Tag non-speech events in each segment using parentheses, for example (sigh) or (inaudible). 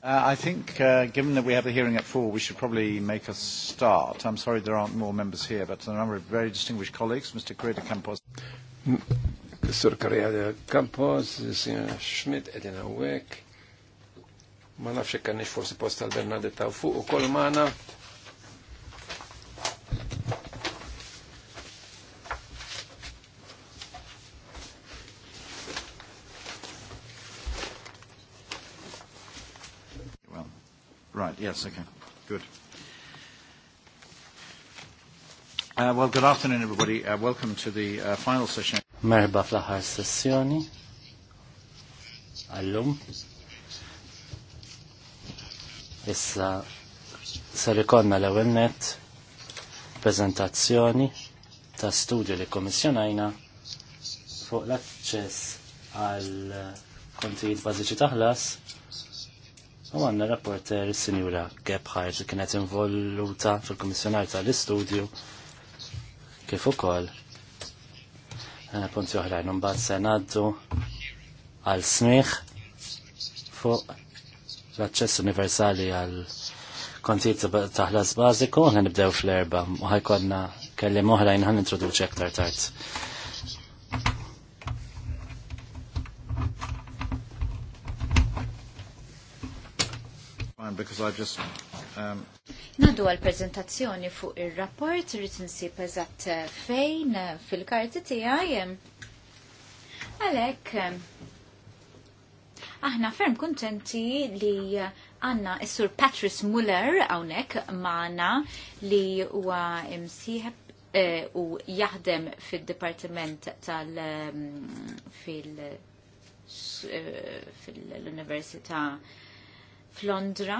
Uh, I think, uh, given that we have a hearing at four, we should probably make a start. I'm sorry there aren't more members here, but a number of very distinguished colleagues, Mr. Correa Campos. Sir Correa Campos, Sir Schmidt, Edina Weck, ma nafxie kanix for posta l-Bernadetta u fuq u Yes, okay. Good. Uh, well, good afternoon, everybody. Uh, welcome to the uh, final session. Merba fl-aħħar sessjoni. Allum. Issa sarikonna l-ewwel prezentazzjoni ta' studju li kommissjonajna fuq l access għal kontijiet bażiċi taħlas U għanna rapporter sinjura Gebhardt li kienet involuta fil-Komissjonar tal-Istudju kif ukoll eh, punti oħrajn mbagħad se ngħaddu għal smiħ fuq l-aċċess universali għal kontijiet taħlas bażiku ħa nibdew fl-erba' u ħajkonna kellim oħrajn ħan introduċi aktar tard. because I just... Um... Nadu għal-prezentazzjoni fuq il-rapport, rrit nsib eżatt eh, fejn eh, fil-karti tijaj. Eh. Għalek, aħna ferm kontenti li għanna s-sur Patrice Muller għawnek maħna li huwa imsiħab u jaħdem fil-Departiment tal- fil- fil-Università f'Londra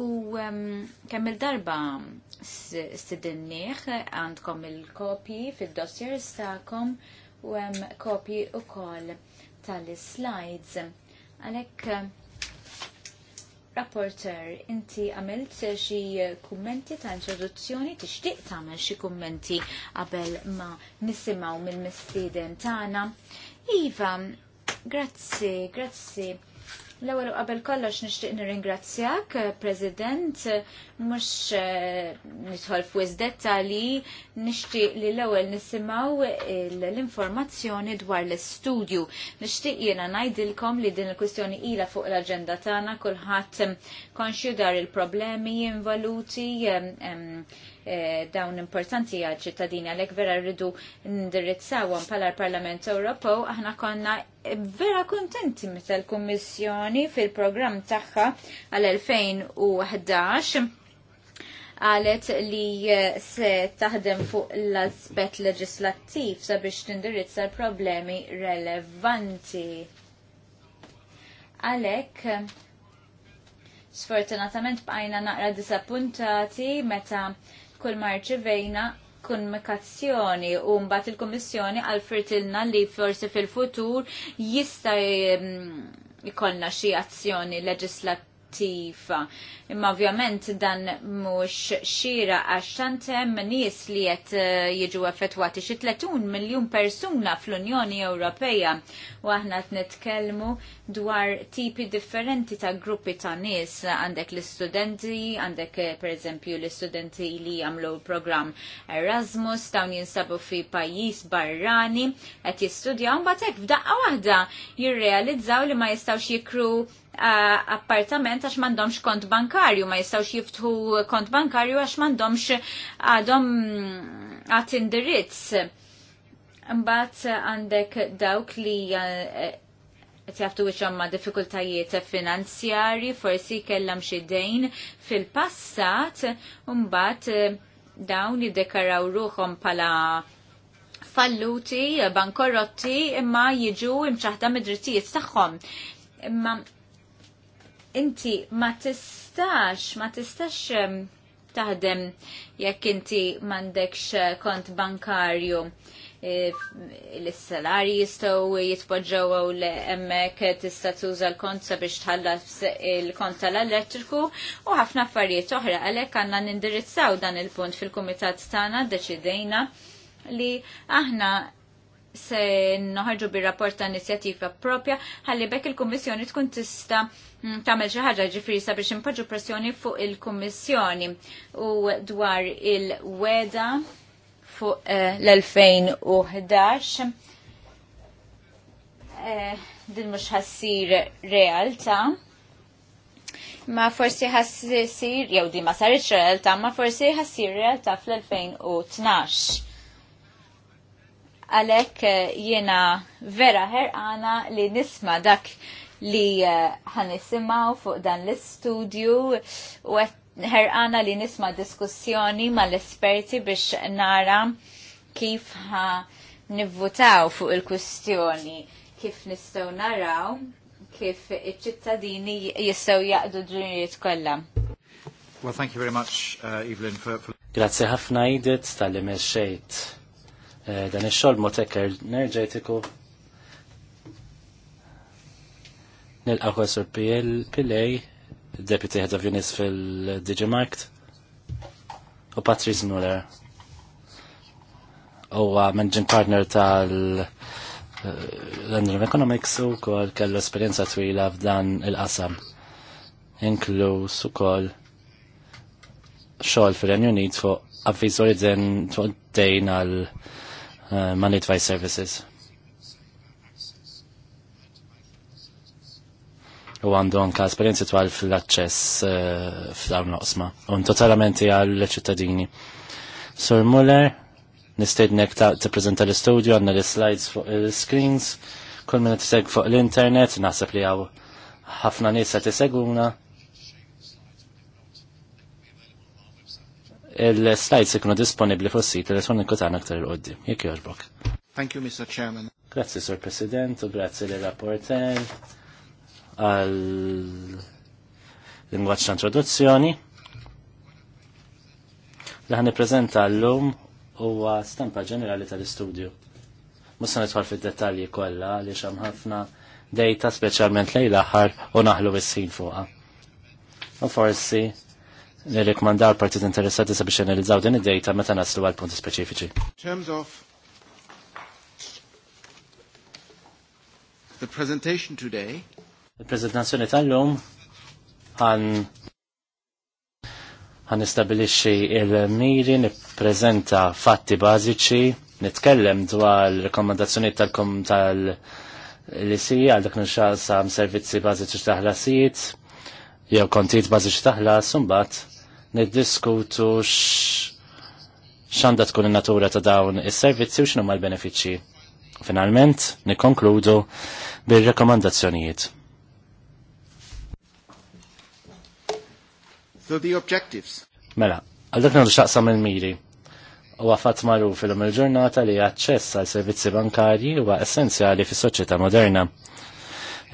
u kemm il-darba stidinnieħ għandkom il-kopji fil-dossier stakom u hemm kopji ukoll tal-slides. Għalhekk Rapporter, inti għamilt xi kummenti ta' introduzzjoni, tixtieq tagħmel xi kummenti qabel ma nisimgħu mill-mistieden tagħna. Iva, grazzi, grazzi L-ewwel qabel kollox nixtieq nirringrazzjak, eh, President, eh, mhux eh, nidħol f'wiż dettali, nixtieq li l-ewwel nisimgħu l-informazzjoni dwar l-istudju. Nixtieq jiena ngħidilkom li din il-kwistjoni ilha fuq l-aġenda tagħna kulħadd konxju dar il-problemi involuti Eh, dawn importanti għal ċittadini għalhekk vera rridu ndirizzawhom bħala l-Parlament Ewropew aħna konna vera kontenti meta l-Kummissjoni fil-programm tagħha għal 2011 għalet li eh, se taħdem fuq l-aspet leġislattiv sabiex tindirizza l-problemi relevanti. Għalek, sfortunatament bqajna naqra disappuntati meta kull marċivejna komunikazzjoni u mbagħad il-Kummissjoni għalfirtilna li forsi fil-futur jista' jkollna xi azzjoni leġislattiva negattiv. Imma ovvjament dan mhux xira għax hemm nies li qed eh, jiġu effettwati xi 30 miljun persuna fl-Unjoni Ewropea u aħna qed nitkellmu dwar tipi differenti ta' gruppi ta' nies għandek l-istudenti, għandek eh, pereżempju l-istudenti li jagħmlu programm Erasmus, dawn jinsabu fi pajjiż barrani qed jistudjaw mbagħad hekk f'daqqa waħda jirrealizzaw li ma jistgħux jikru appartament għax mandomx kont bankarju, ma jistawx jiftħu kont bankarju għax mandomx għadhom għat indirizz. Mbagħad għandek dawk li qed jaftu wiċċhom ma' diffikultajiet finanzjarji, forsi kellhom x'idejn fil-passat, u mbagħad dawn jiddekaraw ruhom bħala falluti, bankorotti, imma jiġu imċaħda mid-drittijiet tagħhom. Imma inti ma tistax, ma tistax taħdem jekk inti m'għandekx eh, kont bankarju eh, l-salari jistaw jitpoġġaw għaw l-emmek tista tuża l-kont sabiex tħallas il-kont tal-elettriku u ħafna affarijiet oħra għalhekk għandna nindirizzaw dan il-punt fil-kumitat tagħna deċidejna li aħna se noħarġu bir-rapport ta' inizjattiva propja ħalli bekk il-Kummissjoni tkun tista' mm, tagħmel xi ħaġa ġifieri sabiex impaġġu pressjoni fuq il-Kummissjoni u dwar il-weda fuq eh, l-2011 eh, din mhux ħassir realtà ma forsi ħassir jew di ma saritx realtà ma forsi ħassir realtà fl-2012 għalek eh, jena vera ħerqana li nisma dak li eh, ħanisimaw fuq dan l-istudju u ħerqana li nisma diskussjoni ma l-esperti biex nara kif ħa nivvutaw fuq il-kustjoni kif nistaw naraw kif iċ-ċittadini jistaw jaqdu d-drinjiet kollha. Well, thank you very much, uh, Evelyn, for... Grazie ħafna idet tal-li Eh, dan il ix-xogħol mod enerġetiku nilqa' kwessur PLA Deputy Head of Units fil-Digimarkt u Patrice Muller U managing partner tal- eh, London Economics u kol kellu esperienza twila f'dan il-qasam. Inkluż ukoll xogħol fir-Renju Unit fuq avviżorizen fuq dejn għal Uh, Money Advice Services. U għandu anka esperienzi twal fl-access uh, fl-dawn l-osma. Un totalmenti għal-ċittadini. Sur Muller, nistednek ta' t-prezenta l-studio, għanna l-slides fuq il-screens, kull minn t fuq l-internet, naħseb li għaw ħafna nisa t-seguna Il-slides ikunu disponibli fuq sit elettroniku tagħna aktar il-qoddim. Jekk jogħġbok. Thank you, Mr. Chairman. Grazzi, Sur President, u grazzi li rapporter għal lingwaġġ ta' introduzzjoni. Li ħan nippreżenta llum huwa stampa ġenerali tal-istudju. Musa nidħol fid-dettalji kollha li hemm ħafna dejta speċjalment lejl aħħar u naħlu is-sin fuqha. U forsi li rekomandaw l-partit interessati sabiex analizzaw din id-dejta meta naslu għal punti speċifiċi. terms of the presentation today, il-prezentazzjoni tal-lum għan għan istabilixi il-miri, nipprezenta fatti bażiċi, nitkellem dwar rekomandazzjoni tal-kom tal-lisi għal dak nxal sa' servizzi bażiċi taħlasijiet, jew kontijiet bażiċi taħlas, un niddiskutu x'għandha tkun in-natura ta' dawn is-servizzi u xinu mal benefiċċji Finalment, nikkonkludu bir-rekomandazzjonijiet. So the objectives. Mela, għal dak xaqsa minn miri U għafat marru fil il-ġurnata li għacċess għal servizzi bankarji huwa essenzjali fis soċjetà moderna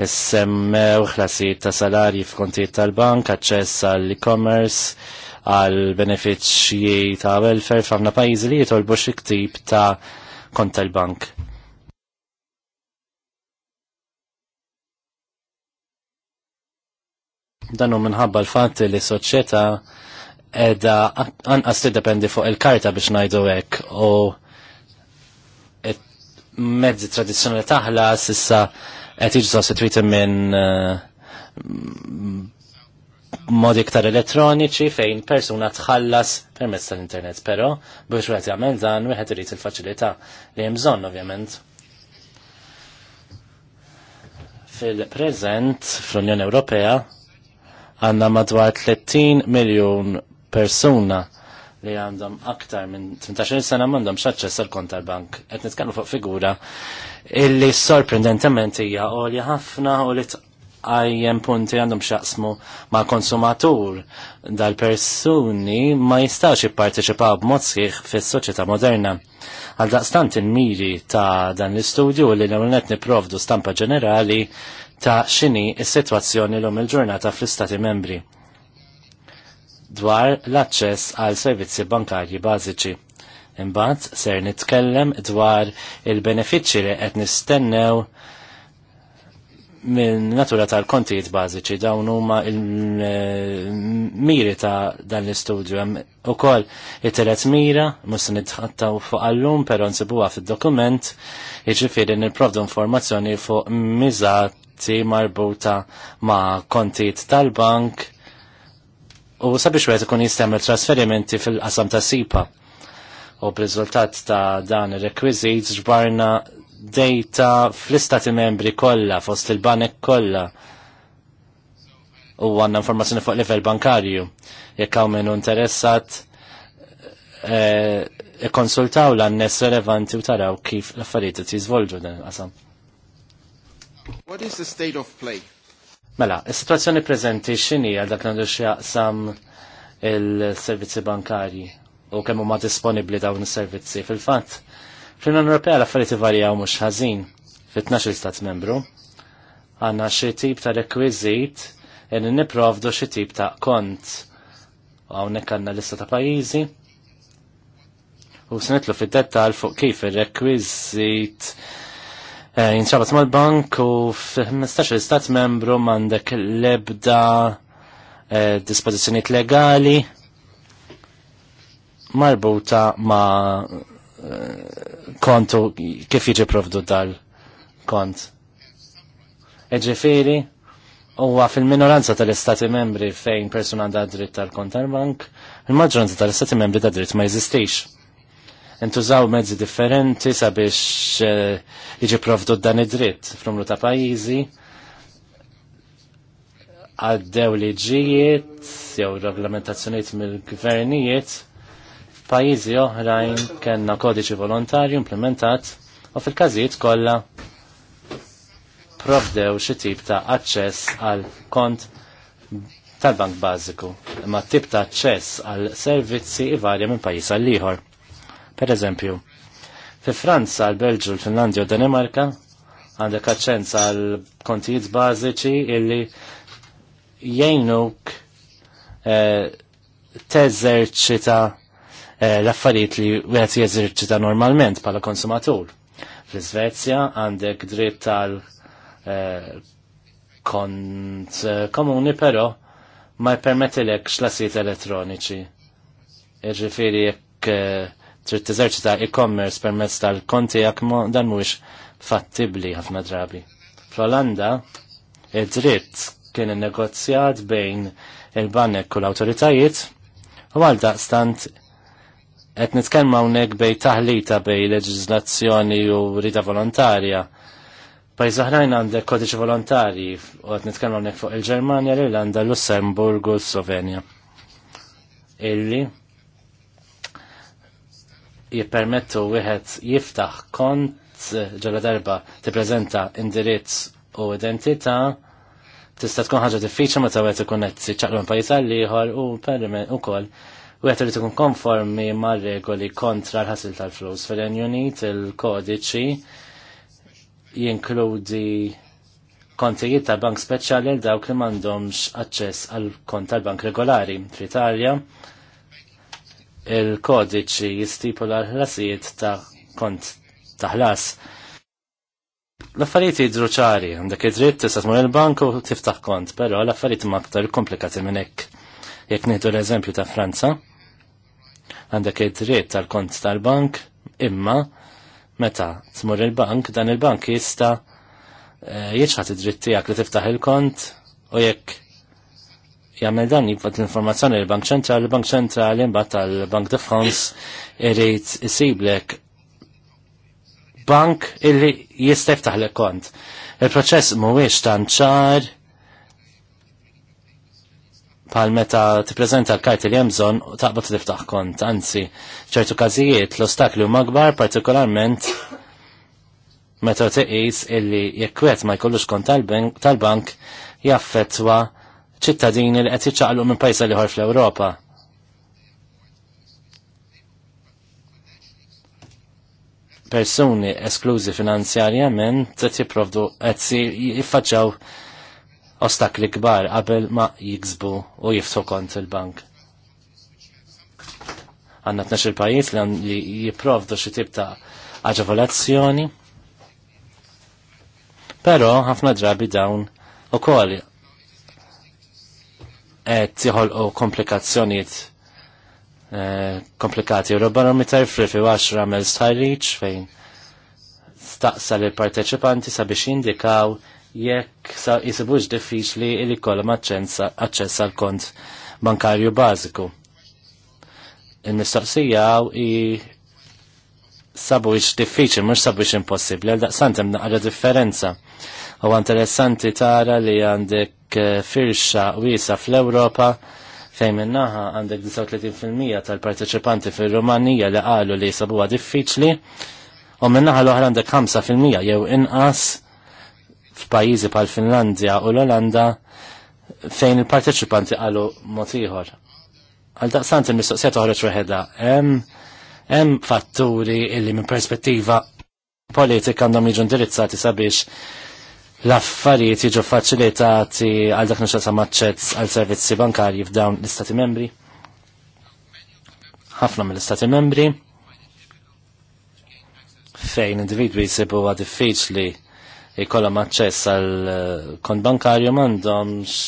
semmew ħlasijiet ta' salarji f'kuntijiet tal-bank, aċċess għall e-commerce, għal benefiċċji ta' welfare f'ħafna pajjiżi li jitolbu xi ktib ta' kont tal-bank. Dan hu minħabba l-fatt li soċjetà edha anqas tiddependi fuq il-karta biex ngħidu hekk u mezzi tradizzjonali taħlas issa qed jiġżos it-tweeting minn uh, modi iktar elettroniċi fejn persuna tħallas permezz tal-internet, però biex wieħed jagħmel dan wieħed irid il-faċilità li hemm bżonn ovvjament. Fil-preżent fl-Unjoni Ewropea għanna madwar 30 miljun persuna li għandhom aktar minn 18 sena m'għandhom xaċċess għal kont tal-bank. Qed nitkellmu fuq figura illi sorprendentement hija li ħafna u li tqajjem punti għandhom xaqsmu ma' konsumatur dal-persuni ma jistax jipparteċipaw b'mod sħiħ fis-soċjetà moderna. Għal daqstant il-miri ta' dan l-istudju li l-għonet niprovdu stampa ġenerali ta' xini is-sitwazzjoni l-om il-ġurnata fl-Istati membri dwar l-aċċess għal servizzi bankarji bażiċi. Imbagħad ser nitkellem dwar il-benefiċċji li qed nistennew minn natura tal-kontijiet bażiċi dawn huma il-miri ta' dan l-istudju hemm ukoll it-telet mira mhux nitħattaw fuq allum però nsibuha fid-dokument jiġifieri nipprovdu informazzjoni fuq miżati marbuta ma' kontijiet tal-bank u sabiex wieħed ikun jistemmel trasferimenti fil-qasam ta' sipa. U b'riżultat ta' dan ir-rekwiżit ġbarna data fl-istati membri kollha fost il-banek kollha u għanna informazzjoni fuq livell bankarju. Jekk hawn minnu interessat eh, ikkonsultaw l-annes relevanti u taraw kif l-affarijiet jiżvolġu dan qasam. What is the state of play? Mela, is-situazzjoni preżenti x'inhi għal dak għandu x'jaqsam il-servizzi bankarji u kemm huma disponibbli dawn is-servizzi fil-fatt. Fl-Unjoni Ewropea l-affarijiet ivarjaw mhux ħażin fit-12 stat membru. Għandna xi tip ta' rekwiżit in nipprovdu xi tip ta' kont hawnhekk għandna lista ta' pajjiżi u se nitlu fid-dettall fuq kif ir-rekwiżit jinċabat eh, mal-bank u f-15 stat membru mandek lebda eh, dispozizjoniet legali marbuta ma eh, kontu kif jiġi provdu dal-kont. Eġifiri, huwa fil-minoranza tal-istati membri fejn persuna da dritt tal-kont tal-bank, il-maġġoranza tal-istati membri da dritt ma jeżistix intużaw mezzi differenti sabiex eh, jiġi provdu dan id-dritt fl-umru ta' pajizi għaddew liġijiet jew reglamentazzjoniet mill-gvernijiet f'pajjiżi oħrajn kellna kodiċi volontarju implementat u fil-każijiet kollha provdew xi tip ta' aċċess għal kont tal-bank bażiku, imma tip ta' aċċess għal servizzi ivarja minn pajjiż għal ieħor. Per eżempju, fi Franza, l-Belġu, l-Finlandja u Danimarka għandek aċċenz għal kontijiet bażiċi illi jgħinuk eh, teżerċita eh, l-affarijiet li wieħed jeżerċita normalment bħala konsumatur. Fl-Svezja għandek dritt tal eh, kont komuni però ma jpermetilek l elettroniċi. Irġifiri jekk trid teżerċita e-commerce permezz tal-konti jak dan mhuwiex fattibli ħafna drabi. Fl-Olanda id-dritt kien innegozjat bejn il-banek u l-awtoritajiet u għal daqstant qed nitkellem hawnhekk bej taħlita bej leġiżlazzjoni u rida volontarja. Pajz oħrajn għandek kodiċi volontarji u qed nitkellem hawnhekk fuq il-Ġermanja, l-Irlanda, l u l-Slovenja. Illi jippermettu wieħed jiftaħ kont eh, ġala darba tippreżenta indirizz u identità tista' tkun ħaġa diffiċli meta wieħed ikun ċaqlu minn pajjiż għal ieħor u permett ukoll wieħed irid ikun konformi mar-regoli kontra l-ħasil tal-flus. Fil-Renju Unit il-kodiċi jinkludi kontijiet ta' bank speċjali għal dawk li m'għandhomx aċċess għal kont tal-bank regolari. Fl-Italja il-kodiċi jistipula l-ħlasijiet ta' kont ta' ħlas. L-affarijiet jidru ċari, għandek id-dritt tista' tmur il-bank u tiftaħ kont, però l-affarijiet ma' aktar komplikati minn hekk. Jekk nieħdu l-eżempju ta' Franza, għandak id-dritt tal-kont tal-bank, imma meta tmur il-bank, dan il-bank jista' eh, jieċħat id-dritt tiegħek li tiftaħ il-kont u jekk jgħamil dan jibbat l-informazzjoni l bank Ċentrali, l-Bank Ċentrali mbagħad tal-Bank de France irid isiblek bank illi jisteftaħ l kont. Il-proċess mhuwiex tanċar ċar bħal meta tippreżenta l kart li hemm u taqbad tiftaħ kont, anzi ċertu każijiet l-ostakli huma kbar partikolarment meta tiqis illi jekk ma jkollux kont tal-bank jaffettwa ċittadini li qed jiċċaqlu minn pajsa liħor fl-Ewropa. Persuni esklużi finanzjarjament qed jipprovdu qed jiffaċċaw ostakli kbar qabel ma jiksbu u jiftu kont il-bank. Għanna t il pajjiż li jipprovdu xi tip ta' aġevolazzjoni. Però ħafna drabi dawn u koll qed u komplikazzjonijiet eh, komplikati. tarfri fi waxra għamel stajriċ fejn staqsa l parteċipanti sabiex jindikaw jekk sa jisibux diffiċli li kollha aċċess għal kont bankarju bażiku. Il-mistoqsija i sabux diffiċli mhux sabux impossibbli għal daqsant hemm naqra differenza. U interessanti tara li għandek eh, firxa wisa fl-Europa fejn minnaħa għandek 39% tal-parteċipanti fil-Rumanija li qalu li sabuha diffiċli u minnaħa l-oħra għandek 5% jew inqas f'pajjiżi bħal Finlandja u l-Olanda fejn il-parteċipanti qalu mod ieħor. Għal daqsant il-mistoqsija toħroġ weħeda. Hemm fatturi illi minn perspettiva politika għandhom jiġu indirizzati sabiex l-affarijiet jiġu faċilitati għal dak ta' maċċezz għal servizzi bankarji f'dawn l-Istati membri? ħafna mill-Istati membri fejn individwi jsibu għad diffiċli jkollhom aċċess għal eh, kont bankarju m'għandhomx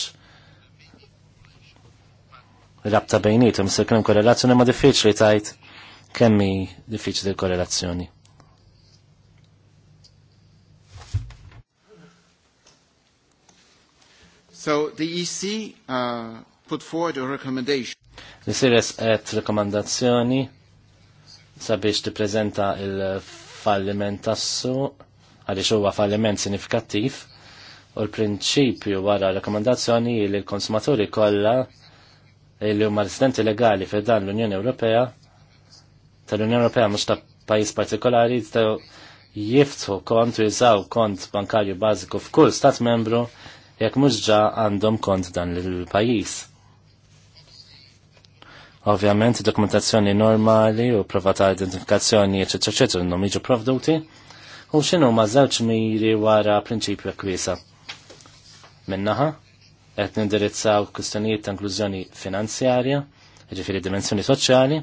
rabta bejnietum se kien korrelazzjoni ma' diffiċli tajt kemmi diffiċli korrelazzjoni. So the EC uh, put forward a recommendation. Nisiris et rekomandazzjoni sabiex tippreżenta il-falliment tassu għaliex huwa falliment sinifikattiv u l-prinċipju wara rekomandazzjoni li l-konsumaturi kollha li huma residenti legali fi dan l-Unjoni Ewropea tal-Unjoni Ewropea mhux ta' pajjiż partikolari ta' jiftħu kont u jużaw kont bankarju bażiku f'kull stat membru jekk mhux ġa għandhom kont dan il-pajjiż. Ovvjament dokumentazzjoni normali u prova ta' identifikazzjoni eċetera eċetera inhom jiġu provduti u x'inhu ma' żewġ miri wara prinċipju kwiesa. Minnaħa qed nindirizzaw kwistjonijiet ta' inklużjoni finanzjarja, jiġifieri dimensjoni soċjali,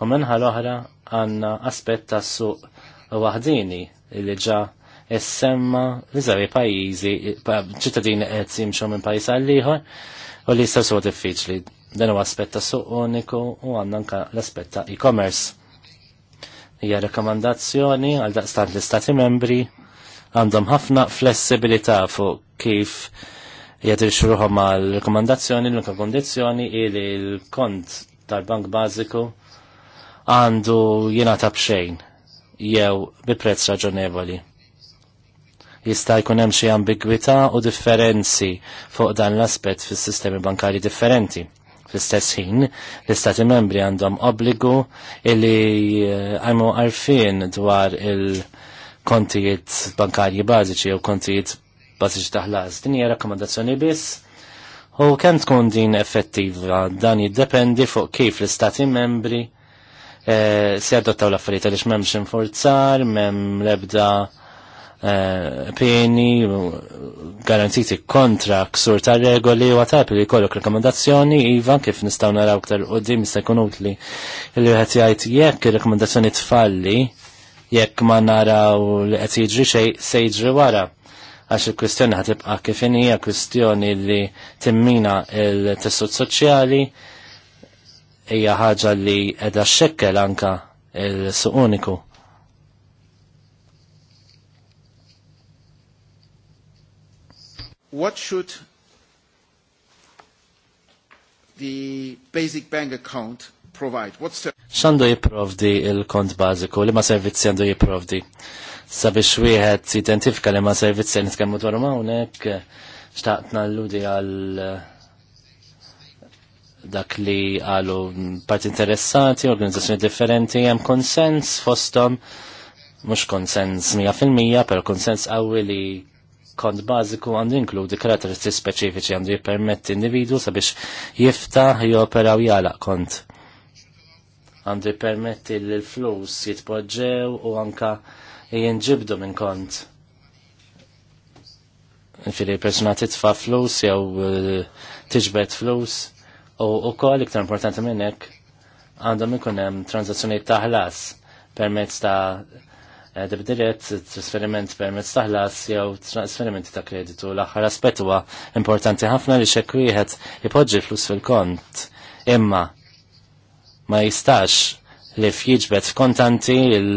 u minħa l-oħra għandna aspett tas-suq waħdini li ġa issemma l żavi pajjiżi ċittadini qed jimxu minn pajjiż għal ieħor u li jistgħu sewa diffiċli. Dan huwa aspett ta' suq uniku u għandna anke l-aspett ta' e-commerce. Hija rekomandazzjoni għal daqstant l-Istati membri għandhom ħafna flessibilità fuq kif jadirxu ruħom għall rekomandazzjoni l-unka kondizjoni li l-kont tal-bank bażiku għandu jena tabxejn jew bi prezz raġonevoli jista' jkun hemm xi ambigwità u differenzi fuq dan l-aspett fis-sistemi bankari differenti. Fl-istess ħin, l-Istati membri għandhom obbligu illi eh, għajmu għarfien dwar il-kontijiet bankarji bażiċi u kontijiet bażiċi taħlas. Din hija rakkomandazzjoni biss u kemm tkun din effettiva dan jiddependi fuq kif l-Istati membri E, si adottaw l-affarijiet għaliex m'hemmx infurzar, m'hemm l-ebda Eh, pieni, garantiti kontra ksur ta' regoli u għatajp li kollok rekomendazzjoni, iva kif nistaw naraw ktar u dim jista' utli li għet jgħajt jekk rekomendazzjoni tfalli, jekk ma naraw li għet jġri xej sejġri wara. Għax il-kwistjoni ħatibqa kif hija kwistjoni li timmina il-tessut soċjali, hija ħaġa li edha xekkel anka il-suq uniku what should the basic bank account provide? What's the Xandu jiprovdi il-kont bażiku, li ma servizzi għandu jiprovdi? Sabiex wieħed identifika li ma servizzi nitkellmu dwarhom hawnhekk xtaqtna l-ludi għal eh, dak li għalu parti interessati, organizzazzjoni differenti, hemm konsens fostom, mhux konsens 100%, pero konsens qawwi li kont bażiku għandu inkludi karatteristi speċifiċi għandu jippermetti individu sabiex jiftaħ jopera u jala kont. Għandu jippermetti li l-flus jitpoġġew u anka jinġibdu minn kont. Fili persona titfa flus jew eh, tiġbed flus u ukoll iktar importanti minn hekk għandhom ikun hemm transazzjonijiet ta' ħlas permezz ta' dibdiriet trasferiment permezz taħlas jew trasferimenti ta' kreditu l-aħħar aspett huwa importanti ħafna li xekk wieħed ipoġġi flus fil-kont imma ma jistax li fjiġbet kontanti il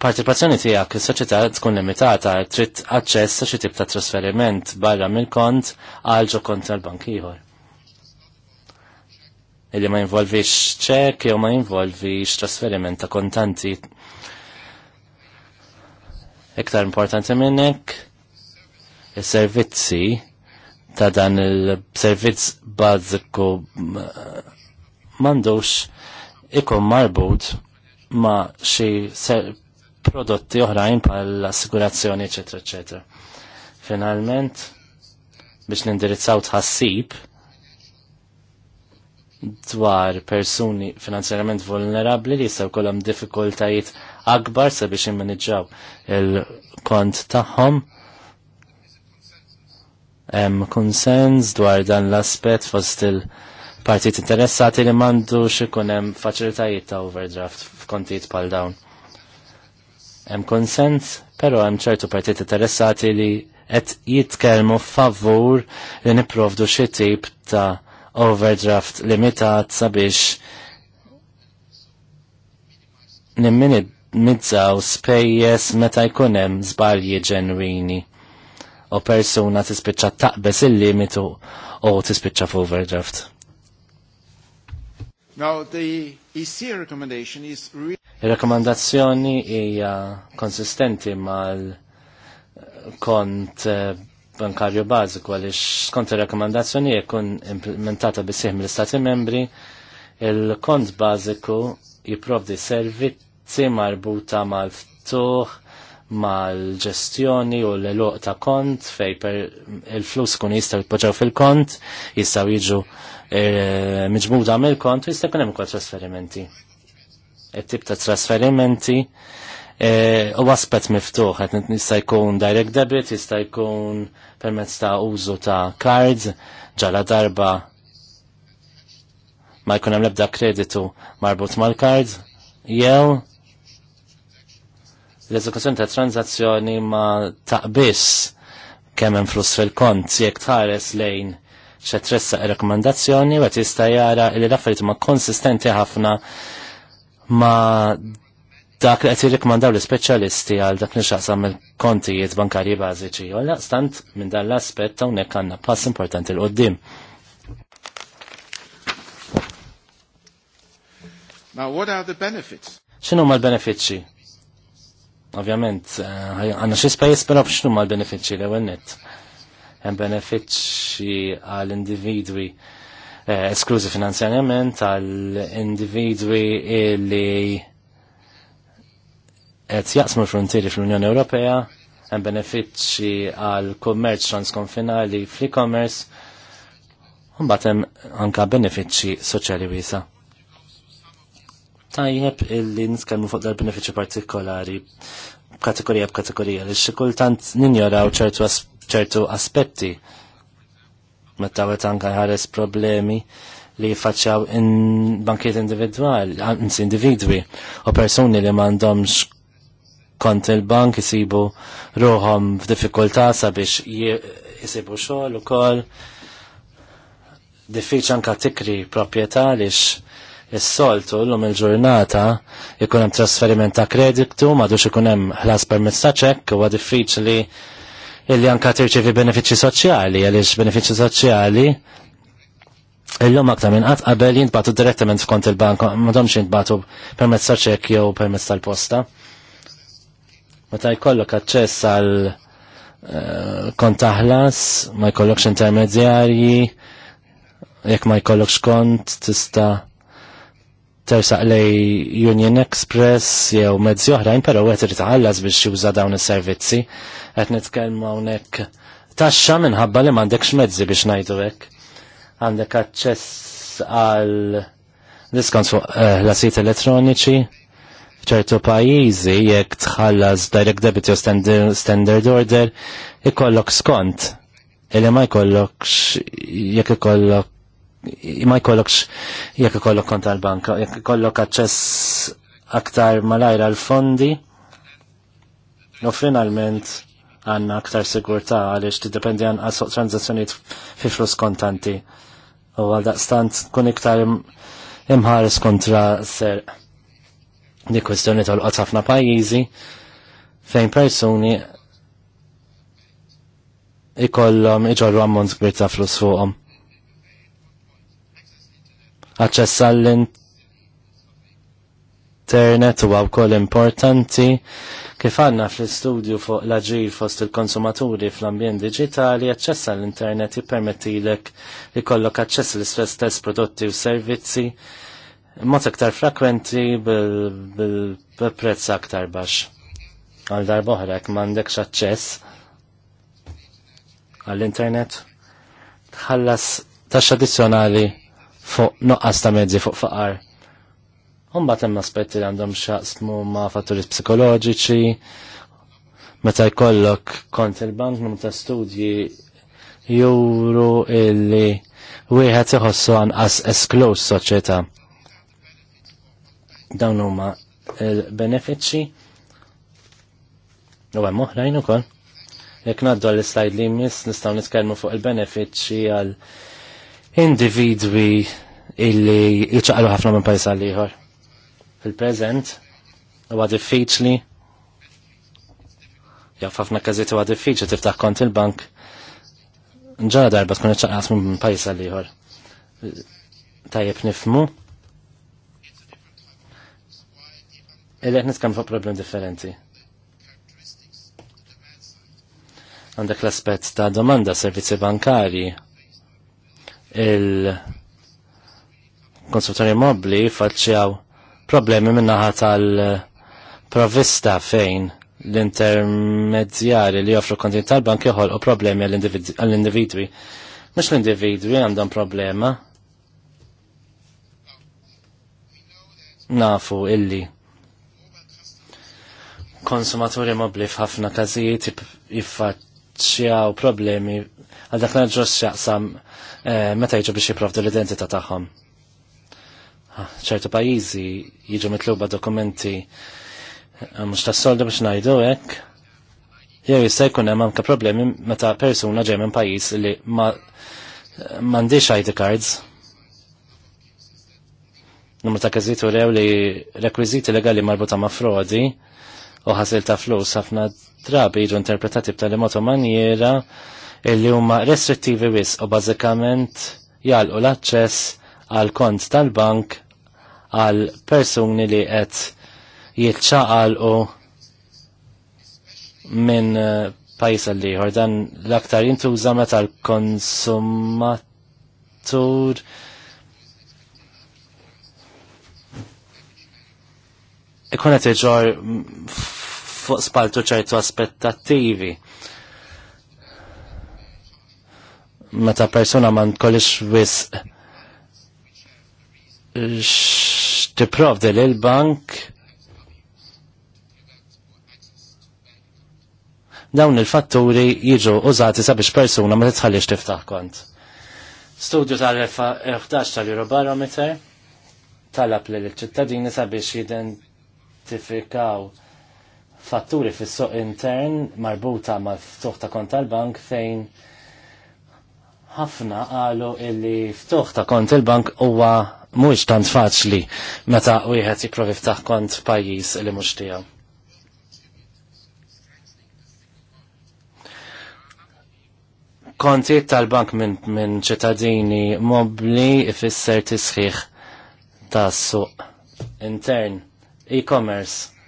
partipazzjoni tiegħek is-soċjetà tkun limitata trid aċċess xi tip ta' trasferiment barra mill-kont għal ġo kont tal-bank ieħor. Illi ma jinvolvix ċek jew ma jinvolvix trasferiment ta' kontanti Iktar importanti minnek, il-servizzi ta' dan il-servizz bazziku eh, mandux ikun marbut ma' xi prodotti oħrajn pal assigurazzjoni ecc. ecc. Finalment, biex nindirizzaw tħassib dwar persuni finanzjarament vulnerabli li jistaw kolom diffikultajiet akbar sabiex immaniġġaw il-kont tagħhom. Hemm konsens dwar dan l-aspett fost il-partit interessati li m'għandux x'ikun hemm faċilitajiet ta' overdraft f'kontijiet bħal dawn. Hemm konsens, però hemm ċertu partit interessati li qed jitkellmu favur li nipprovdu xi tip ta' overdraft limitat sabiex nimmin nimizzaw spejjes meta jkunem zbalji ġenwini u persuna tispiċċa taqbes il-limitu u tispiċċa overdraft. Now the EC recommendation is Il-rekomandazzjoni hija konsistenti mal kont eh, bankarju bażiku għaliex skont ir-rekomandazzjoni jkun implementata bisih mill-Istati membri il-kont bażiku jipprovdi servizz servizzi marbuta mal-ftuħ, mal-ġestjoni u l-eluq ta' kont fej per il-flus kun jistaw jitpoġaw fil-kont, jistaw jiġu eh, miġmuda mill-kont u jistaw kunem kol trasferimenti. Il-tip ta' trasferimenti eh, u waspet miftuħ, għet jista' jkun direct debit, jista' jkun permezz ta' użu ta' cards, ġala darba ma jkun hemm l-ebda kreditu marbut mal-cards, jew l-eżekuzzjoni ta' tranzazzjoni ma taqbiss kemm hemm flus fil-kont jekk tħares lejn xe tressa rekomendazzjoni u qed jista' jara li l-affarijiet ma konsistenti ħafna ma dak li qed jirrikmandaw l-ispeċjalisti għal dak li xaqsam mill-kontijiet bankarji bażiċi. U stant minn dan l-aspett hawnhekk għandna pass importanti l-qoddim. Now, what are the benefits? X'inhuma l-benefiċċji? Ovvjament, eh, għanna xie spajis pero b'xnum għal benefiċi li għennet. Għem benefiċi għal individwi eh, esklużi finanzjarjament, għal individwi li qed jaqsmu l-frontieri fl-Unjoni Ewropea, hemm benefiċċji għal kummerċ transkonfinali fl-e-commerce, u batem hemm anke benefiċċji soċjali wiesa' tajjeb illi nitkellmu fuq dal-benefiċċju partikolari b'kategorija b'kategorija li xi kultant ninjoraw ċertu ċertu aspetti meta wet anke ħares problemi li jiffaċċjaw in bankiet individwali, anzi individwi u persuni li m'għandhomx kont il-bank jisibu ruħom f'diffikultà sabiex jisibu xogħol ukoll diffiċ anke tikri proprjetà lix Is-soltu l-lum il-ġurnata ikun hemm trasferiment ta' kreditu madux ikun hemm ħlas permezz ta' ċekk huwa diffiċli illi anka tirċevi benefiċċji soċjali għaliex benefiċċji soċjali il-lum aktar minn qatt qabel jintbatu direttament f'kont il-bank, m'għadhomx jintbatu permezz ta' ċekk jew permezz tal-posta. Meta jkollok aċċess għal eh, kont ħlas, ma jkollokx intermedjarji, jekk ma jkollokx kont tista' tersaq lej Union Express jew mezzi oħrajn, pero għet irtħallas biex juża dawn is-servizzi. Qed nitkellmu hawnhekk taxxa minħabba li m'għandekx mezzi biex ngħidu hekk. Għandek aċċess għal diskont fuq eh, l-asit elettroniċi f'ċertu pajjiżi jekk tħallas direct debit jew standard order ikollok skont illi ma jkollokx jekk ikollok ma jkollokx jekk ikollok kont għall banka jekk ikollok aċċess aktar malajra l-fondi, no finalment għanna aktar sigurta għaliex tiddependi għan għasok tranzazzjoniet fi flus kontanti. U għal daqstant kun iktar imħares kontra ser di kwestjoni tal ħafna pajjiżi fejn persuni ikollhom iġorru ammont kbir ta' flus fuqhom. Aċċess għall-internet huwa wkoll importanti kif għandna fl-istudju fuq l-aġir fost il-konsumaturi fl-ambjent digitali, aċċess għall-internet jippermettilek li kollok aċċess l-istess stess prodotti u servizzi mod aktar frekwenti bil-prezz aktar baxx għal darboħra jekk m'għandekx aċċess għall-internet tħallas taxxa fuq noqqas ta' mezzi fuq faqar. Umba hemm aspetti li għandhom xaqsmu ma' fatturi psikoloġiċi, meta jkollok kont il-bank num ta' studji juru illi wieħed iħossu anqas esklus soċjetà. Dawn huma il-benefiċċji u hemm oħrajn ukoll. Jekk ngħaddu għall-slajd li jmiss nistgħu nitkellmu fuq il-benefiċċji għal, -benefici għal individwi illi jċaqlu ħafna minn pajsa għal-liħor. Fil-prezent, huwa diffiċli, jew ħafna każijiet huwa diffiċli tiftaħ kont il-bank nġara darba tkun iċċaqas minn pajsa liħor Tajjeb nifmu. Illi għetnis kam fuq problem differenti. Għandek l-aspett ta' domanda servizzi bankari il konsultari mobli faċċjaw problemi minnaħa tal-provista fejn l-intermedjari li joffru kontin tal-bank joħol u problemi għall-individwi. Mux l-individwi għandhom problema. Nafu illi konsumaturi mobli f'ħafna każijiet jiffaċċjaw problemi għal dak l-ġos xaqsam Eh, meta jiġu biex jiprovdu l-identità tagħhom. Ah, ċertu pajjiżi jiġu mitluba dokumenti eh, mhux tas-soldu biex ngħidu hekk. Jew jista' jkun hemm anke problemi meta persuna ġej minn pajjiż li ma eh, m'għandix ID cards. Numru ta' każijiet urew li rekwiżiti legali marbuta ma' frodi u ħasil ta' flus ħafna drabi jiġu interpretati b'tali mod maniera illi huma restrittivi wis u bażikament jalqu l-aċċess għal kont tal-bank għal persuni li qed jitċaqalqu minn eh, pajis liħor. dan l-aktar jintuża meta l-konsumatur ikun qed iġor fuq spaltu ċertu aspettattivi meta persuna ma nkollix wis tipprovdi lil bank dawn il-fatturi jiġu użati sabiex persuna ma titħallix tiftaħ kont. Studju tal-11 tal-Eurobarometer talab li l-ċittadini sabiex jidentifikaw fatturi fis-soq intern marbuta ma' ftuħ ta' kont tal-bank fejn ħafna qalu illi ftuħ ta' kont il-bank huwa mhux tant faċli meta wieħed jipprovi ftaħ kont pajjiż li mhux tiegħu. Kontiet tal-bank minn min ċittadini mobli ifisser tisħiħ tas suq intern e-commerce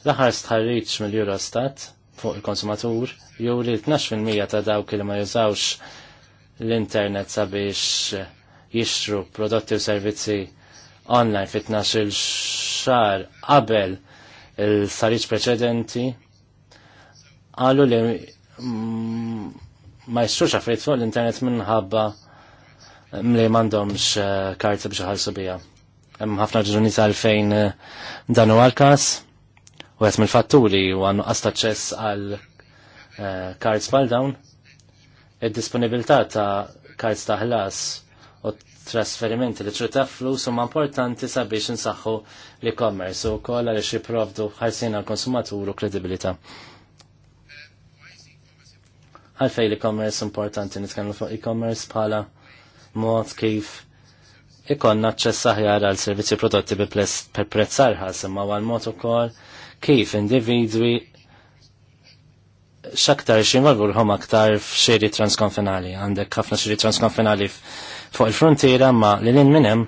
L-aħħar stħarriċ mill-Eurostat fuq il-konsumatur jew li 12% ta' dawk li ma jużawx l-internet sabiex jixtru prodotti u servizzi online fit 12 xar qabel il-sarriċ preċedenti għallu li ma jixtrux affarijiet fuq l-internet minħabba mli mandomx eh, karta biex ħalsu bija. Hemm ħafna ġuni tal-fejn eh, dan huwa l-każ u għet mill-fatturi u għannu għasta ċess għal eh, cards bħal dawn, il-disponibilità ta' cards ta' ħlas u trasferimenti li ċrita flus huma importanti sabiex insaħħu l-e-commerce u kolla li xiprovdu ħarsin għal konsumatur u kredibilità. Għalfej l-e-commerce importanti nitkellmu fuq e-commerce bħala mod kif ikon ċess aħjar għal servizzi prodotti per prezzar ħas imma għal mod ukoll kif individwi xaktar xinvolvu l-ħom aktar f'xiri transkonfinali. Għandek ħafna xiri transkonfinali fuq il-frontiera ma li l-in minnem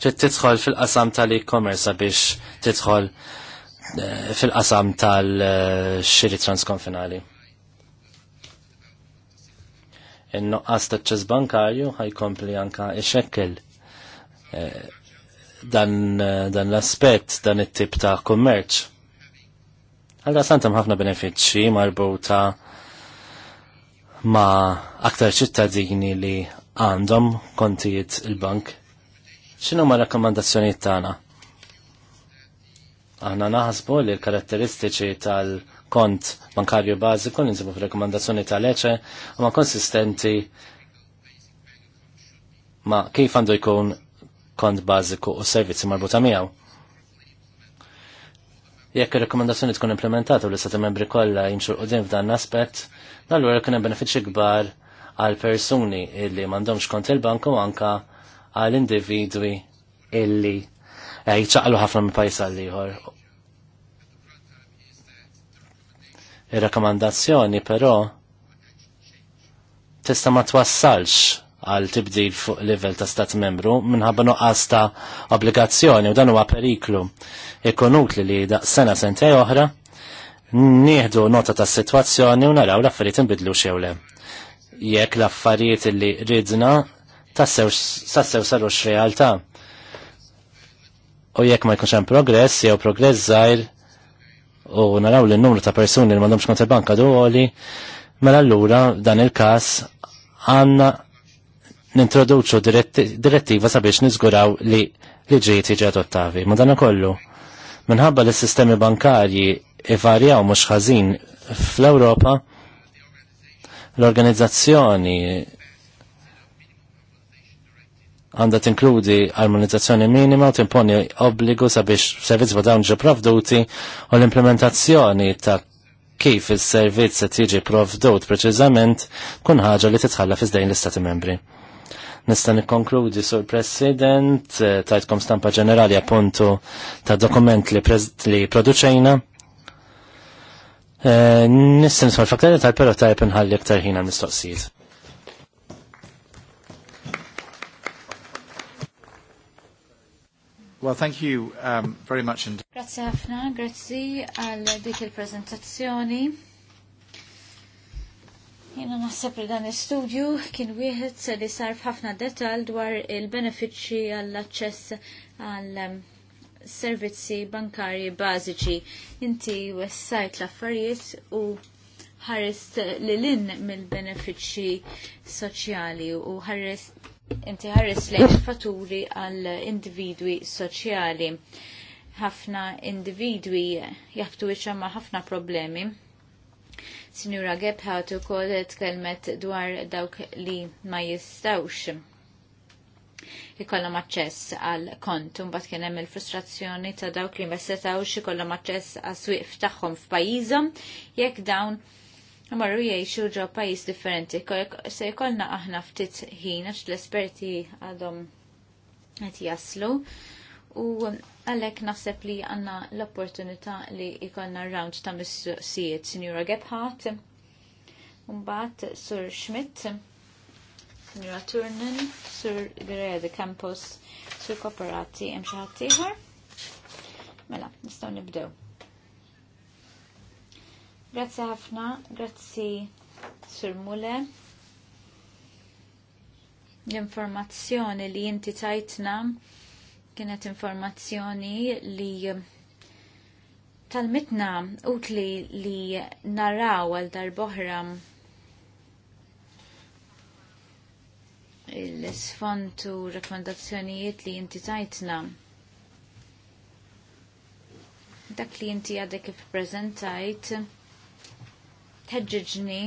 trid tidħol fil-qasam tal-e-commerce biex tidħol eh, fil-qasam tal-xiri eh, transkonfinali. Il-noqqas taċċez bankarju ħajkompli anka ixekkel eh, dan, eh, dan l-aspett, dan it-tip ta' kummerċ. Għalda santam ħafna benefiċċji marbuta ma' aktar ċittadini li għandhom kontijiet il-bank. ċinu ma' t tagħna? Aħna naħsbu li l-karatteristiċi tal-kont bankarju bażiku li nsibu rekomandazzjoni tal-eċe huma konsistenti ma' kif għandu jkun kont bażiku u servizzi marbuta miegħu. Jekk ir-rekomendazzjoni tkun implementata u l-istati membri kollha jimxu qudiem f'dan aspett, dan allura kien hemm benefiċċji kbar għal persuni illi m'għandhomx kont il-banku anka għal individwi illi eh, jċaqlu ħafna minn pajjiż għal ieħor. Ir-rakkomandazzjoni però tista' ma twassalx għal tibdil fuq livell ta' stat membru minħabba nuqqas ta' obbligazzjoni u dan huwa periklu. Ikun li li da' sena sentej oħra nieħdu nota ta' situazzjoni u naraw l-affarijiet inbidlu xewle. Jekk l-affarijiet li ridna tassew sarux realtà. U jekk ma jkunx hemm progress jew progress żgħir u naraw li n-numru ta' persuni li m'għandhomx konti banka doli, mela allura dan il-każ għandna nintroduċu direttiva sabiex nizguraw li liġijiet jiġi adottavi. Ma kollu, minħabba li s-sistemi bankarji ivarjaw mhux ħażin fl-Ewropa, l-organizzazzjoni għandha tinkludi armonizzazzjoni minima u timponi obbligu sabiex servizz dawn ġi provduti u l-implementazzjoni ta' kif is-servizz se tiġi provdut preċiżament kun ħaġa li titħalla fiż l-Istati membri. Nista' nikkonkludi sur President eh, tajtkom stampa ġenerali appuntu ta' dokument li, li produċejna. E, eh, Nissim l faktari tal-pero tajb nħalli iktar ħina mistoqsijiet. Well, thank you um, very much. Grazie ħafna, grazie al dik il-prezentazzjoni. Jena naħseb li dan l-studju kien wieħed li sar f'ħafna detal dwar il-benefiċċji għall-aċċess għall um, servizzi bankarji bażiċi. Inti wessajt l-affarijiet u ħarist li lin mill-benefiċċji soċjali u ħarist inti ħares lejn faturi għall individwi soċjali. Ħafna individwi jaftu iċċa ma' ħafna problemi Sinjura Gebhardt u kol tkelmet dwar dawk li ma jistawx ikollhom aċċess għal kont u mbagħad kien hemm il-frustrazzjoni ta' dawk li ma setawx ikollhom aċċess għas swieq tagħhom f'pajjiżhom jekk dawn Marru jiexu ġo pajis differenti, se jkollna aħna ftit ħin għax l-esperti għadhom qed jaslu u Għalek naħseb li għanna l-opportunità li ikonna round ta' mis-sijiet Signora Gebhardt, Umbat Sur Schmidt, Signora Turnen, Sur Guerrero de Campos, Sur Koperati, Emxaħat Tiħar. Mela, nistaw nibdew. Grazzi ħafna, grazzi Sur Mule. L-informazzjoni li jinti tajtna Kienet informazzjoni li tal-mitna utli li naraw għal darboħra l-sfont u rekomendazzjonijiet li inti tajtna dak li inti għadek prezentajt teġġġni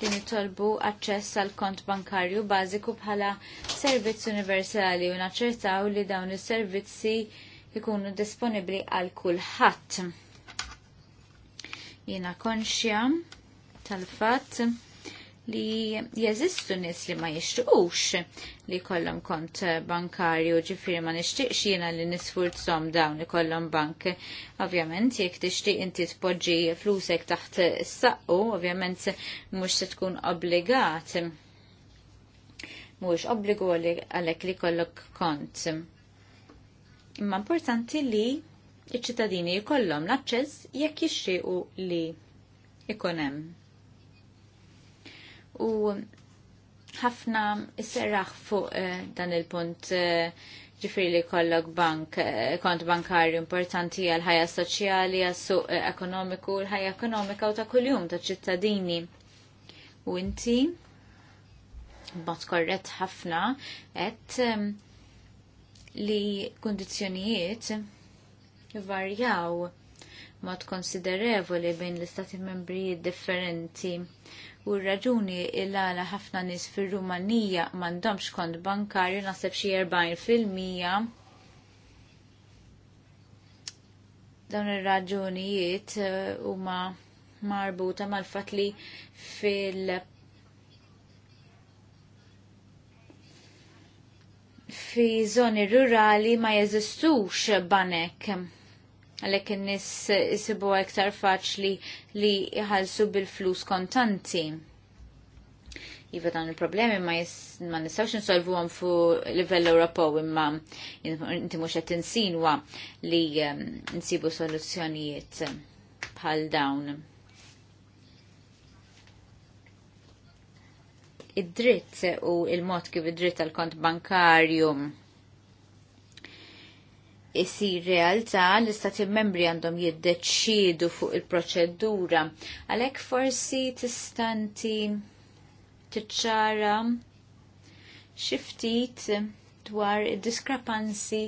kien jitolbu aċċess għal kont bankarju bażiku bħala servizz universali u naċċertaw li dawn is-servizzi jkunu disponibbli għal kulħadd. Jiena konxja tal-fatt li jeżistu nis li ma jishtuqux li kollom kont bankarju ġifiri ma nixtiqx jena li nisfurzom dawn li kollom bank. Ovvjament, jek tixtiq inti tpoġġi flusek taħt s-saqqu, ovvjament mux se tkun obbligat. Mux obbligu għalek li kollok kont. Imma importanti li iċ-ċittadini jkollhom l-aċċess jekk jixtiequ li ikun hemm u ħafna serraħ fuq eh, dan il-punt eh, ġifiri li kollok bank, eh, kont bankarju importanti għal ħajja soċjali, għal suq ekonomiku, l ħajja ekonomika u ta' kuljum ta' ċittadini. U inti, b'mod korret ħafna, et li kondizjonijiet varjaw mod konsiderevoli bejn l-istati membri differenti U r-raġuni il-għala ħafna nis fil-Rumanija mandomx kont bankarju nasib xie 40% dawn ir-raġunijiet eh, huma marbuta mal-fatt li fil fi zoni rurali ma jeżistux banek għalhekk in-nies isibu iktar faċli li jħallsu bil-flus kontanti. Iva dan il-problemi ma, ma nistawx insolvu għom fu livell Ewropew imma inti mhux qed insinwa li ehm, nsibu soluzzjonijiet bħal dawn. id-dritt u il-mod kif id-dritt għal-kont bankarju isir realtà l-istati membri għandhom jiddeċidu fuq il-proċedura. Għalhekk forsi tistanti tiċċara xi ftit dwar id diskrepanzi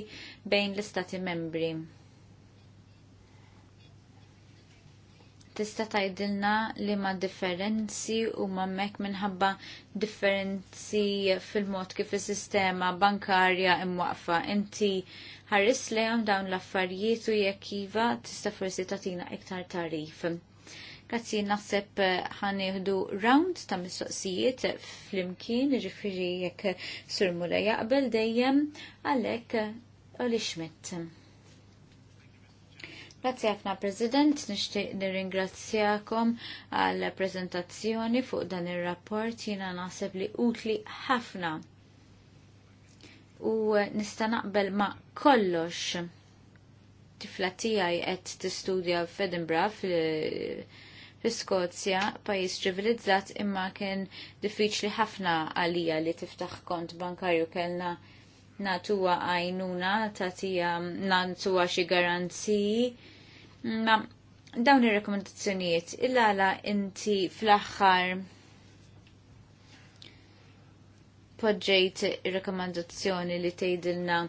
bejn l-istati membri. tista' tgħidilna li ma differenzi u ma mek minħabba differenzi fil-mod kif is-sistema bankarja imwaqfa. Inti ħares lejhom dawn l-affarijiet u jekk iva tista' forsi tagħtina iktar tarif. Kazzi naħseb eh, ħanieħdu round ta' mistoqsijiet fl-imkien, ġifiri jekk surmu jaqbel dejjem, għalhekk eh, li xmet. Grazzi ħafna President, nixtieq nirringrazzjakom għal prezentazzjoni fuq dan ir-rapport jiena naħseb li utli ħafna. U nista' naqbel ma' kollox. Tifla tiegħi qed tistudja f'Edinburgh fl-Skozja, pajjiż ċivilizzat imma kien diffiċli ħafna għalija li tiftaħ kont bankarju kellna natuwa għajnuna, tatija nantuwa xi garanziji. Ma dawn ir-rekomendazzjonijiet il-għala inti fl-aħħar poġġejt ir-rekomendazzjoni li tgħidilna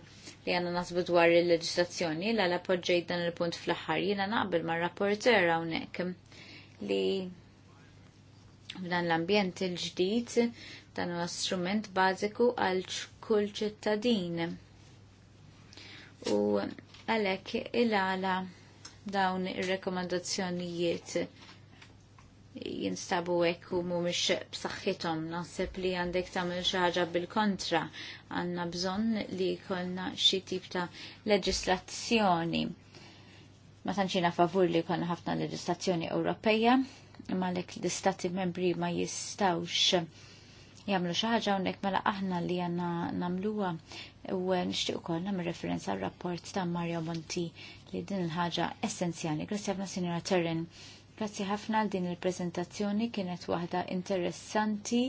li għanna nasbu dwar il-leġislazzjoni l għala poġġejt dan il-punt fl-aħħar jiena naqbel ma' rapporter hawnhekk li f'dan l-ambjent il-ġdid dan huwa strument bażiku għal kull ċittadin. U għalhekk il-għala dawn ir-rekomandazzjonijiet jinstabu hekk u mhumiex b'saħħithom naħseb li għandek tagħmel xi ħaġa bil-kontra għandna bżonn li jkollna xi tip ta' leġislazzjoni. Ma tanċina favur li jkollna ħafna leġislazzjoni Ewropeja, imma għalhekk l-istati membri ma jistawx jagħmlu xi ħaġa hawnhekk mela aħna li għandna nagħmluha u eh, nixtieq ukoll nagħmel referenza għal rapport ta' Mario Monti li din il-ħaġa essenzjali. Grazzi ħafna Sinjora Terren. Grazzi ħafna għal din il-preżentazzjoni kienet waħda interessanti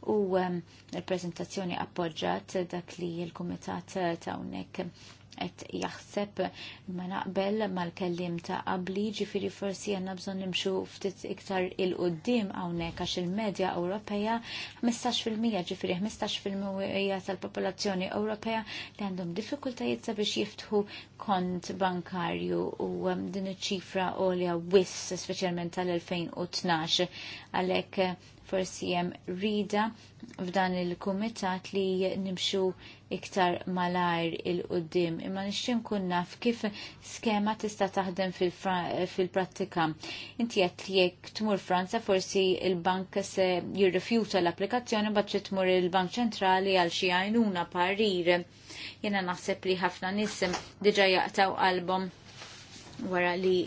u um, l-prezentazzjoni appoġġat dak li l-Kumitat ta' unnek qed jaħseb ma naqbel mal-kellim ta' qabli ġifiri forsi għanna bżon nimxu ftit iktar il-qoddim hawnhekk għax il-medja Ewropea 15% ġifiri 15% tal-popolazzjoni Ewropea li għandhom diffikultajiet sabiex jiftħu kont bankarju u um, din iċ-ċifra għolja wiss speċjalment tal-2012 għalhekk forsi hemm rida f'dan il-kumitat li nimxu iktar malajr il-qoddim. Imma nixxin kunna naf kif skema tista' taħdem fil-prattika. Inti qed jekk tmur Franza forsi il-bank se jirrifjuta l-applikazzjoni bad tmur il-Bank Ċentrali għal xi għajnuna parir. Jena naħseb li ħafna nissim diġa jaqtaw qalbhom wara li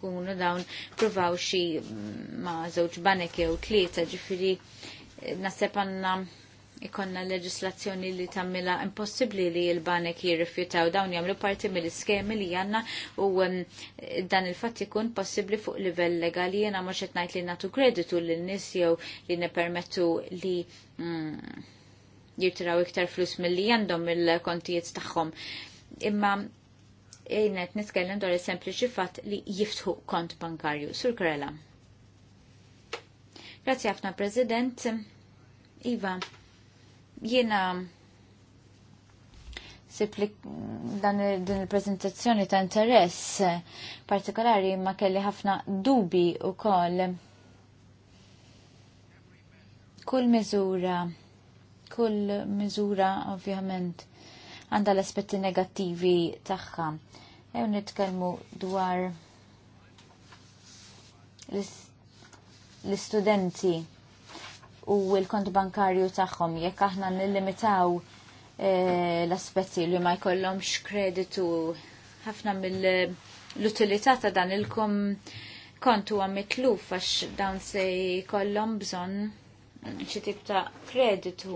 kunu dawn provaw xi mm, ma żewġ banek jew tlieta ġifiri eh, naseb għandna ikonna leġislazzjoni li tammila impossibli li l-banek jirrifjutaw dawn jagħmlu parti mill-iskemi li għandna u mm, dan il-fatt ikun possibbli fuq livell legali jiena mhux qed ngħid li nagħtu kreditu lin nies jew li nippermettu li mm, jirtiraw iktar flus milli għandhom il-kontijiet tagħhom. Imma jenet nitkellem dwar il-sempliċi fatt li jiftħu kont bankarju. Sur Karela. Grazie ħafna, President. Iva, jiena sipli dan din il-prezentazzjoni ta' interess partikolari ma kelli ħafna dubi u koll. Kull miżura, kull miżura ovvjament għandha l-aspetti negattivi tagħha. Ew nitkellmu dwar l-istudenti u l-kont bankarju tagħhom jekk aħna nillimitaw eh, l-aspetti li ma jkollhomx kreditu ħafna mill-utilità ta' dan il-kom kontu għamitluf għax dawn se jkollhom bżonn xi tip ta' kreditu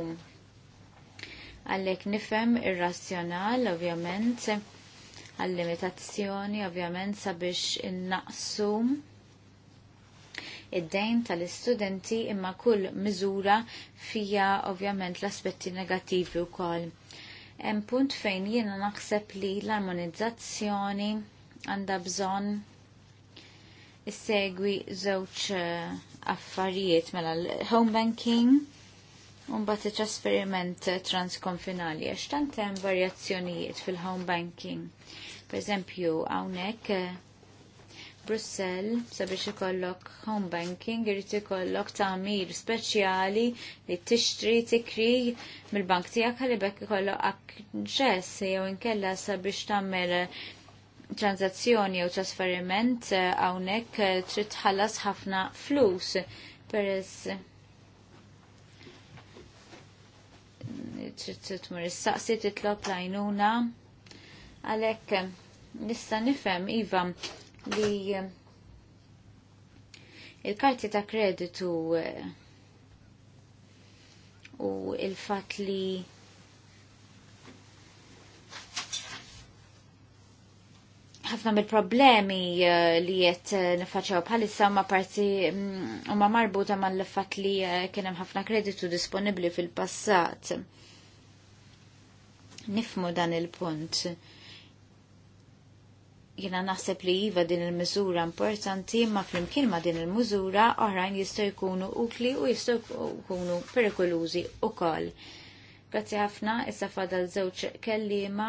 għallek nifem irrazzjonal, ovvjament, għall-limitazzjoni, ovvjament, sabiex innaqsu id-dejn tal-istudenti imma kull miżura fija ovvjament l-aspetti negattivi wkoll. Hemm punt fejn jiena naħseb li l-armonizzazzjoni għandha bżonn issegwi żewġ eh, affarijiet mela l-home banking Unbat trasferiment transkonfinali, għax tantem varjazzjonijiet fil-home banking. Per eżempju, għawnek eh, Brussel, sabiex ikollok home banking, irrit ikollok tamir speċjali li tixtri tikri mill-bank tijak għalli bekk ikollok akċess jew inkella sabiex tamir eh, transazzjoni jew trasferiment għawnek eh, trid ħallas ħafna flus peress tmur is-saqsi titlob lajnuna għalhekk nista' nifhem iva li eh, il-karti ta' kreditu eh, u il-fatt li ħafna mill-problemi eh, li jett nifacċaw bħalissa ma parti mm, u ma marbuta ma l-fat li kienem ħafna kreditu disponibli fil-passat nifmu dan il-punt. Jena naħseb li jiva din il-mizura importanti ma flimkien ma din il-mizura oħrajn jistaw jkunu ukli u jistaw jkunu perikolużi u koll. Grazzi ħafna, issa fadal żewġ kellima.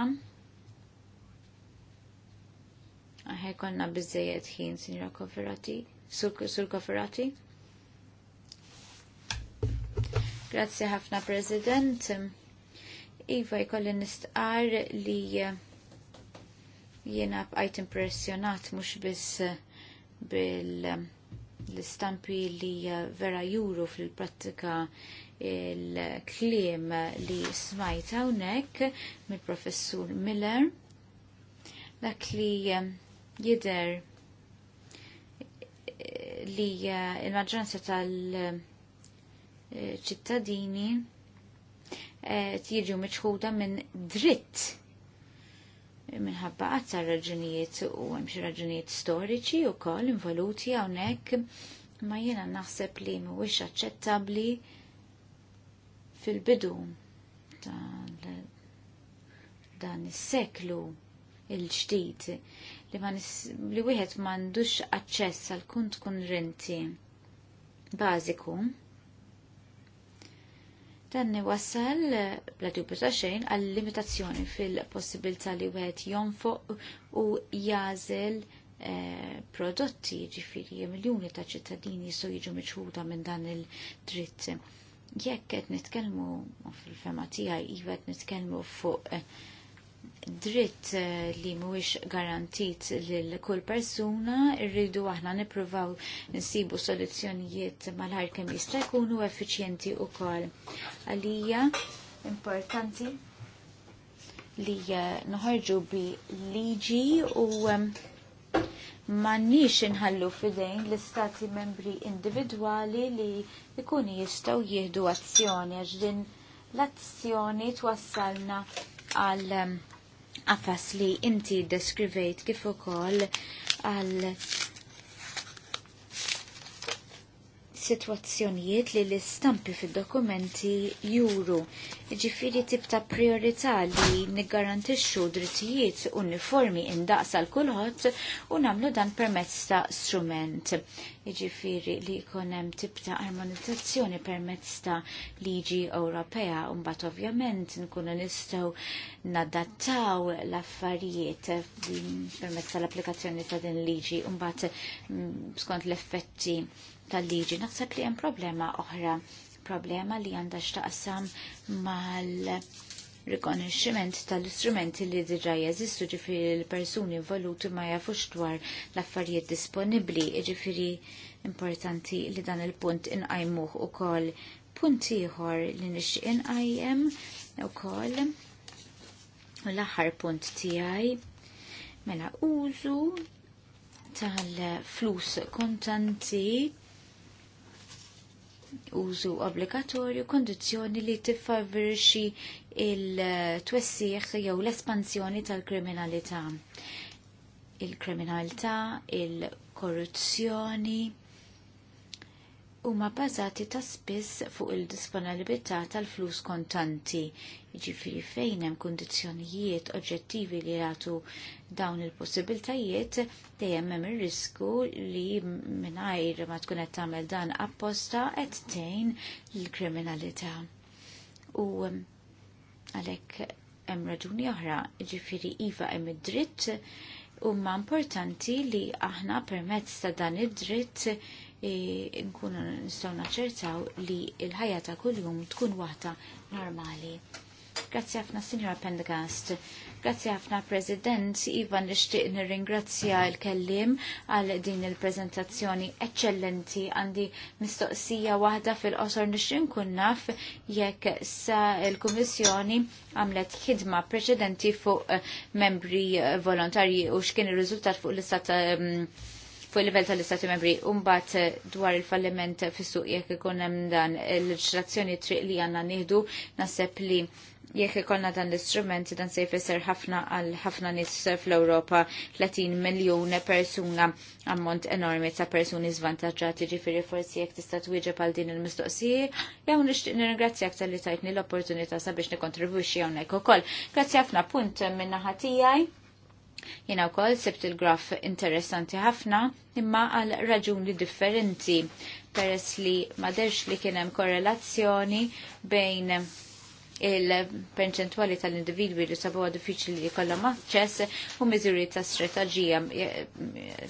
Aħe konna bizzejiet ħin, Sinjora Koferati, Sur Koferati. Grazzi ħafna, President. Iva jkolli nistqar li eh, jiena bqajt impressjonat mhux biss eh, bil eh, istampi li vera juru fil-prattika il-kliem li smajt hawnhekk mill-professur Miller dak li jider li il-maġġoranza tal-ċittadini uh, tiġu miċħuda minn dritt minħabba għazza raġunijiet u għemx raġunijiet storiċi u koll involuti għonek ma jena naħseb li mwix aċċettabli fil-bidu dan is-seklu il-ġdid li, li wieħed m'għandux aċċess għal kunt kun rinti bażiku Dan wassal eh, bla dubju xejn għal limitazzjoni fil-possibilità li wieħed jonfoq u jażel eh, prodotti ġifiri miljoni ta' ċittadini so jiġu miċħuda minn dan il-dritt. Jekk qed nitkellmu fil-fema tiegħi iva nitkellmu fuq eh, dritt eh, li mhuwiex garantit lil kull persuna, irridu aħna nippruvaw nsibu soluzzjonijiet mal-ħar kemm jista' jkunu effiċjenti wkoll. Għalija importanti li eh, noħarġu bi liġi u eh, mannix inħallu fidejn l-istati membri individwali li jkunu jistgħu jieħdu azzjoni għax din l-azzjoni twassalna għal għafas li inti deskrivejt kif ukoll għal situazzjonijiet li l-istampi fil-dokumenti juru. Ġifiri tip ta' priorità li niggarantixxu drittijiet uniformi indaqsa l kulħadd u namlu dan permezz ta' strument. Ġifiri li jkunem tip ta' armonizzazzjoni permezz ta' liġi Ewropea u mbagħad ovvjament nkunu nistgħu nadattaw l-affarijiet permezz tal-applikazzjoni ta' din liġi u mbagħad mm, skont l-effetti tal-liġi. Naħseb li hemm problema oħra, problema li għandha x'taqsam mal rikonoxximent tal-istrumenti li diġa jeżistu ġifiri l-persuni involuti ma jafux dwar l-affarijiet disponibli, ġifiri importanti li dan il-punt inqajmuh u kol punt ieħor li nix inqajjem u koll l-aħħar punt tiegħi mela użu tal-flus kontanti użu obbligatorju kondizjoni li tiffavorixxi il-twessieħ jew l-espansjoni tal-kriminalità. Il-kriminalità, il-korruzzjoni, huma bbażati ta' spiss fuq il-disponibilità tal-flus kontanti, jiġifieri fejn hemm kundizzjonijiet oġġettivi li jagħtu dawn il-possibiltajiet dejjem hemm ir-risku li mingħajr ma tkun qed tagħmel dan apposta qed tgħin lill-kriminalità. U um, għalhekk hemm raġuni oħra, jiġifieri iva hemm id-dritt huma importanti li aħna permezz ta' dan id-dritt E, nkunu nistgħu naċċertaw li l-ħajja ta' kuljum tkun waħda normali. Grazzi ħafna Signora Pendergast. Grazzi ħafna President Ivan nixtieq nirringrazzja l-kellim għal din il prezentazzjoni eċċellenti għandi mistoqsija waħda fil-qosor nishtiq nkun naf jekk sa l-Kummissjoni għamlet ħidma preċedenti fuq eh, membri eh, volontarji u x'kien ir-riżultat fuq l-istat fuq il-livell tal-Istati Membri umbat eh, dwar il-falliment fis-suq jekk ikun hemm dan il-leġislazzjoni triq li għandna nieħdu naħseb li jekk ikollna dan l-istrument dan se jfisser ħafna għal ħafna nies fl-Ewropa 30 miljun persuna ammont enormi ta' persuni żvantaġġati ġifieri forsi jekk tista' twieġeb għal din il-mistoqsijiet jew nixtieq nirringrazzjak tal-li tajtni l-opportunità sabiex nikontribwixxi hawnhekk ukoll. Grazzi ħafna punt minn naħa tiegħi. Jena u koll sebt il-graf interessanti ħafna imma għal raġuni differenti peress li maderx li kienem korrelazzjoni bejn il-perċentuali tal-individwi li sabuwa diffiċli li kolla maċċess u miżuri ta' strategija, eh,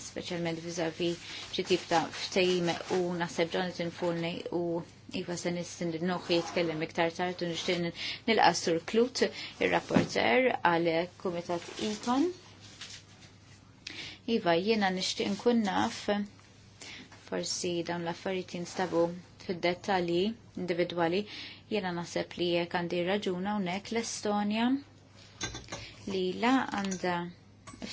speċjalment vizavi xi tip ta' ftejim u naħseb Jonathan Fulney u Iva se nistind noħi jitkellem iktar tard u nil nilqa' Sur Klut, ir-rapporter għal Kumitat Icon. Iva, jiena nixtieq nkun naf forsi dawn l-affarijiet jinstabu fid-dettalji individwali jiena naħseb li jekk għandi raġuna hawnhekk l-Estonja li la għandha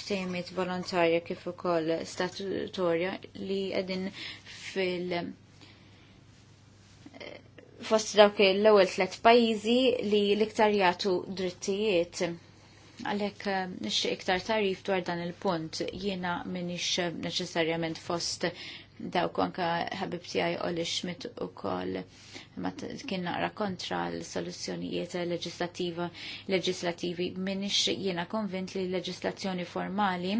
ftejmiet volontarja kif ukoll statutorja li qegħdin fil- fost dawk l-ewwel tliet pajjiżi li l-iktar jagħtu drittijiet għalek eh, nixxie iktar tarif dwar dan il-punt jiena minix eh, neċessarjament fost daw konka ħabib tijaj li xmit u kol ma kien naqra kontra l-soluzzjonijiet leġislativa leġislativi minix jiena konvint li leġislazzjoni formali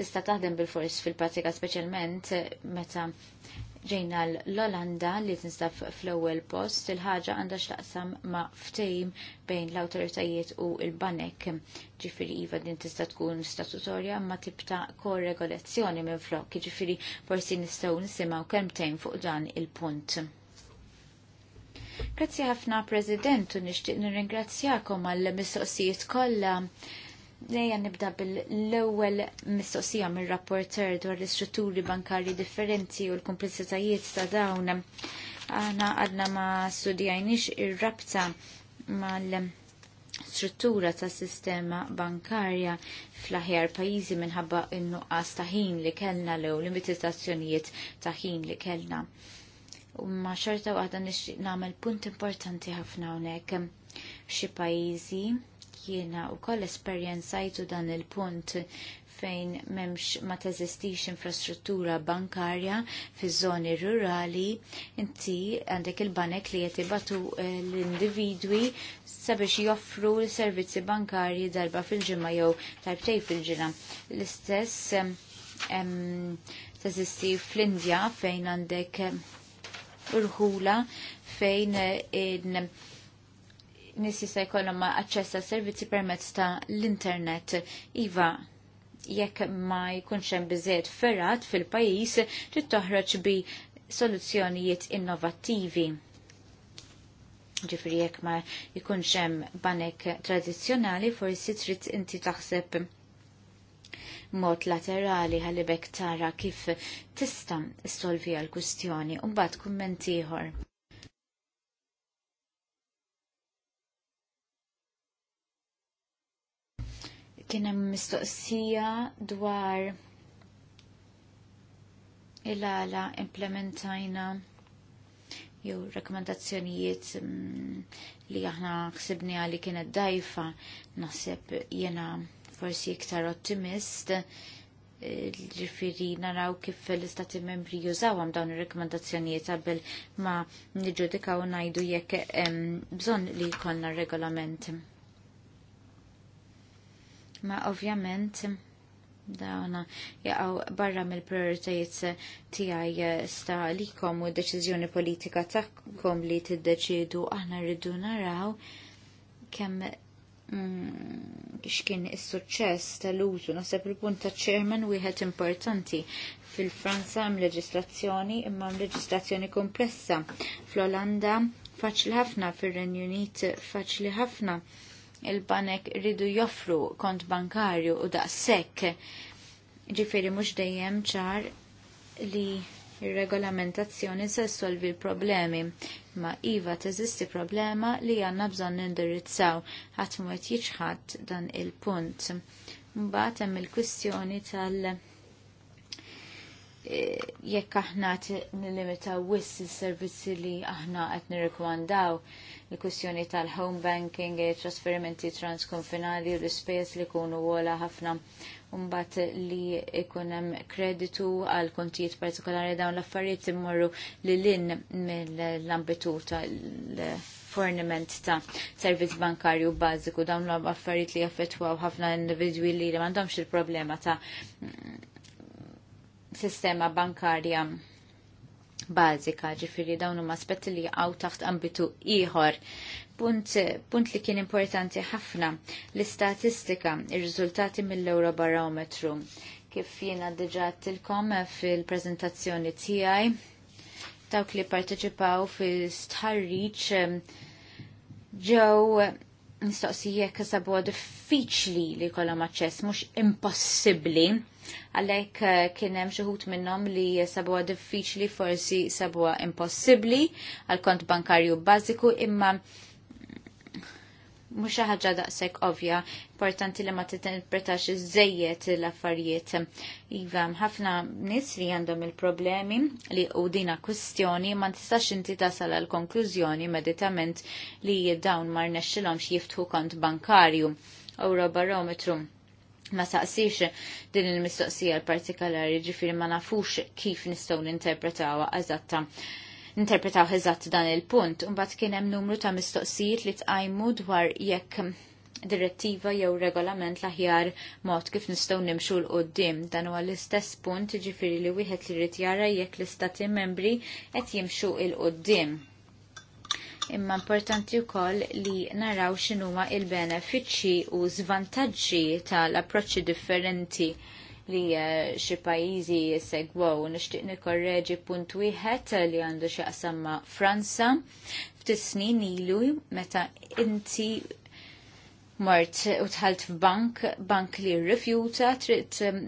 tista' taħdem bil-fors fil-pratika speċjalment meta ġejna l-Olanda li tinstab fl-ewwel post il-ħaġa għandha x'taqsam ma' ftejm bejn l-awtoritajiet u l-banek. Ġifieri iva din tista' tkun statutorja ma tibta korregolazzjoni minn flok, ġifiri forsi nistgħu nisimgħu kemmtejn fuq dan il-punt. Grazzi ħafna President u nixtieq nirringrazzjakom għall-mistoqsijiet kollha Dejja nibda bil-ewwel mistoqsija mir-rapporter dwar l-istrutturi bankarji differenti u l-komplessitajiet ta' dawn. Aħna għadna ma studjajniex ir-rabta mal struttura ta' sistema bankarja fl-aħjar pajjiżi minħabba n-nuqqas ta' ħin li kellna lew limitazzjonijiet ta' ħin li kellna. U ma xorta waħda nixtieq nagħmel punt importanti ħafna hawnhekk. F'xi pajjiżi jiena u koll esperjenzajtu dan il-punt fejn memx ma teżistix infrastruttura bankarja fi żoni rurali, inti għandek il-banek li qed ibatu eh, l-individwi sabiex joffru l-servizzi bankarji darba fil-ġimgħa jew tarbtej fil-ġimgħa. L-istess eh, teżisti fl-Indja fejn għandek urħula eh, fejn in nis jista' jkollhom aċċess servizzi permezz ta' l-internet. Iva, jekk ma jkunx hemm biżejjed ferrat fil-pajjiż trid toħroġ bi soluzzjonijiet innovattivi. Ġifri jekk ma jkunx hemm banek tradizzjonali forsi trid inti taħseb mod laterali ħalibek tara kif tista' solvi għal-kustjoni u mbagħad kumment ieħor Kien hemm mistoqsija dwar il-għala implementajna jew rekomendazzjonijiet mm, li aħna ħsibni għali kienet dajfa naħseb jena forsi iktar ottimist eh, ġifiri naraw kif l-istati membri jużawam dawn il-rekomendazzjonijiet qabel ma nġudikaw najdu jekk bżon li jkollna regolament ma ovvjament dawna jaqaw barra mill prioritajiet tiegħi sta likom u d-deċiżjoni politika tagħkom li tiddeċiedu aħna rridu naraw kemm mm, xkien is-suċċess tal-użu naħseb il-punt ta' chairman wieħed importanti fil-Franza hemm leġislazzjoni imma hemm leġislazzjoni komplessa. Fl-Olanda faċli ħafna, fir-Renju Unit faċli ħafna il-banek ridu joffru kont bankarju u daqshekk. Ġifiri mhux dejjem ċar li il regolamentazzjoni se solvi l-problemi, ma iva teżisti problema li għanna bżonn nindirizzaw ħadd għet jiġħad dan il-punt. Mbaħt hemm il-kwistjoni tal- eh, jekk aħna nilimitaw wiss is-servizzi li aħna qed nirrekwandaw il-kwistjoni tal-home banking, trasferimenti transkonfinali, l-ispejs li kunu wola ħafna Umbat li ikunem kreditu għal kontijiet partikolari dawn l-affarijiet immorru li l-in mill-ambitu tal-forniment ta' servizz bankarju bażiku dawn l-affarijiet li jaffetwaw ħafna individwi li mandomx il-problema ta' sistema bankarja Bazika, ġifiri dawn huma aspetti li għaw taħt ambitu ieħor. Punt, punt li kien importanti ħafna l-istatistika, ir-riżultati mill-Eurobarometru. Kif jiena diġà tilkom fil-prezentazzjoni tiegħi dawk li parteċipaw fil-starriċ ġew nistoqsijek sabu diffiċli li jkollhom aċċess mhux impossibbli għalek eh, kienem xeħut minnom li sabuwa diffiċli forsi sabuwa impossibli għal kont bankarju bażiku imma mux ħaġa daqsek ovja, importanti li ma t-interpretax iż l-affarijiet. Iva, ħafna nis li għandhom il-problemi li u dina kustjoni ma tistax inti tasal għal konklużjoni meditament li dawn mar nexxilhomx jiftħu kont bankarju. Euro barometru ma saqsix din il-mistoqsija l-partikolari ġifiri ma nafux kif nistaw ninterpretawa eżatta interpretaw eżatt dan il-punt. Umbat kien hemm numru ta' mistoqsijiet li tqajmu dwar jekk direttiva jew regolament laħjar mod kif nistgħu nimxu l qoddim Dan huwa l-istess punt ġifiri li wieħed li jrid jara jekk l-istati membri qed jimxu l qoddim imma importanti wkoll li naraw x'inhuma il-benefiċċji u svantaġġi tal-approċċi differenti li eh, xi pajjiżi segwow nixtieq nikorreġi punt wieħed li għandu xi ma' Franza ftit snin ilu meta inti mort u tħalt f'bank, bank li rrifjuta, trid um,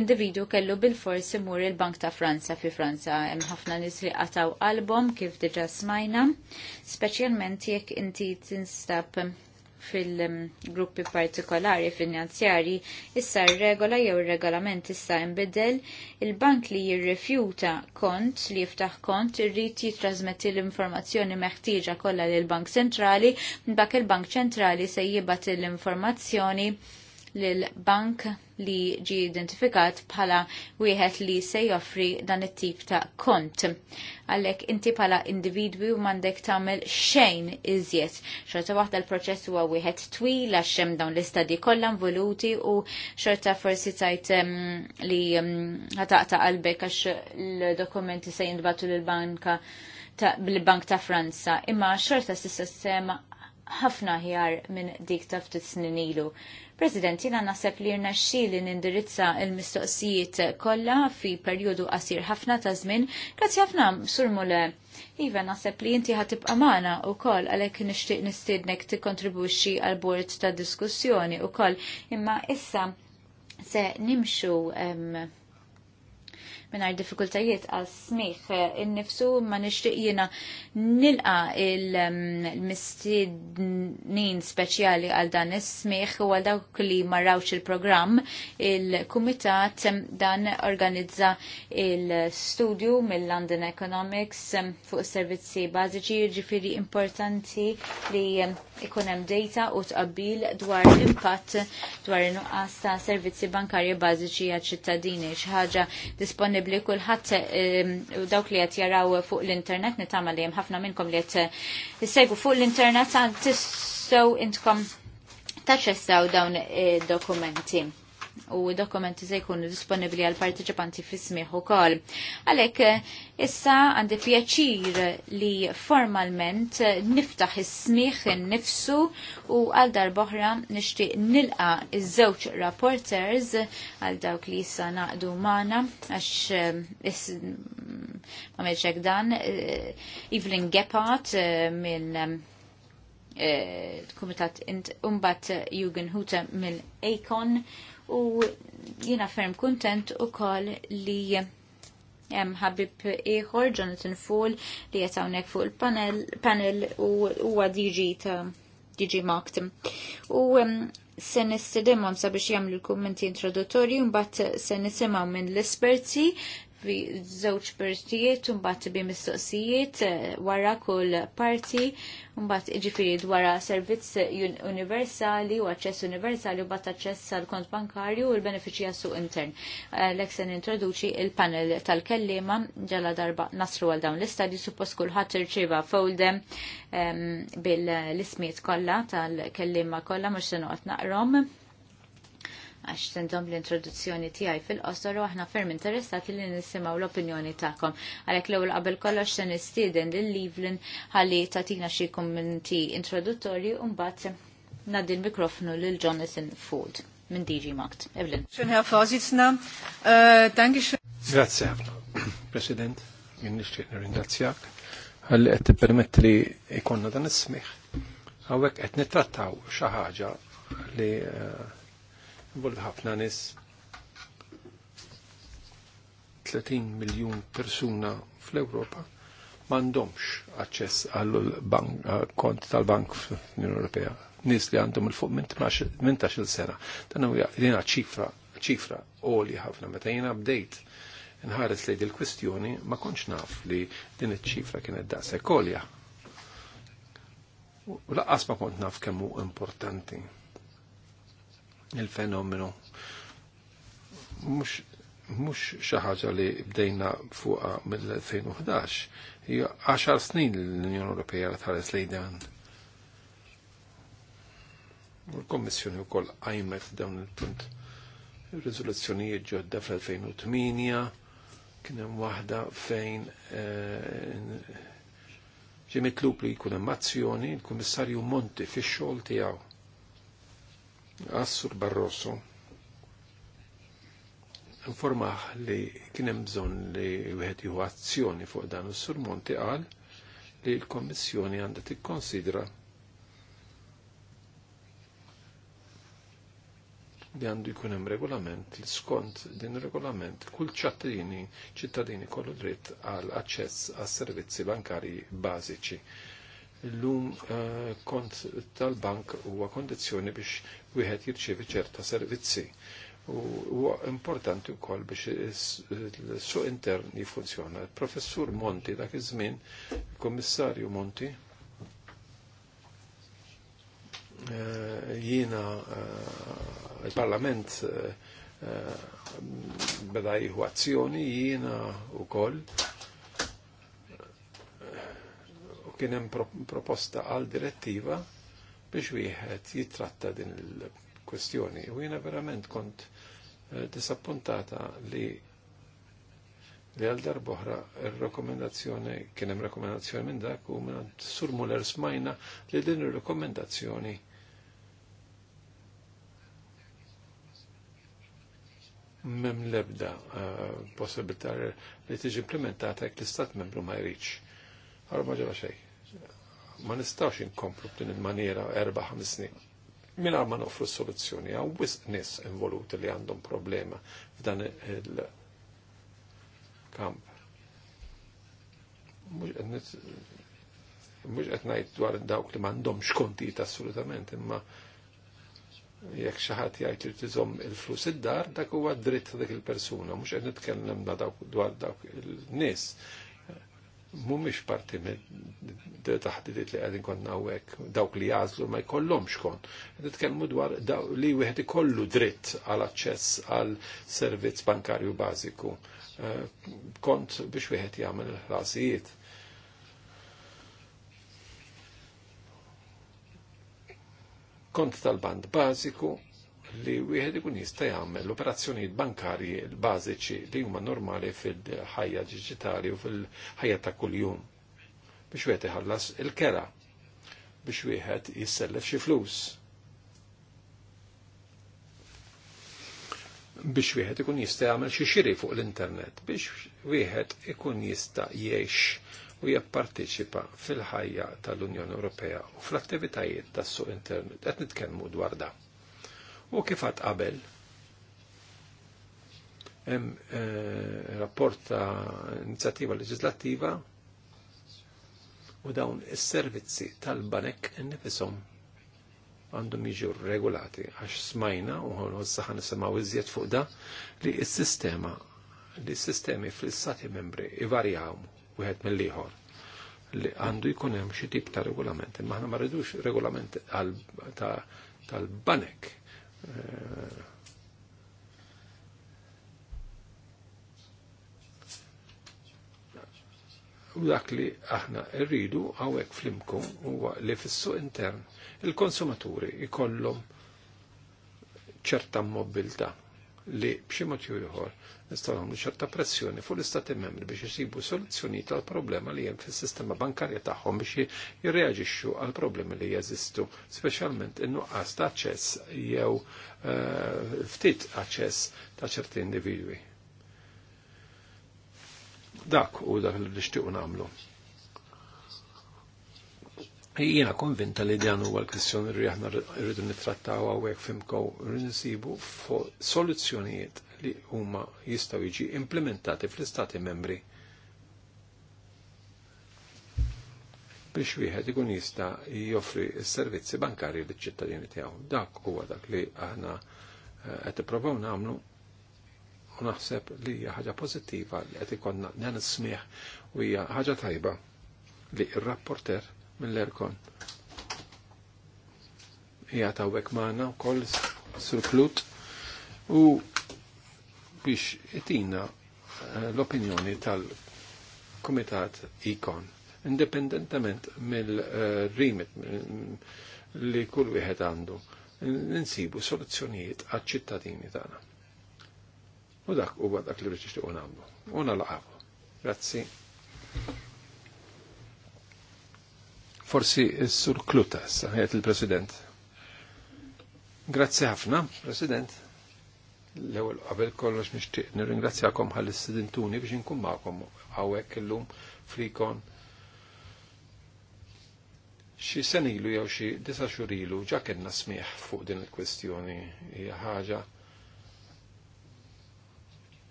individu kellu bil-fors imur il-Bank ta' Franza fi Franza. Hemm ħafna nies li qataw qalbhom kif diġà smajna, speċjalment jekk inti tinstab fil-gruppi partikolari finanzjari issa regola jew regolament issa imbidel il-bank li jirrifjuta kont li jiftaħ kont irrid jitrasmetti l-informazzjoni meħtieġa kollha lill-Bank Ċentrali mbagħad il-Bank Ċentrali se jibgħat l-informazzjoni l-bank li ġi identifikat bħala wieħed li se joffri dan it-tip ta' kont. Għalhekk inti bħala individwi u m'għandek tagħmel xejn iżjed. Xorta waħda l-proċess huwa wieħed twil għax hemm dawn l-istadji kollha involuti u xorta forsi tajt li ħataqta qalbek għax l-dokumenti se jintbatu lill-banka bil-Bank ta' Franza, imma xorta s-sistema ħafna ħjar minn dik ta' ftit snin ilu. President, jina nasab li jirna xili nindirizza il-mistoqsijiet kolla fi periodu qasir ħafna ta' żmien, grazzi ħafna sur mule. Iva, nasab li amana u magħna wkoll għalhekk nixtieq nistiednek tikkontribwixxi għal bord ta' diskussjoni wkoll, imma issa se nimxu um, minar diffikultajiet għal smiħ eh, innifsu ma nixtieq jiena nilqa mm, il-mistidnin speċjali għal dan is-smiħ u għal dawk li marrawx il-programm il-kumitat mm, dan organizza il-studju mill-London Economics mm, fuq servizzi bażiċi ġifiri importanti li ikun hemm data u tqabbil dwar l-impatt dwar in-nuqqas ta' servizzi bankarji bażiċi għaċ-ċittadini xi ħaġa disponibbli kulħadd ehm, u dawk li qed jaraw fuq l-internet nitama li hemm ħafna minnkom li qed issejgu fuq l-internet tistgħu intkom taċċessaw dawn id-dokumenti. Eh, u dokumenti se jkunu disponibli għal partiċipanti fi smieħ ukoll. Għalhekk eh, issa għandi pjaċir li formalment eh, niftaħ is-smieħ innifsu u għal darb'oħra nixtieq nilqa iż-żewġ rapporters għal dawk li issa naqdu magħna għax eh, ma hekk dan Evelyn Gephardt minn kumitat umbat Jugen Huta mill-Akon u jiena ferm kuntent ukoll li hemm ħabib ieħor Jonathan Fool li qed hawnhekk fuq il-panel u huwa DG ta' diġi Markt. U se nistidimhom sabiex jagħmlu l-kummenti introduttorji mbagħad se nisimgħu minn l-esperti bi żewġ partijiet u mbagħad bi mistoqsijiet eh, wara kull parti u mbagħad jiġifieri wara servizz universali u aċċess universali u bat aċċess għal kont bankarju u l-benefiċċji għassu suq intern. Eh, l se il-panel tal-kellima ġala darba nasru għal dawn l-istadju suppost kulħadd irċieva foldem ehm, bil-ismiet kollha tal-kellima kollha mhux se noqgħod naqrom għax tendom l-introduzzjoni tijaj fil-qosor u għahna ferm interessati li nisimaw l-opinjoni tagħkom. Għalek l għu l qabel kollox se istiden l Livlin ħalli tagħtina xi kummenti introduttorji u mbagħad nagħdi l-mikrofonu lil Jonathan Food minn DG Makt. Evelyn. Xun Herr Vorsitzender, tanki äh, schön. Grazie, (clears throat) President, minn nixtieq nirringrazzjak għalli għet tippermetti li ikonna dan is-smih. Hawnhekk qed nittrattaw xi ħaġa li äh, vol ħafna nis 30 miljon persuna fl-Europa mandomx aċċess għall kont tal-bank fl-Unjoni Ewropea. Nis li għandhom il-fuq minn il sena. Dan huwa jiena ċifra ċifra oli ħafna meta jiena bdejt nħares lejn il-kwistjoni ma kontx naf li din iċ-ċifra kienet daqshekk għolja. U laqqas ma kont naf kemm hu importanti il-fenomenu. Mux mux xaħġa li bdejna fuqa mill-2011, hija 10 snin l-Unjoni Ewropea li tħares lejdan. U l-Kommissjoni wkoll għajmet dawn il-punt. Ir-riżoluzzjonijiet ġodda fl-2008 kien hemm waħda fejn eh, ġi mitlub li jkun hemm azzjoni, il-Kummissarju Monti fix-xogħol tiegħu Assur Barroso informa li kienem bżon li wieħed juhu azzjoni fuq dan is surmonti qal li l-Kommissjoni għandha tikkonsidra li għandu jkun hemm regolament li skont din regolament kull ċattadini ċittadini kollu dritt għal aċċess għas servizzi bankarji bażiċi l-lum eh, kont tal-bank huwa kondizzjoni biex wieħed jirċievi ċerta servizzi. U huwa importanti wkoll biex suq intern jiffunzjona. Il-professur Monti dak iż-żmien, il-Kummissarju Monti, eh, jiena eh, il-Parlament beda jihu azzjoni jiena u koll kien hemm proposta għal direttiva biex wieħed jitratta din il-kwestjoni. U jiena verament kont eh, disappuntata li li għal darboħra il-rekomendazzjoni, kien hemm rekomendazzjoni minn dak u minn Sur Muller smajna li din ir-rekomendazzjoni mem lebda uh, possibilità li tiġi implementata jekk l-istat membru ma jridx. Għarra ġewa xejn ma nistax inkomplu b'din il-maniera erba' ħames snin. Mingħajr ma nofru soluzzjoni hawn wisq nies involuti li għandhom problema f'dan il-kamp. Mhux qed ngħid dwar dawk li m'għandhomx kontit assolutament, imma jekk xi ħadd jgħid li tizom il-flus id-dar, dak huwa dritt dik il-persuna, mhux qed nitkellem dwar dawk il-nies mumiex parti minn taħdidiet li għadin konna għawek dawk li jazlu ma jkollomx kon. Nitkellmu dwar li wieħed ikollu dritt għal aċċess għal servizz bankarju bażiku. Eh, kont biex wieħed jagħmel il-ħlasijiet. Kont tal-band bażiku li wieħed ikun jista' jagħmel operazzjonijiet bankarji bażiċi li huma normali fil-ħajja diġitali u fil-ħajja ta' kuljum biex wieħed iħallas il-kera biex wieħed jissellef xi flus. biex wieħed ikun jista' jagħmel xi xiri fuq l-internet, biex wieħed ikun jista' jgħix u jipparteċipa fil-ħajja tal-Unjoni Ewropea u fl-attivitajiet tas-suq internet. Qed nitkellmu dwar da. U kif qabel? Hemm eh, rapport ta' inizjattiva leġislattiva u dawn is-servizzi tal-banek nifisom għandhom jiġu regolati għax smajna u għossaħan nisimaw iżjed fuq da li s-sistema li s-sistemi fl-istati membri ivarjaw wieħed mill-ieħor li għandu jkun hemm xi tip ta' regolament. Imma aħna ma rridux regolament tal-banek Eh, u dak li aħna rridu għawek flimkom huwa li fissu intern il-konsumaturi ikollhom ċerta mobilta li b'xi juħor nistawhom nagħmlu ċerta pressjoni fuq l-istati membri biex isibu soluzzjoni tal-problema li hemm fis-sistema bankarja tagħhom biex jirreaġixxu għal problemi li jeżistu, speċjalment in-nuqqas ta' aċċess jew eh, ftit aċċess ta' ċerti individwi. Dak u dak li nixtiequ nagħmlu. Jiena konvinta li dan huwa l-kwistjoni li aħna rridu nittrattaw hawnhekk fimkow rridu nsibu fuq soluzzjonijiet li huma jistgħu jiġi implementati fl-istati membri biex wieħed ikun jista' joffri s-servizzi bankarji liċ-ċittadini tiegħu. Dak huwa dak li aħna eh, qed ippruvaw nagħmlu u naħseb li hija ħaġa pożittiva li qed ikollna dan is-smieħ u hija ħaġa tajba li r-rapporter mill-erkon hija tawwek magħna wkoll surklut u biex itina eh, l-opinjoni tal-Kumitat Ikon, indipendentament mill-rimit li kull wieħed għandu, ninsibu soluzzjonijiet għal-ċittadini tagħna. U dak huwa dak li rridx tiqu nagħmlu. U nalaqgħu. Grazzi. Forsi s-sur Klutas il-President. Grazzi ħafna, President l-ewwel qabel kollox nir nirringrazzjakom għal istidintuni biex inkun magħkom l illum frikon xi senilu jew xi disa' xhur ilu ġa kellna smieħ fuq din il-kwestjoni hija ħaġa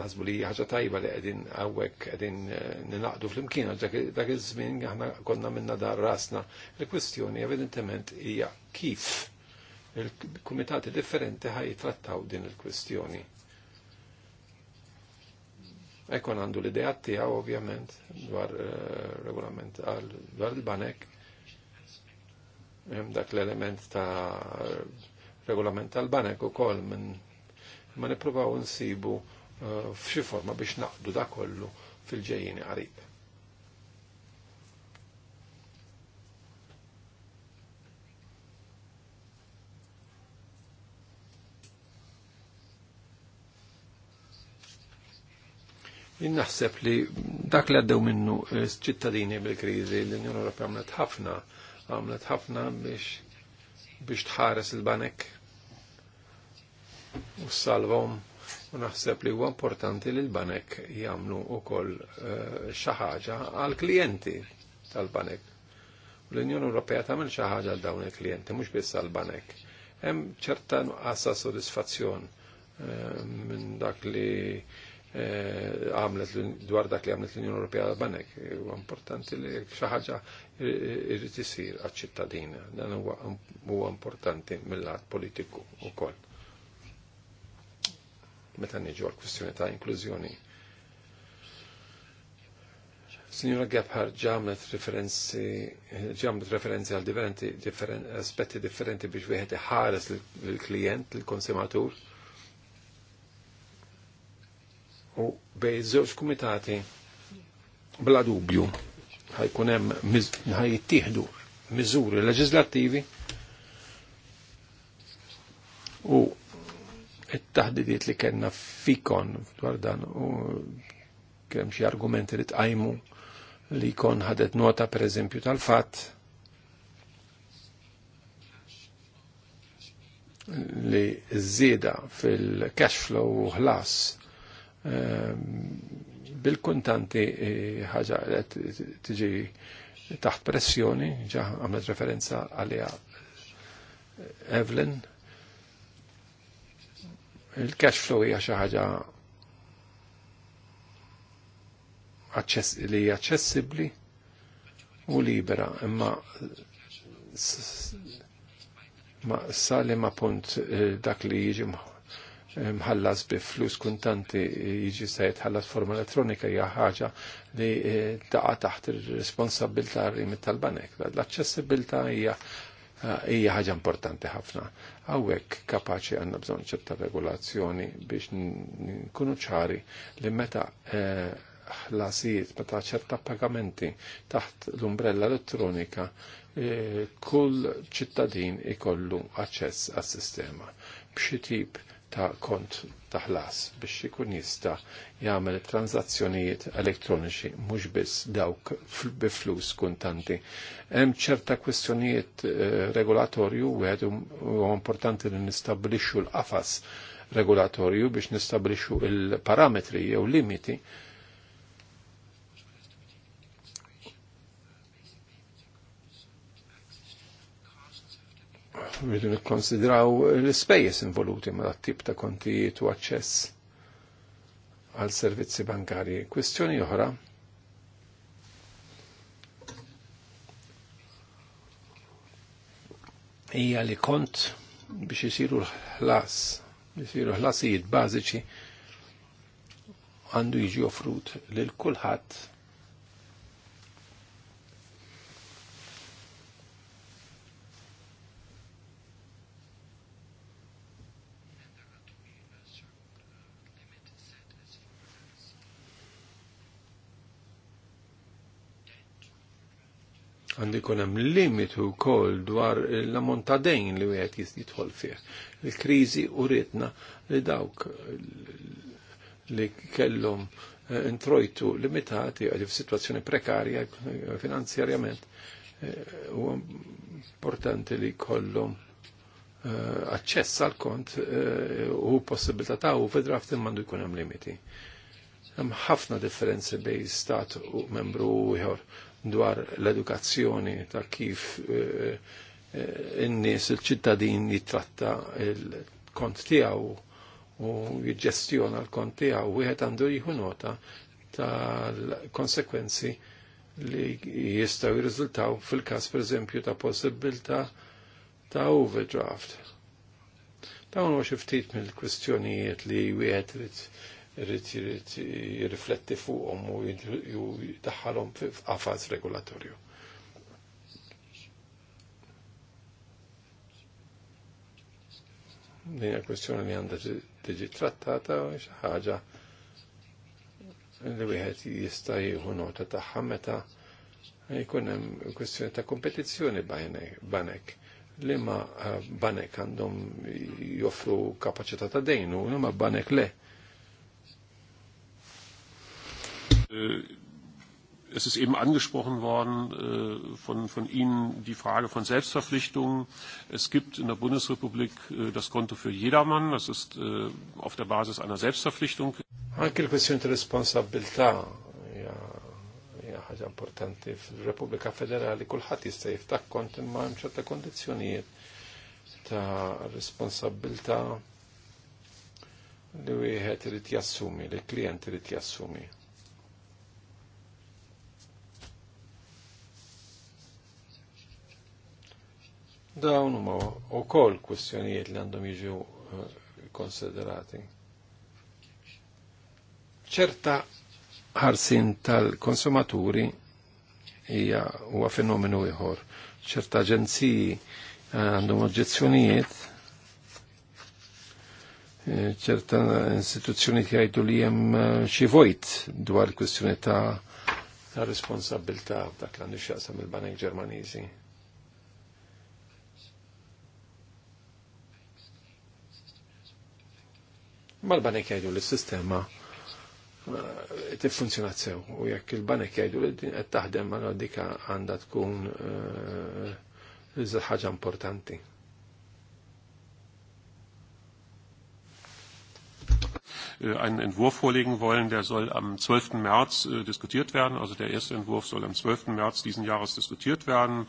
nasbu li ħaġa tajba li qegħdin hawnhekk qegħdin eh, ninaqdu flimkien għax dak iż-żmien aħna konna minna dar rasna. Il-kwestjoni evidentement hija kif il-kumitati differenti ħaj jitrattaw din il-kwestjoni. Ekon għandu l-idea tiegħu ovvjament dwar eh, regolament għal dwar il-banek hemm dak l-element ta' regolament tal-banek ukoll minn ma nippruvaw nsibu eh, f'xi forma biex naqdu da kollu fil-ġejjini qarib. Naħseb li dak li għaddew minnu eh, ċittadini bil-krizi l-Unjoni Ewropea għamlet ħafna, għamlet ħafna biex biex tħares il-banek u salvom u naħseb li huwa importanti li l-banek jagħmlu wkoll eh, xi ħaġa għall-klijenti tal-banek. L-Unjoni Ewropea tagħmel xi ħaġa għal dawn il-klijenti mhux biss għall-banek. Hemm ċerta nuqqasa sodisfazzjon eh, minn dak li Eh, għamlet dwar dak li għamlet l-Unjoni Ewropea banek. U importanti li xi ħaġa irrid isir ċittadina Dan huwa importanti mill-lat politiku wkoll. Meta niġu għal-kwistjoni ta' inklużjoni. Signora Gebhardt ġamlet referenzi ġamlet referenzi għal differenti, aspetti differenti biex wieħed iħares l-klient, l-konsumatur. l klient l konsumatur l konsumatur u bej żewġ kumitati bla dubju ħajkun hemm ħajtieħdu miżuri leġislattivi u it-taħdidiet li kellna fikon dwar dan u kemm xi argumenti li tqajmu li kon ħadet nota pereżempju tal-fatt li żieda fil-cash flow u ħlas Ehm, bil-kuntanti e, ħaġa tiġi taħt pressjoni, ġa għamlet referenza għalija e, Evelyn. Il-cash flow hija xi ħaġa li hija aċċessibbli u libera, imma ma sali ma punt e, dak li jiġi mħallas bi flus kuntanti jiġi se jitħallas forma elettronika hija ħaġa li eh, taqa taħt ir-responsabilità rimit tal-banek. L-aċċessibilità hija eh, hija ħaġa importanti ħafna. Hawnhekk kapaċi għandna bżonn ċerta regolazzjoni biex nkunu ċari li meta eh, ħlasijiet, meta ċerta pagamenti taħt l-umbrella elettronika kull ċittadin ikollu aċċess għas-sistema. B'xi tip ta' kont ta' ħlas biex ikun jista' jagħmel transazzjonijiet elektroniċi mhux biss dawk bi flus kuntanti. Hemm ċerta kwistjonijiet eh, regolatorju wieħed um, huwa importanti li nistabbilixxu l-qafas regolatorju biex nistabbilixxu il-parametri jew limiti rridu nikkonsidraw l-ispejjeż involuti ma' tip ta' kontijiet u aċċess għal servizzi bankarji. Kwistjoni oħra. Hija li kont biex isiru l-ħlas, isiru ħlasijiet bażiċi għandu jiġi offrut lil kulħadd għandu jkun hemm limitu wkoll dwar l-ammont ta' li wieħed jidħol fih. Il-kriżi uritna li dawk li kellhom eh, introjtu limitati f f'sitwazzjoni prekarja eh, finanzjarjament eh, u importanti li kollum aċċess għal kont u possibilità ta' u fid-draft mandu jkun hemm limiti hemm ħafna differenzi bej stat u membru ieħor dwar l-edukazzjoni ta' kif eh, eh, in-nies il-ċittadin jitratta il-kont tiegħu u jiġġestjona l-kont tiegħu wieħed għandu jieħu nota tal-konsekwenzi li jistaw jirriżultaw fil-każ pereżempju ta' possibilità ta' overdraft. Dawn huwa xi ftit mill-kwistjonijiet li wieħed irrid jirrifletti fuqhom u jiddaħħalhom f'qafas regolatorju. Din hija kwestjoni li għandha tiġi trattata u xi ħaġa li wieħed jista' jieħu nota tagħha meta jkun hemm kwestjoni ta' kompetizzjoni banek li ma eh, banek għandhom joffru kapaċità ta' dejn u ma banek le. Äh, es ist eben angesprochen worden äh, von, von Ihnen die Frage von Selbstverpflichtungen. Es gibt in der Bundesrepublik äh, das Konto für jedermann. Das ist äh, auf der Basis einer Selbstverpflichtung. Anche la questione di responsabilità è una cosa importante. La Repubblica federale, repubblika Federali kulħadd jista' jiftaħ kont imma hemm certe condizioni. ta' responsabilità li wieħed irid jassumi, li klient ti assumi. Dawn huma wkoll kwistjonijiet li għandhom jiġu eh, konsiderati. ċerta ħarsin tal-konsumaturi hija huwa fenomenu ieħor. ċerta aġenziji eh, għandhom oġġezzjonijiet eh, ċerta istituzzjoni jgħidu li hemm xi vojt dwar kwistjoni ta' ta' responsabilità dak l-għandu xaqsam il-Banek Ġermaniżi. mal-banek jgħidu li s-sistema eh, tiffunzjona sew u jekk il-banek jajdu li din qed taħdem għal dika għandha tkun eh, ħaġa importanti. Äh, einen Entwurf vorlegen wollen, der soll am 12. März äh, diskutiert werden. Also der erste Entwurf soll am 12. März diesen Jahres diskutiert werden.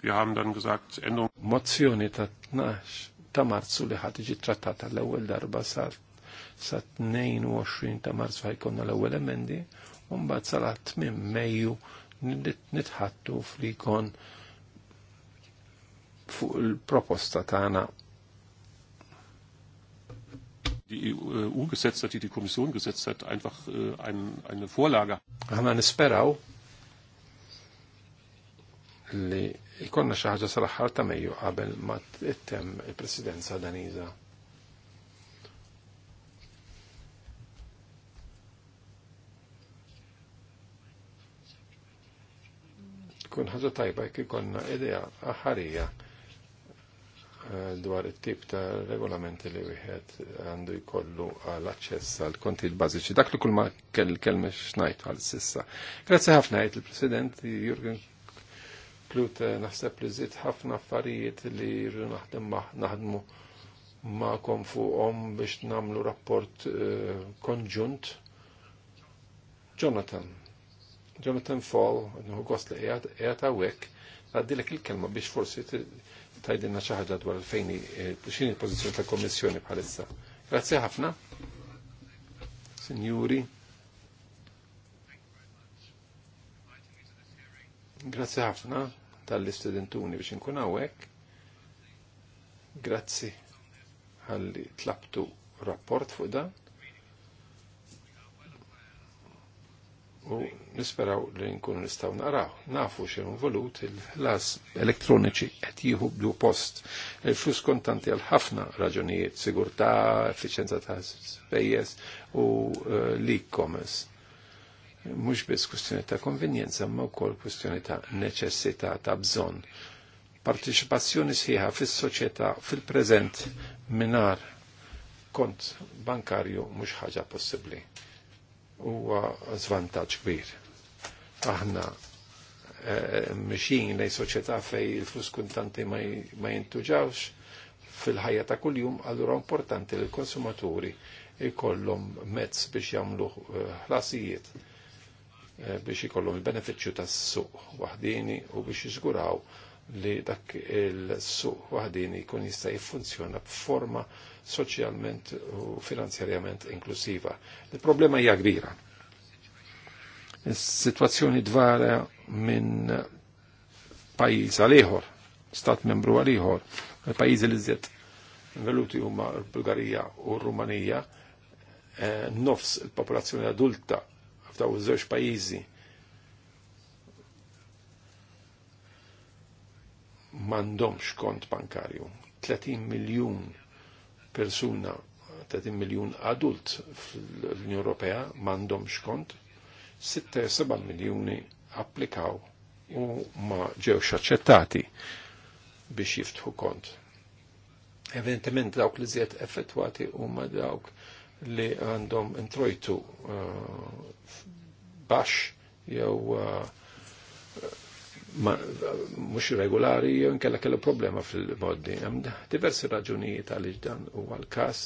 Wir haben dann gesagt, Änderung... Mozzjoni ta' 12 ta' marzu li ħad iġi trattata l-ewwel darba sal sa 22 ta' marzu ħajkonna l-ewwel emendi u mbagħad sal tmiem Mejju nitħattu flikon fuq il-proposta tagħna die EU äh, umgesetzt hat, die die Kommission gesetzt hat, einfach äh, ein, eine Vorlage. Għana nisperaw li ikonna xaħġa sal-ħar ta' meju qabel ma' t-tem il-presidenza daniza. tkun ħaġa tajba jekk ikonna idea aħarija eh, dwar it-tip ta' regolamenti li wieħed għandu jkollu għal aċċess għal kontijiet bażiċi. Dak li kull ma kelme xnajt għal sissa. Grazzi ħafna jgħid il-President Jurgen Klut naħseb li żied ħafna affarijiet li naħdem naħdmu ma'kom fuqhom biex namlu rapport eh, konġunt. Jonathan. Jonathan Fall, nħu kost li għijat għawek, għaddilek il-kelma biex forsi tajdinna xaħġa dwar fejn eh, xin il-pozizjoni tal-Kommissjoni bħalissa. Grazie ħafna, Signuri. Grazie ħafna tal-istudentuni biex nkun għawek. Grazie għalli tlabtu rapport fuq da. u nisperaw li nkunu nistaw naraw. Nafu xe volut il-las elektroniċi qed jieħu post. Il-flus kontanti għal ħafna raġunijiet, sigurtà, effiċenza ta' spejjeż u eh, l-e-commerce. Mhux biss kustjoni ta' konvenjenza, ma wkoll kustjoni ta' neċessita ta' bżonn. Partiċipazzjoni sħiħa fis-soċjetà fil-preżent minar kont bankarju mhux ħaġa possibbli huwa żvantaġġ kbir. Aħna eh, eh, mxin lej soċjetà fej il-flus kuntanti ma jintuġawx fil-ħajja ta' kuljum, allura importanti li l-konsumaturi jkollhom mezz biex jagħmlu eh, ħlasijiet biex ikollhom il-benefiċċju tas-suq waħdini u biex jiżguraw li dak il-suq waħdini jkun jista' jiffunzjona b'forma soċjalment u finanzjarjament inklusiva. Il-problema hija kbira. Is-sitwazzjoni dwar minn pajjiż għal ieħor, stat membru għal ieħor, il-pajjiżi li żied veluti huma l-Bulgarija u r-Rumanija, eh, nofs il-popolazzjoni adulta f'daw iż-żewġ pajjiżi m'għandhomx kont bankarju. 30 miljon persuna 30 miljun adult fl-Unjoni Ewropea m'għandhom xkont, 6-7 miljuni applikaw u ma ġewx aċċettati biex jiftħu kont. Evidentement dawk li zjed effettwati huma dawk li għandhom introjtu uh, baxx jew uh, mux regolari jew nkella kellu problema fil-moddi. diversi raġunijiet għaliex dan u għal-kas.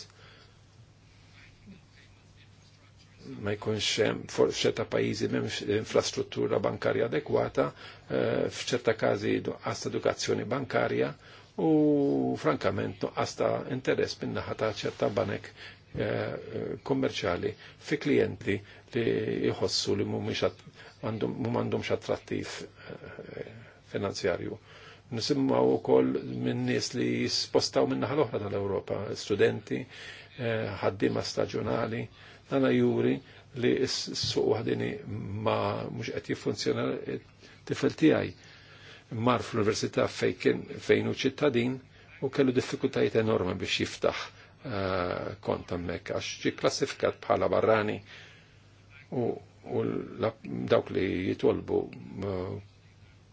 Ma jkunx hemm f'ċerta pajjiżi m'hemmx infrastruttura bankarja adekwata, eh, f'ċerta kazi għasta edukazzjoni bankarja u frankament għasta interess minna ħata ċerta banek eh, eh, kommerċali fi klienti li jħossu li mhumiex m'għandhomx attrattiv eh, finanzjarju. u wkoll minn nies li jispostaw minn naħa l-oħra tal-Ewropa, studenti, eh, ħaddima staġjonali, nana juri li s-suq għadini ma mhux qed jiffunzjona tifel tiegħi. Mar fl-Università fejn u ċittadin u kellu diffikultajiet enormi biex jiftaħ eh, kont hemmhekk għax ġi klassifikat bħala barrani u u dawk li jitolbu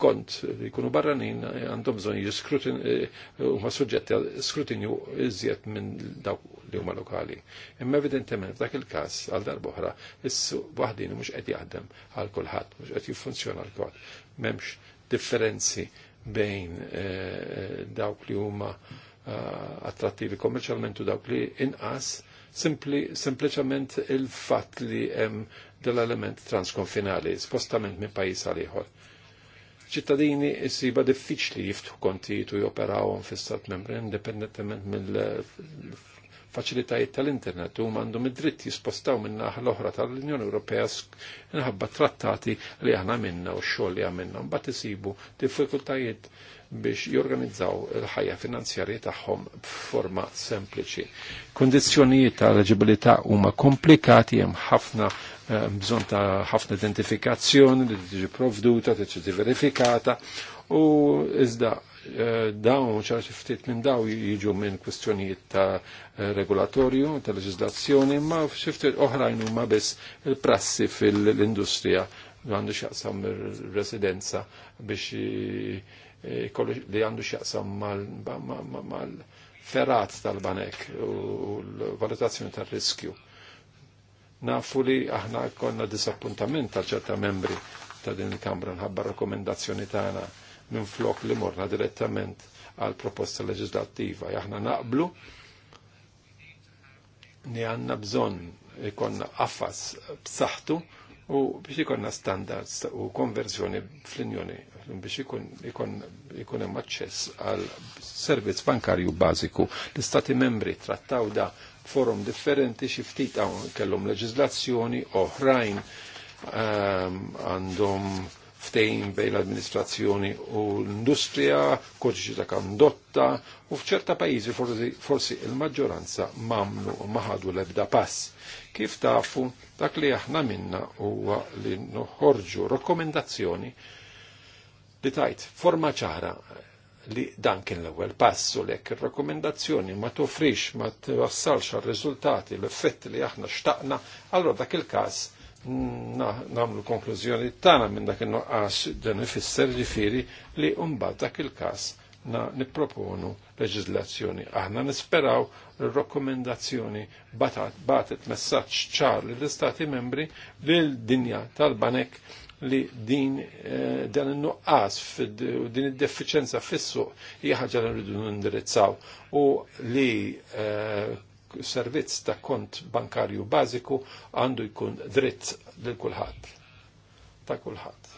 kont li jkunu barranin għandhom bżonn jiskrutin eh, huma suġġetti għal skrutinju iżjed minn dawk li huma lokali. Imma evidentement f'dak il-każ għal darb'oħra issu waħdin mhux qed jaħdem għal kulħadd, mhux qed jiffunzjona għal kulħadd. M'hemmx differenzi bejn eh, dawk li huma eh, attrattivi kommerċjalment u dawk li inqas simpli sempliċament il-fatt li hemm dell-element transkonfinali, spostament minn pajis għal ieħor. ċittadini jisiba diffiċli jiftu konti tu joperawhom fis-stat membri indipendentement mill-faċilitajiet tal-internet u għandhom id-dritt jispostaw minna naħa l-oħra tal-Unjoni Ewropea minħabba trattati li aħna minna u x-xogħol li għamilna. Mbagħad isibu diffikultajiet biex jorganizzaw il-ħajja finanzjarji tagħhom b'forma sempliċi. Kondizzjonijiet ta' eġibilità huma komplikati hemm ħafna Eh, bżon ta' ħafna identifikazzjoni li tiġi provduta, tiġi verifikata u iżda eh, dawn ċar ftit minn daw jiġu minn kwistjonijiet ta' eh, regolatorju, ta' leġizlazzjoni, ma xiftit oħrajn huma bis il-prassi fil-industrija għandu xaqsam residenza biex li għandu xaqsam mal-ferrat tal-banek u l-valutazzjoni tal-riskju nafu li aħna konna disappuntament ta' ċerta membri ta' din il-Kamra nħabba rekomendazzjoni tagħna minn flok li morna direttament għal proposta leġislattiva. Aħna naqblu li għandna bżonn ikonna affas b'saħħtu u biex ikonna standards u konverzjoni fl-Unjoni biex ikun hemm aċċess għal servizz bankarju bażiku. L-Istati membri trattaw da forum differenti xi ftit hawn kellhom leġiżlazzjoni oħrajn ehm, għandhom ftejn bej l-amministrazzjoni u l-industrija, kodiċi ta' kandotta u f'ċerta pajjiżi forsi il-maġġoranza mamlu u maħadu l-ebda pass. Kif tafu dak li aħna minna huwa li noħorġu rakkomendazzjoni li tajt forma ċara li dan kien l-ewwel pass u lek ir-rakkomendazzjoni ma tofrix ma twassalx għar-riżultati l-effetti li aħna xtaqna, allura dak il-każ nagħmlu konklużjoni tagħna minn dak in-noqqas dan ifisser ġifieri li mbagħad dak il-każ na nipproponu leġiżlazzjoni. Aħna nisperaw rakkomendazzjoni batat batet messaġġ ċar lill istati membri lil dinja tal-banek li din eh, dan il-nuqqas din id-deficienza fis-suq hija li rridu nindirizzaw u li eh, servizz ta' kont bankarju bażiku għandu jkun dritt lil kulħadd ta' kulħadd.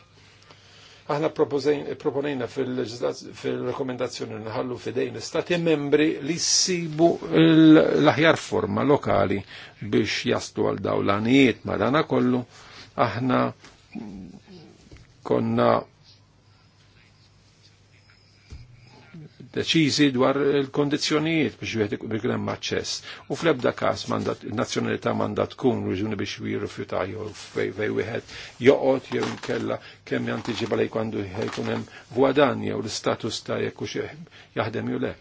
Aħna proponejna fil-rekomendazzjoni nħallu fidejn l-istati membri li s-sibu l-aħjar forma lokali biex jastu għal dawlanijiet madana kollu aħna konna deċiżi dwar il-kondizjonijiet biex wieħed ikun hemm aċċess. U fl-ebda każ mandat nazzjonalità mandat tkun rizuni biex rifjutaj u fej wieħed joqgħod jew kella kemm jantiġi lejk għandu jkun hemm u jew l-istatus ta' jekk jahdem ju le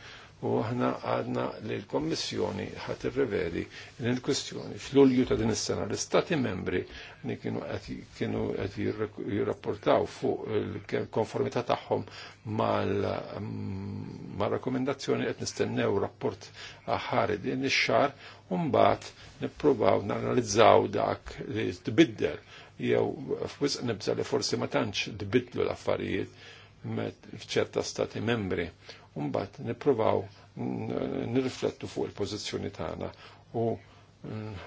u aħna għadna li l-Kommissjoni ħat irrevedi din il-kwestjoni fl-ulju ta' din is-sena l-Istati membri li kienu qed jirrapportaw fuq il-konformità tagħhom mal-rakkomendazzjoni qed nistennew rapport aħari din ix-xar u mbagħad nippruvaw nanalizzaw dak li tbiddel jew f'wisq nibża li forsi ma tantx tbiddlu l-affarijiet f'ċerta stati membri Umbat nipruvaw nirriflettu fuq il-pożizzjoni tagħna u eh,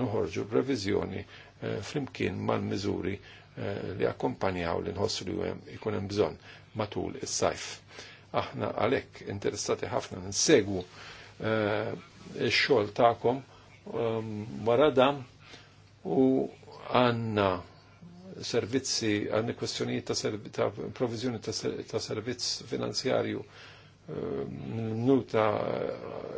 nħorġu previżjoni eh, flimkien mal-miżuri eh, li akkompanjaw li nħossu li jkun hemm bżonn matul is-sajf. Aħna għalhekk interessati ħafna nsegwu x-xogħol tagħkom wara dan u għandna servizzi, għanni kwestjoni ta', serv ta provizjoni ta' servizz finanzjarju ehm, nuta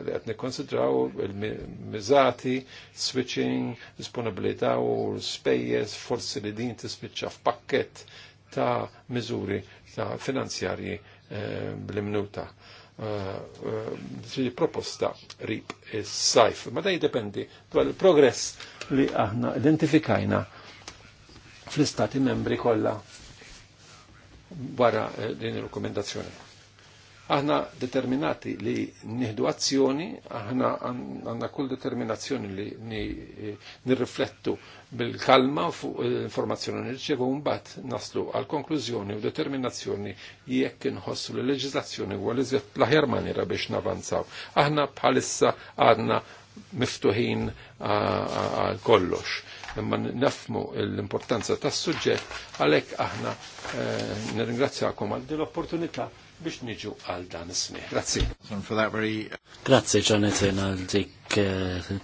li għetni konsidraw il-mizati, switching, disponibilità u spejjes, forsi li din tispiċċa f'pakket ta' miżuri ta' finanzjarji bl-minuta. Ehm, Ġi eh, eh, proposta rip is-sajf. Ma daj dependi dwar il-progress li aħna identifikajna fl-istati membri kollha wara eh, din il-rekomendazzjoni. Aħna determinati li nieħdu azzjoni, aħna għandna kull determinazzjoni li eh, nirriflettu bil-kalma fuq l-informazzjoni li nirċevu mbagħad naslu għal konklużjoni u determinazzjoni jekk inħossu li leġiżlazzjoni huwa li l-aħjar maniera biex navanzaw. Aħna bħalissa għadna miftuħin għal kollox. Imma nafmu l-importanza tas-suġġett għalhekk aħna eh, nirringrazzjakom għal din l-opportunità biex niġu għal dan is ismi. Grazzi. Uh, Grazzi Jonathan għal dik uh,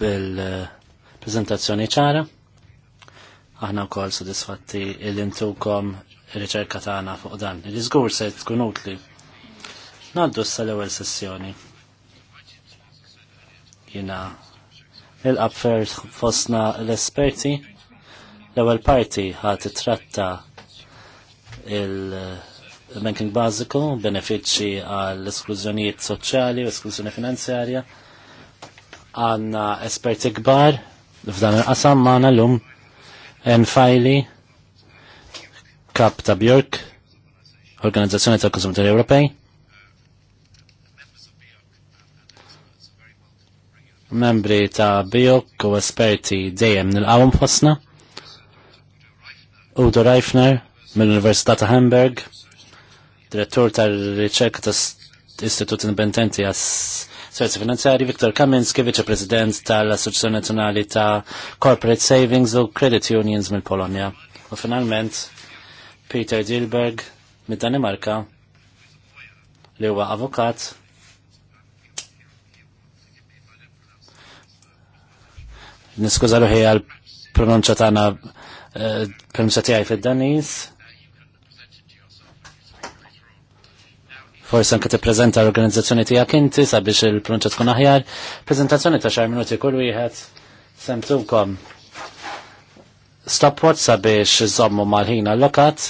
bil-prezentazzjoni ċara. Aħna wkoll sodisfatti il-intukom riċerka tagħna fuq dan. il diskurs se tkun utli. Naddu sal-ewwel sessjoni. Jiena il-qab fostna l-esperti l-ewwel parti ħad titratta il- banking bażiku, benefiċċji għall esklużjonijiet soċjali u esklużjoni finanzjarja. Għanna esperti kbar f'dan il-qasam magħna lum Fajli, Kap ta' Bjork, Organizzazzjoni tal konsumatori Ewropej. Membri ta' Bjork u esperti dejjem nil-qawm fosna. Udo Reifner mill-Università ta' Hamburg direttur tal-riċerka tal-Istitut independenti għas Serzi Finanzjari, Viktor Kaminski, viċe-president tal-Assoċjazzjoni Nazzjonali ta' Corporate Savings u Credit Unions mill-Polonja. U finalment, Peter Dilberg mid-Danimarka li huwa avukat niskuża ruħi għal pronunċa tagħna eh, pronunċa tiegħi fid-Daniż forse anke tippreżenta l-organizzazzjoni tiegħek inti sabiex il-pronċa tkun aħjar. Preżentazzjoni ta' xar minuti kull wieħed semtukom stopwatch sabiex iżommu mal-ħin allokat.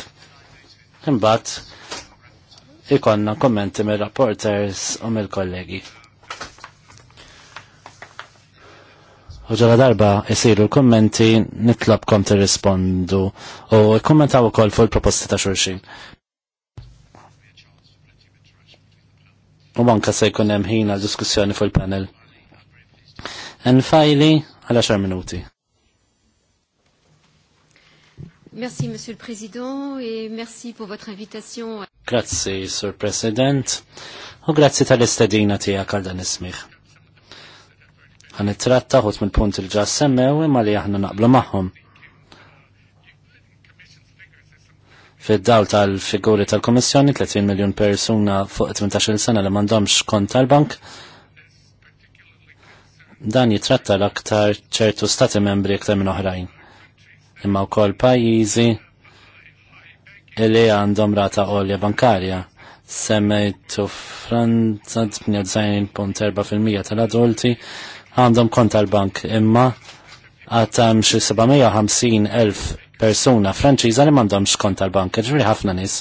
Imbagħad ikonna kommenti mir-rapporters u mill-kollegi. U ġala darba jisiru l-kommenti nitlabkom t-rispondu u kommentaw u koll fuq il-proposti ta' xurxin. u manka se jkun hemm ħin għal diskussjoni fuq il-panel. Enfajli għal 10 minuti. Merci, Monsieur le Président, et merci pour votre invitation. Grazzi, Sur President, u grazzi tal-istedina tijak għal dan ismiħ. Għan it-tratta mill-punt il-ġas semmew imma li aħna naqblu maħħom. fid-dawl tal-figuri tal-Komissjoni 30 miljon persuna fuq 18 sena li mandomx kont tal-bank. Dan jitratta l-aktar ċertu stati membri iktar minn oħrajn. Imma wkoll pajjiżi li għandhom rata għolja bankarja. Semmejtu Franza 98.4% tal-adulti għandhom kont tal-bank imma għatam xie 750 elf persuna franċiża li m'għandhomx kont tal-banka, ġifieri ħafna nies.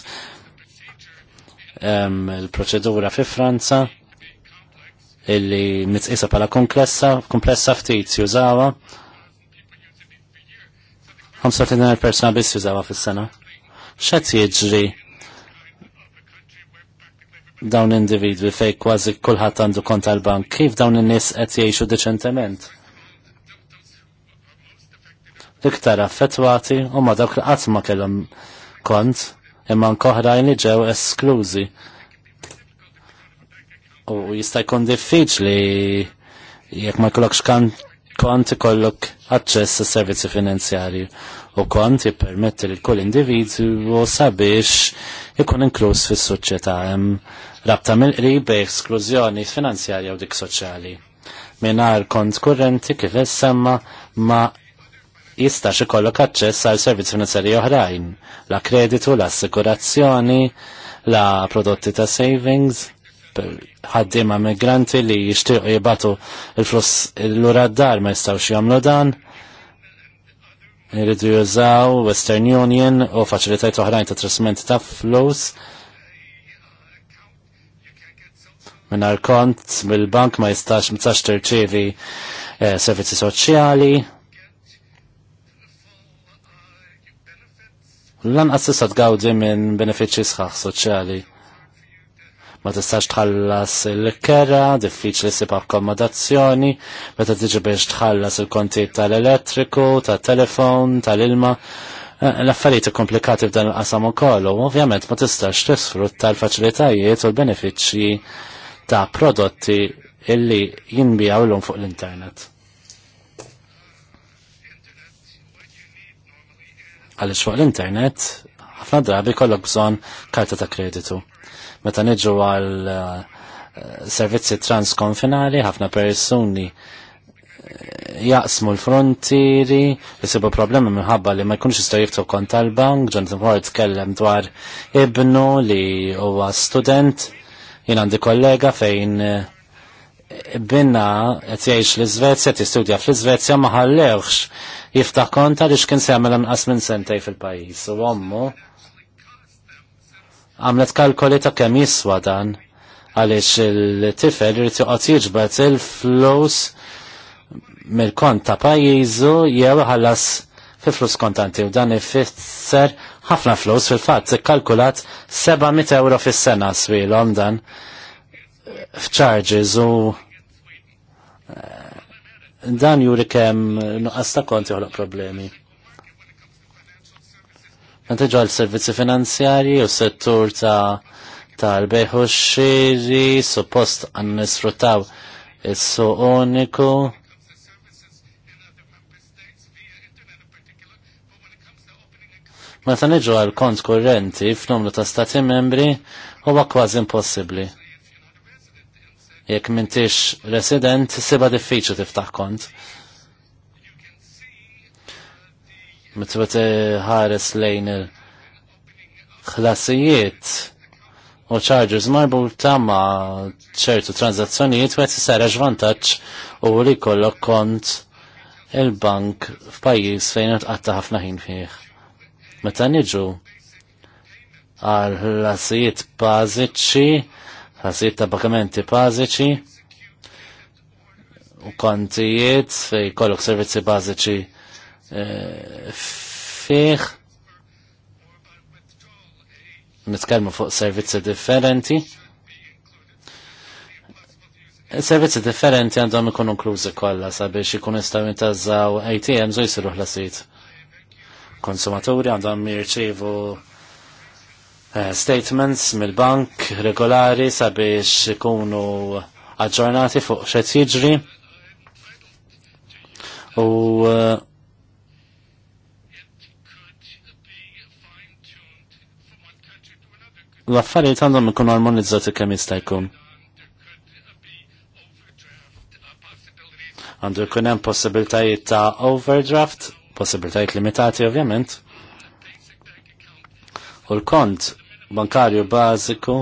Il-proċedura fi Franza illi mitqisa bħala komplessa, komplessa ftit jużawa. 35 persona biss jużawa fis-sena. X'qed jiġri dawn individwi fej kważi kulħadd għandu kont tal-bank, kif dawn in-nies qed jgħixu deċentement? iktar affettwati u ma dawk li qatt ma kellhom kont imma nkoħrajn li ġew esklużi. U jista' jkun diffiċli jekk ma jkollokx kont ikollok aċċess is servizzi finanzjarji u kont jippermetti li kull individwu sabiex ikun inkluż fis-soċjetà hemm rabta mill-qrib bej esklużjoni finanzjarja u dik soċjali. Minar kont kurrenti kif semma ma jistax ikollok aċċess għal servizz finanzjarji oħrajn, la kreditu, la assikurazzjoni, la prodotti ta' savings, ħaddiema migranti li jixtiequ jibatu il flus l-ura d-dar ma jistawx jagħmlu dan, jridu jużaw Western Union u faċilitajt oħrajn ta' trasmenti ta' flus minnar kont mill-bank ma jistax mtax tirċievi eh, servizzi soċjali Lanqas tista' tgawdi minn benefiċċji sħaħ soċjali. Ma tistax tħallas il-kera, diffiċli sib akkomodazzjoni, meta tiġi biex tħallas il-kontijiet tal-elettriku, tal-telefon, tal-ilma. Eh, l-affarijiet komplikati f'dan il-qasam ukoll u ovvjament ma tistax tisfrutta l-faċilitajiet u l-benefiċċji ta' prodotti illi jinbijaw l fuq l-internet. għaliex fuq l-internet ħafna drabi kollok bżonn karta ta' kreditu. Meta niġu għal eh, servizzi transkonfinali, ħafna persuni eh, jaqsmu l-frontieri, jisibu problemi minħabba li ma jkunx jistgħu jiftu kont tal-bank, Jonathan t-kellem dwar ibnu li huwa student, jien għandi kollega fejn eh, binna qed jgħix l-Iżvezja, tistudja fl-Iżvezja ma jiftaħ konta li xkien se jagħmel anqas minn sentej fil-pajjiż u ommu għamlet kalkoli ta' kemm jiswa dan għaliex il-tifel irid joqgħod jiġbed il-flus mill-kont ta' pajjiżu jew ħallas fi flus kontanti u dan ifisser ħafna flus fil-fatt ikkalkulat 700 euro fis-sena swilhom dan f'charges u dan juri kemm nuqqas ta' kont joħloq problemi. Meta ġol servizzi finanzjari u settur ta' tal-beħu xiri, suppost għan nisfruttaw is-su uniku. Meta niġu għal kont kurrenti f'numru ta' stati membri huwa kważi impossibbli. Jekk mintix resident, siba diffiċu tiftaħ kont. Mitwet ħares lejn il-ħlasijiet u chargers marbuta ma ċertu tranzazzjonijiet u għetsi sara ġvantaċ u li kollok kont il-bank f'pajjiż fejn għatta ħafna ħin fih. Meta niġu għal ħlasijiet bażiċi ħasit ta' pagamenti bażiċi u kontijiet fej kollok servizzi bażiċi eh, fih nitkellmu fuq servizzi differenti. Servizzi differenti għandhom ikun inklużi kollha sabiex ikun jistgħu jintazzaw ATM u jsiru ħlasit. Konsumaturi għandhom jirċievu Eh, statements mill-bank regolari sabiex ikunu aġġornati fuq xed jiġri u eh, l-affarijiet għandhom ikunu armonizzati kemm jista' jkun. Għandu jkun hemm possibiltajiet ta' overdraft, possibiltajiet limitati ovvjament u l-kont bankarju bażiku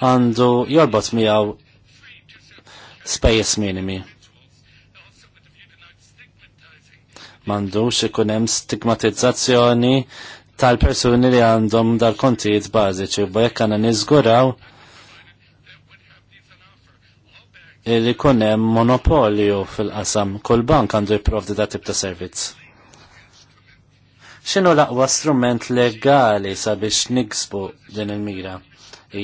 għandu jorbot miegħu spejjeż minimi. M'għandux ikun hemm stigmatizzazzjoni tal-persuni li għandhom dal-kontijiet bażiċi, bo jekk għandna niżguraw li kun hemm monopolju fil-qasam, kull bank għandu jipprovdi da tip ta' servizz xinu laqwa strument legali sabiex niksbu din il-mira.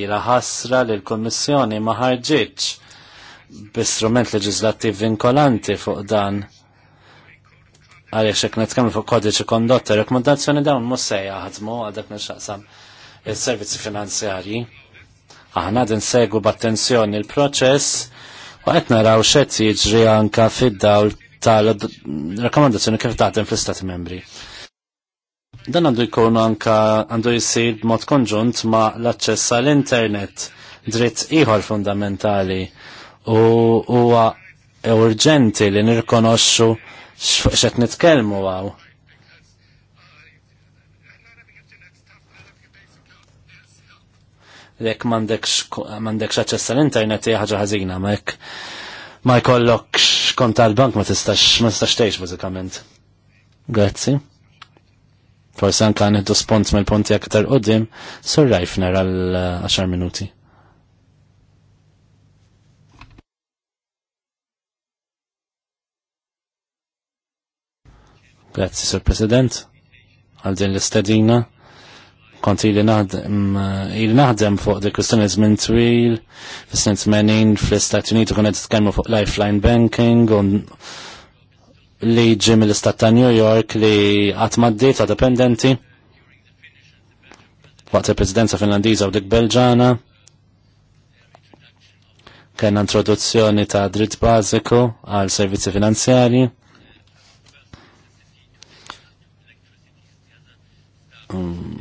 Ira ħasra li l-Kommissjoni ma ħarġitx b-strument leġislattiv vinkolanti fuq dan għaliex jekk netkellmu fuq kodiċi kondotta, rekomendazzjoni dawn mhux se jaħdmu nxaqsam il-servizzi finanzjarji. Aħna din segu b'attenzjoni l-proċess u qed naraw xed jiġri anka fid-dawl tal-rekomendazzjoni kif daħdin fl-Istati Membri. Dan għandu jkun anka għandu jisir b'mod konġunt ma l-aċċess għall internet dritt ieħor fundamentali u huwa urġenti li nirkonoxxu x'qed nitkellmu għaw. Jekk m'għandekx aċċess għall internet hija ħaġa ħażina ma jekk ma jkollokx kont tal-bank ma tistax ma tistax tgħix bażikament. Grazzi. Forse anka nħiddu spont me l ponti aktar qoddim, sur rajfner għal 10 eh, minuti. Grazie, Sur President, għal din l-istadina. Konti li naħdem, eh, il naħdem fuq di kwistjoni zmin twil, fis-snin menin fl istat Uniti kien qed fuq lifeline banking u li ġim l istat ta' New York li għatmaddi ta' dependenti waqt il prezidenza finlandiza u dik belġana kena introduzzjoni ta' dritt baziku għal servizzi finanzjari mm.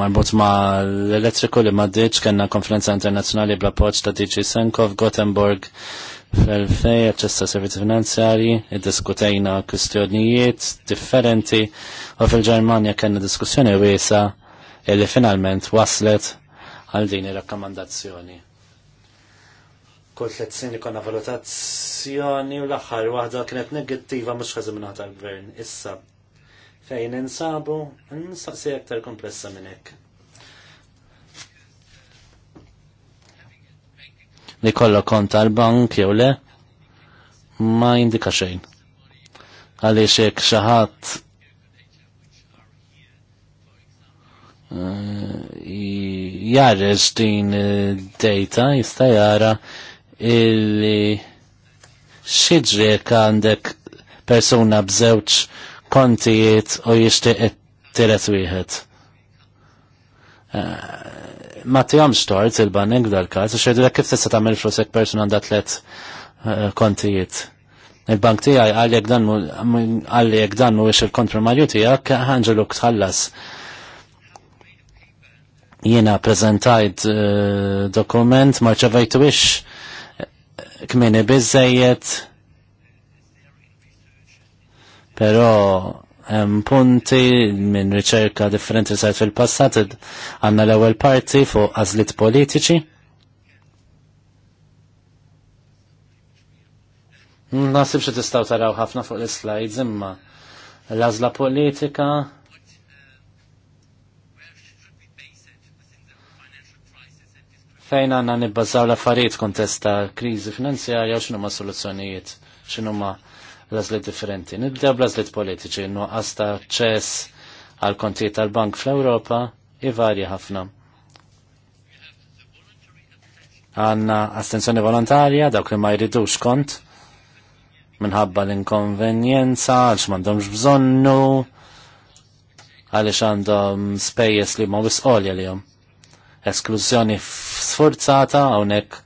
marbut ma l-elettriku li ma kena konferenza internazjonali bla poċ ta' DG Senkov, Gothenburg fl-2000 għacċessa servizzi finanzjari, id-diskutejna kustjonijiet differenti u fil-Ġermanja kena diskussjoni wiesa illi finalment waslet għal din ir-rakkomandazzjoni. Kull tliet li konna valutazzjoni u l-aħħar waħda kienet negattiva mhux ħażin minn għal-gvern. Issa fejn insabu, nistaqsi aktar komplessa minn hekk. li kollok kont tal-bank jew le ma jindika xejn. Għaliex hekk xi ħadd eh, jarreġ din data jista' jara illi xidrek għandek persuna bżewġ kontijiet u jixtieq tiret wieħed. Eh, ma tijomx tort il-banning dal-kas, da kif tista tamil flusek jek person għanda tlet eh, kontijiet. Il-bank tijaj għalli jek dan mu il-kont primarju tijak ħanġelu tħallas jiena prezentajt eh, dokument ma ċavajtu ix eh, kmini bizzejiet pero punti minn riċerka differenti sajt fil-passat għanna l-ewel parti fuq għazlit politiċi. Nasib xe tistaw taraw ħafna fuq l-slides imma l-għazla politika fejn għanna nibbażaw l-affarijiet kontesta krizi finanzjarja u xinu soluzzjonijiet, xinu blażlet differenti. Nibda blażlet politiċi, no għasta ċess għal konti tal-bank fl-Ewropa varja ħafna. Għanna astenzjoni volontarja, dawk li ma jridux kont, minħabba l-inkonvenjenza, għalx mandomx bżonnu, għalix għandhom spejjes li ma wisqolja li jom. Esklużjoni sforzata, għonek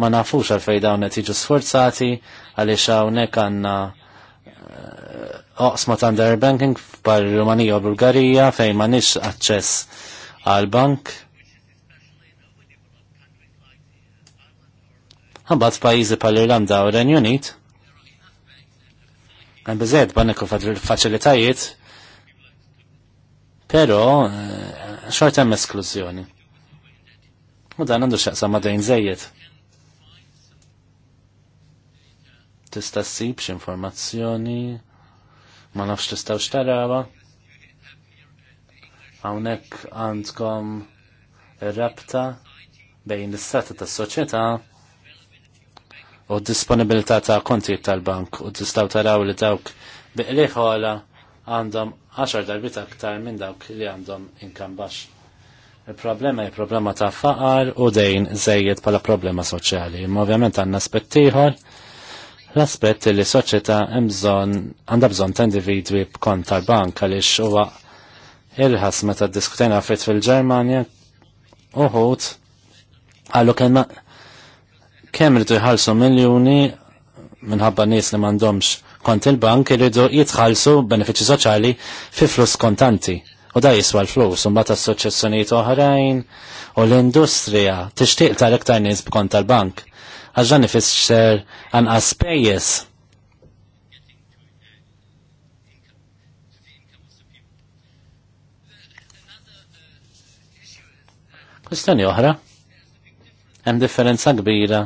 ma nafux għalfej dawn qed jiġu sforzati għaliex hawnhekk għandna oqsma ta' underbanking par Rumanija u Bulgarija fejn ma nix aċċess għal bank. Għabbat pajizi pal Irlanda u Renju Unit. Għan bizzed banniku faċilitajiet, pero eh, xortem esklużjoni. U dan għandu xaqsa ma dejn zejiet. tista' ssib informazzjoni, ma nafx tistgħu x'tarawha. Hawnhekk għandkom ir-rabta bejn l-istati tas-soċjetà u d-disponibilità ta' konti tal-bank u tistgħu taraw li dawk biqliħola għandhom 10 darbita aktar minn dawk li għandhom inkam baxx. Il-problema hi problema ta' faqar u dejn zejjed bħala problema soċjali. Imma ovvjament għandna aspett ieħor l-aspett li soċjetà hemm bżonn għandha bżonn ta' individwi b'kont tal-bank għaliex huwa irħas meta ddiskutejna fit fil-Ġermanja uħud għallu kemm kemm rridu jħallsu miljuni minħabba nies li m'għandhomx kont il-bank irridu jitħallsu benefiċċji soċjali fi flus kontanti u da jiswa l-flus un bata s-soċessjoniet oħrajn u l-industrija tixtieq tal iktar nies b'kont tal-bank għaxan ifisċer għan għaspejjes. pejjeż. oħra. Hemm differenza kbira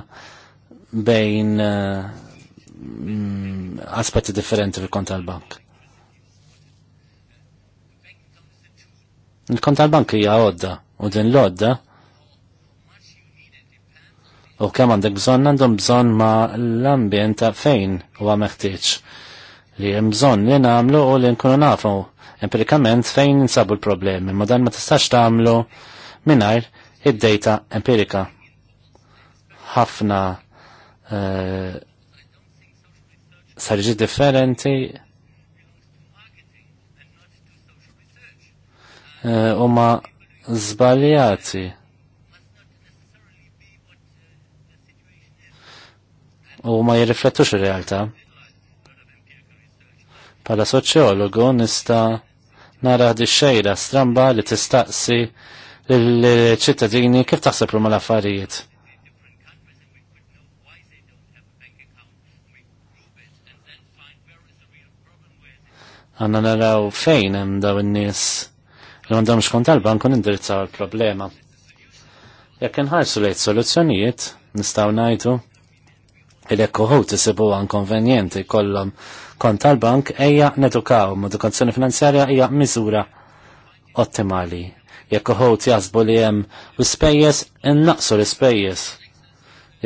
bejn eh, mm, aspetti differenti fil-kont tal-bank. Il-kont tal-bank hija għodda u din l-għodda u kemm għandek bżonn għandhom bżonn ma' l-ambjent ta' fejn huwa meħtieġ li hemm bżonn li nagħmlu u li nkunu nafu empirikament fejn insabu l-problemi, ma dan ma tistax tagħmlu mingħajr id-data empirika. Ħafna uh, eh, sarġi differenti u uh, eh, ma zbaljati u ma jirriflettux ir-realtà. Pala soċjologu nista nara di xejra stramba li tistaqsi l-ċittadini kif taħseb l-affarijiet. għanna naraw fejn hemm daw in-nies li għandhom kont tal banku nindirizzaw il-problema. Jekk inħarsu lejt soluzzjonijiet, nistgħu ngħidu il-ekku ħut isibu għan konvenjenti kollom kont tal-bank eja nedukaw modukazzjoni finanzjarja hija miżura ottimali. Jekk uħut li hemm u spejjes innaqsu l-ispejjeż.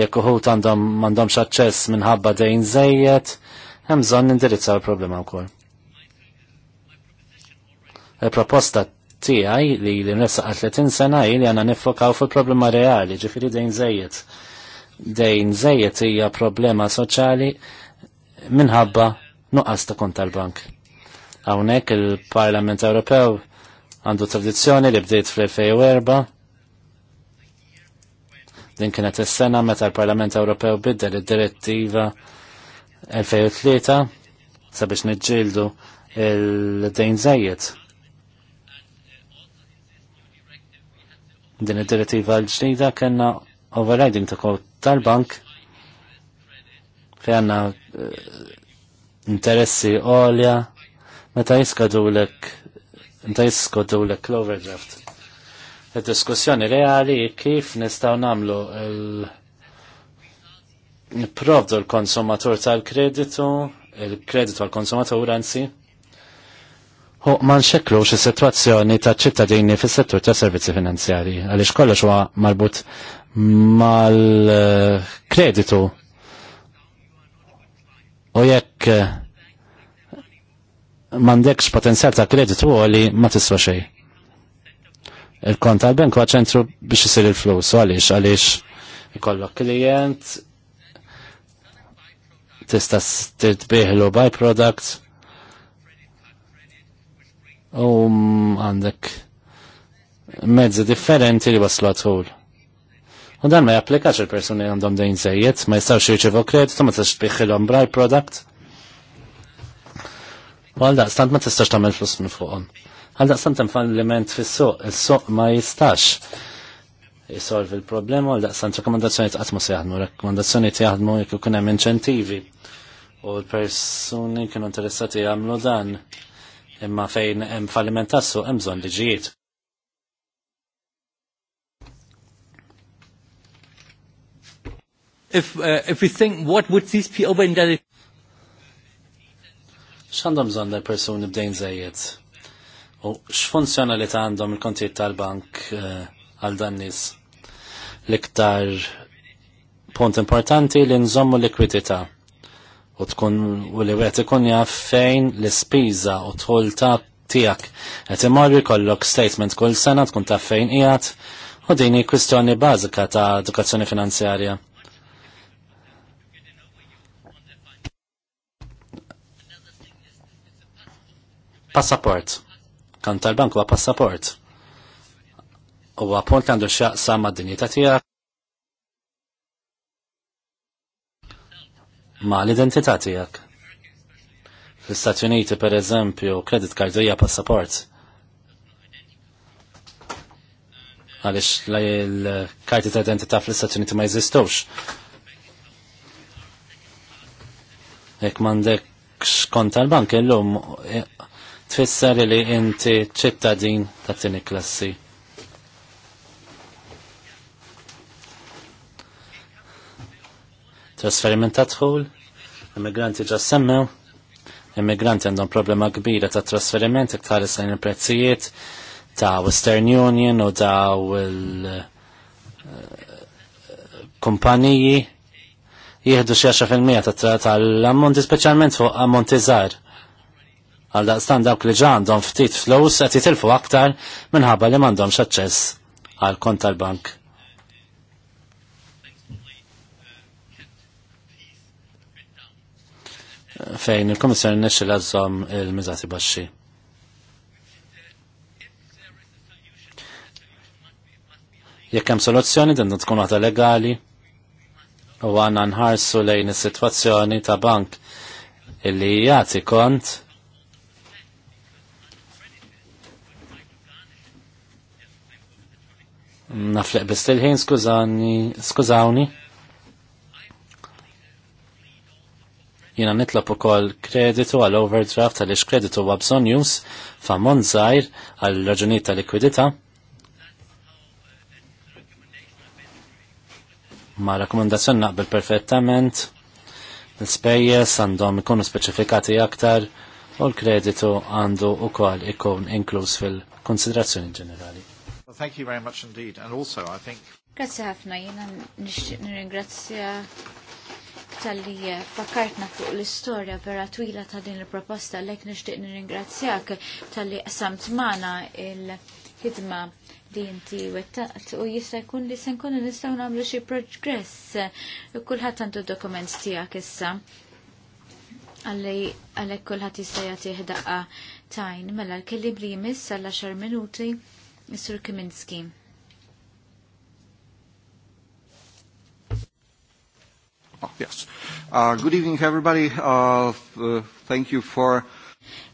Jekk uħut għandhom m'għandhomx aċċess minħabba dejn zejjet, hemm bżonn indirizzaw il-problema wkoll. Il-proposta tiegħi li l-nifsa 30 sena li għandna niffokaw fil-problema reali, ġifiri dejn zejjet dejn żejjed hija problema soċjali minħabba nuqqas ta' kont tal-bank. Hawnhekk il-Parlament Ewropew għandu tradizzjoni li bdejt fl-2004 din kienet is-sena meta l-Parlament Ewropew biddel id-direttiva 2003 sabiex niġġieldu il-dejn żejjed. Din id-direttiva l-ġdida kellna overriding ta' tal-bank fejanna għanna eh, interessi għolja meta jiskadu l-ek meta jiskadu l l-overdraft. Il-diskussjoni reali kif nistaw namlu il- Provdu l-konsumatur tal-kreditu, il-kreditu għal-konsumatur għansi, u ma nxekklux is-sitwazzjoni ta' ċittadini fis-settur ta' servizzi finanzjari għaliex kollox huwa marbut mal-kreditu. U jekk m'għandekx potenzjal ta' kreditu għoli ma tiswa xejn. Il-kont tal-bank huwa ċentru biex isir il-flus għaliex għaliex ikollok klient tista' titbieħlu by products u għandek mezzi differenti li waslu għatul. U dan ma japplikax il-personi għandhom dejn zejiet, ma jistawx jirċevu kreditu, ma tistax l-ombra braj product. U għalda, stant ma tistax tagħmel flus minn fuqhom. Għal daqstant hemm falliment fis-suq, is-suq ma jistax jisolv il-problema għalda, stant rekomendazzjoni ta' għatmu jaħdmu, rekomendazzjoni ta' jaħdmu jek ikun hemm inċentivi u l-persuni kienu interessati jagħmlu dan imma fejn hemm falliment tassu hemm bżonn liġijiet. If, uh, if we think what would these be over in that X'għandhom bżonn dal persuni bdejn żejjed? U x'funzjonalità għandhom il-kontijiet tal-bank uh, għal dan nies? L-iktar punt importanti li nżommu likwidità u tkun u li wieħed ikun jaf fejn l-ispiża u tħol ta' tijak. Qed imorri kollok statement kull sena tkun taf fejn ijat u din hi kwistjoni bażika ta' edukazzjoni finanzjarja. Passaport. Kan tal-bank huwa passaport. Huwa punt għandu x'jaqsam mad-dinjità tiegħek ma l-identità tiegħek. Fl-Istati Uniti per eżempju, credit card hija passaport. Għaliex l-karti ta' identità fl-Istati Uniti ma jeżistux. Jekk m'għandekx kont tal-bank illum e, tfisser li inti ċittadin ta' tini klassi. trasferiment ta' tħul? immigranti ġa semmew, immigranti għandhom problema kbira ta' trasferiment iktar jisajn il-prezzijiet ta' Western Union u ta' il-kumpaniji eh, jieħdu fil-mija ta' tal-ammonti speċjalment fuq ammonti żgħar. Għal daqstan dawk li ġa għandhom ftit flus qed jitilfu aktar minħabba li m'għandhomx aċċess għal kont tal-bank. fejn il-Komissjoni nixxi lażom il mizati baxxi. Jekk hemm soluzzjoni din tkun għata legali u għandna nħarsu lejn is-sitwazzjoni ta' bank illi jagħti kont nafleq bistil ħin skużani skużawni. jina nitlab ukoll kreditu għal overdraft għaliex kreditu huwa bżonn jus f'ammont żgħir għal raġunit ta' likwidità. Ma' rakkomandazzjoni naqbel perfettament l-spejjes għandhom ikunu speċifikati aktar u l-kreditu għandu u kol ikun inkluż fil-konsiderazzjoni ġenerali. Well, thank you very much indeed. And also, I think... Grazie ħafna, jena nirringrazzja tal-li eh, fakkartna fuq l-istoria vera twila ta' din il-proposta l-ek nishtiq nir-ingrazzjak tal-li qasamt mana il-ħidma li inti wettaqt u jista' jkun li se nkunu nistgħu nagħmlu xi progress kulħadd għandu dokument tiegħek issa għalli għalli kullħat jistajat jihdaqa tajn mela l-kelli brimis għalla xar minuti Mr. Kiminski. Oh, yes. Uh, good evening, everybody. Uh, uh, thank you for...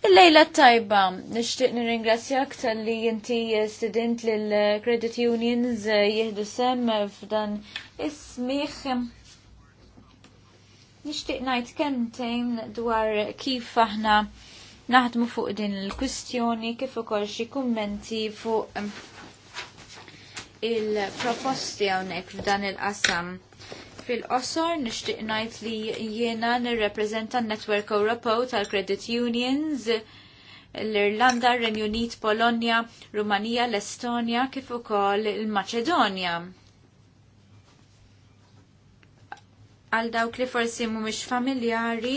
Il-lejla tajba, nishtiq nir-ingrazzjak tal-li jinti eh, student l-Credit eh, Unions eh, jihdu sem f'dan ismiħ. Nishtiq najt kentejn dwar kif aħna naħdmu fuq din il-kwistjoni, kif ukoll xi kummenti fuq il-proposti hawnhekk f'dan il-qasam fil-qosor nixtieq ngħid li jiena nirrepreżenta n-Network Ewropew tal-Credit Unions l-Irlanda, Renju Unit, Polonja, Rumanija, l-Estonja kif ukoll il-Maċedonja. Għal dawk li forsi mhumiex familjari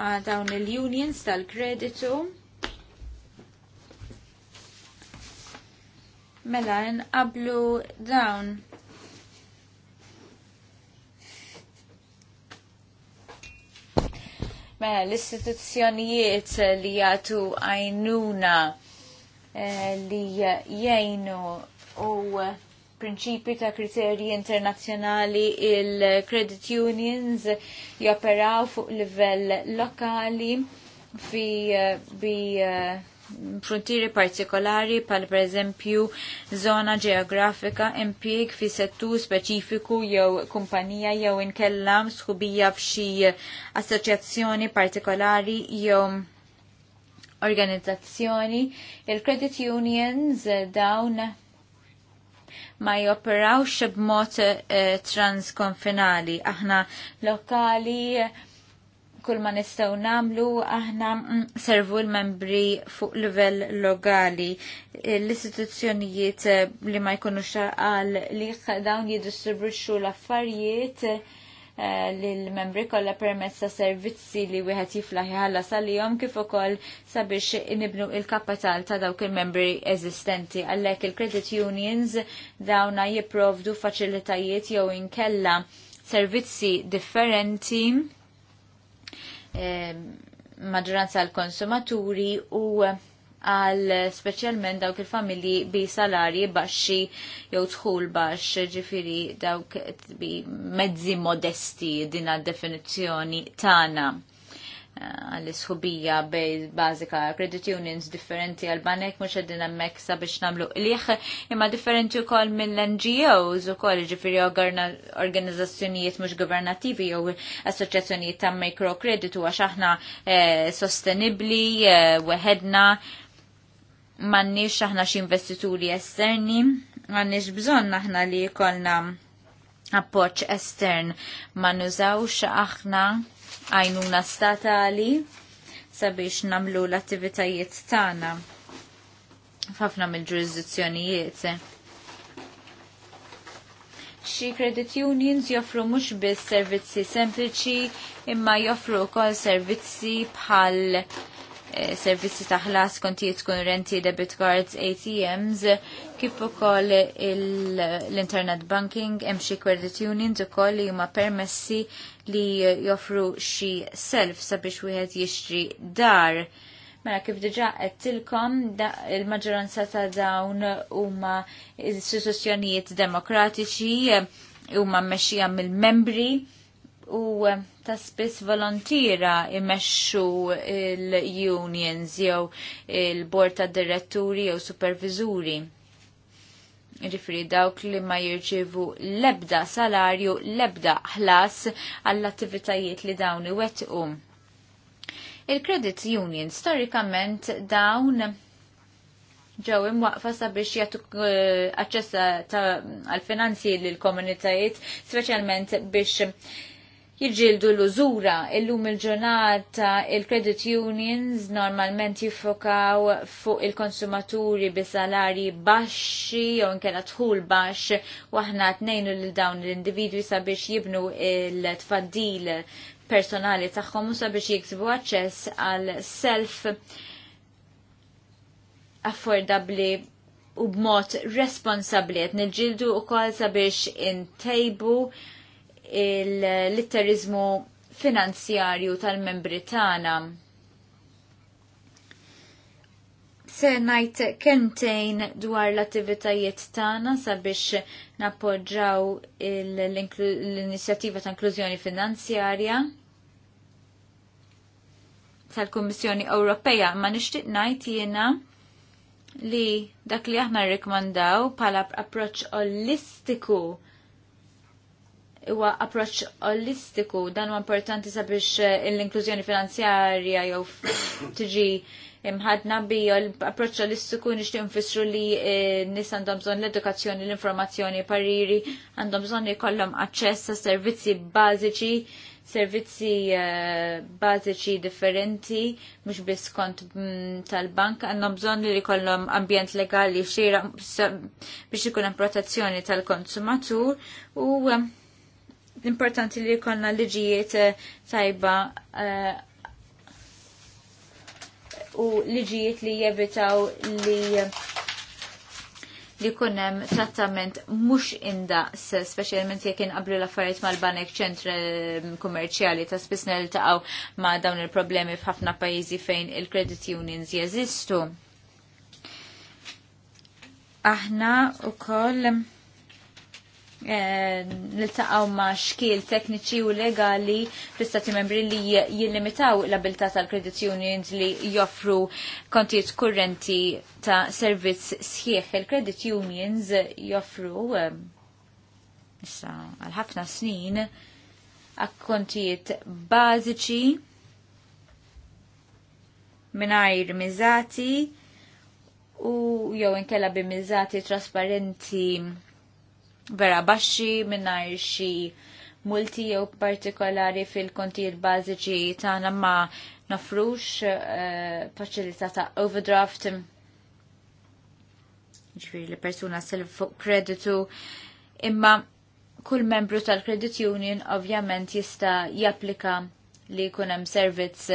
ma' dawn il-unions tal-kreditu. Mela nqablu dawn Mela, l-istituzzjonijiet li jagħtu għajnuna eh, li jgħinu u prinċipju ta' kriterji internazzjonali il-credit unions joperaw fuq livell lokali fi eh, bi uh, frontieri partikolari pal per eżempju zona ġeografika impjeg fi settu speċifiku jew kumpanija jew inkella sħubija f'xi assoċjazzjoni partikolari jew organizzazzjoni. Il-credit unions eh, dawn ma jopperawx b'mod eh, transkonfinali. Aħna lokali kull ma nistgħu nagħmlu aħna mm, servu l-membri fuq livell lokali. L-istituzzjonijiet eh, li ma jkunux għal li dawn jiddistribwixxu l-affarijiet eh, l-membri kollha permezz ta' servizzi li wieħed jiflaħ sal-jom kif ukoll sabiex inibnu il-kapital ta' dawk il-membri eżistenti. Għalhekk il-credit unions dawna jipprovdu faċilitajiet jew inkella servizzi differenti Ehm, maġranza għal konsumaturi u għal specialment dawk il-familji bi salari baxxi jew tħul baxx ġifiri dawk bi mezzi modesti din għad definizzjoni tana għall-isħubija bej bazika credit unions differenti għal-banek mux għeddin għammek sabiex namlu liħ imma differenti u koll minn l-NGOs u koll ġifiri organizazzjonijiet mux governativi u assoċjazzjonijiet ta' microcredit u għax aħna eh, sostenibli eh, weħedna mannix aħna x'investituri esterni mannix bżon aħna li kollna appoċ estern ma nużawx aħna għajnuna statali sabiex namlu l-attivitajiet tagħna f'ħafna mill-ġurisdizzjonijiet. Xi credit unions joffru mhux biss servizzi sempliċi imma joffru wkoll servizzi bħal Eh, servizzi ta' ħlas kontijiet tkun renti debit cards ATMs kif ukoll l-internet banking hemm xi credit unions ukoll li huma permessi li joffru xi self sabiex wieħed jixtri dar. Mela kif diġa tilkom, il-maġġoranza ta' dawn huma istituzzjonijiet demokratiċi huma mmexxija mill-membri u ta' spiss volontira imexxu il-unions jew il-bord ta' diretturi jew supervizuri. Rifri dawk li ma jirġivu lebda salarju, lebda ħlas għall-attivitajiet li dawn iwettqu. Il-credit union storikament dawn ġew imwaqfa sabiex jagħtuk eh, aċċess għall finanzi lill komunitajiet speċjalment biex jġildu l-użura. Illum il-ġurnata il-credit unions normalment jifokaw fuq il-konsumaturi bi salari baxxi jew inkella tħul baxx u aħna tnejnu lil dawn l-individwi sabiex jibnu il-tfaddil personali tagħhom u sabiex jiksbu aċċess għal self affordabli u b'mod responsabli qed niġġieldu wkoll sabiex intejbu l-litterizmu finanzjarju tal-membri tagħna. Se ngħid kentejn dwar l-attivitajiet tagħna sabiex nappoġġaw l-inizjattiva ta' inklużjoni finanzjarja tal-Kummissjoni Ewropea ma nixtieq ngħid jiena li dak li aħna rikmandaw pala approċċ olistiku huwa approċċ olistiku dan huwa importanti sabiex eh, l-inklużjoni finanzjarja jew (coughs) tiġi imħadna bi l-approċċ olistiku nixtieq nfissru li eh, nies għandhom bżonn l-edukazzjoni, l-informazzjoni, pariri, għandhom bżonn jkollhom aċċess sa' servizzi bażiċi servizzi eh, bażiċi differenti, mhux biss kont mm, tal-bank, għandhom bżonn li jkollhom ambjent legali xira biex ikun hemm protezzjoni tal-konsumatur u importanti li jkollna liġijiet eh, tajba eh, u liġijiet li jevitaw li li kunem trattament mux indaqs, specialment jek qablu l-affarijiet mal-banek ċentr mm, kummerċjali ta' spiss niltaqgħu ma' dawn il-problemi f'ħafna pajjiżi fejn il-credit unions jeżistu. Aħna u koll Eh, niltaqaw ma' xkiel tekniċi u legali fl-istati membri li jillimitaw l-abilità tal-credit unions li joffru kontijiet kurrenti ta' servizz sħiħ. Il-credit unions joffru eh, issa għal ħafna snin kontijiet bażiċi minnajr miżati u jew inkella bimizzati trasparenti vera baxxi mingħajr xi multi jew partikolari fil-kontijiet bażiċi tagħna ma nafrux uh, eh, faċilità ta' overdraft ġifieri li persuna sel fuq kreditu imma kull membru tal-credit union ovvjament jista japplika li jkun hemm servizz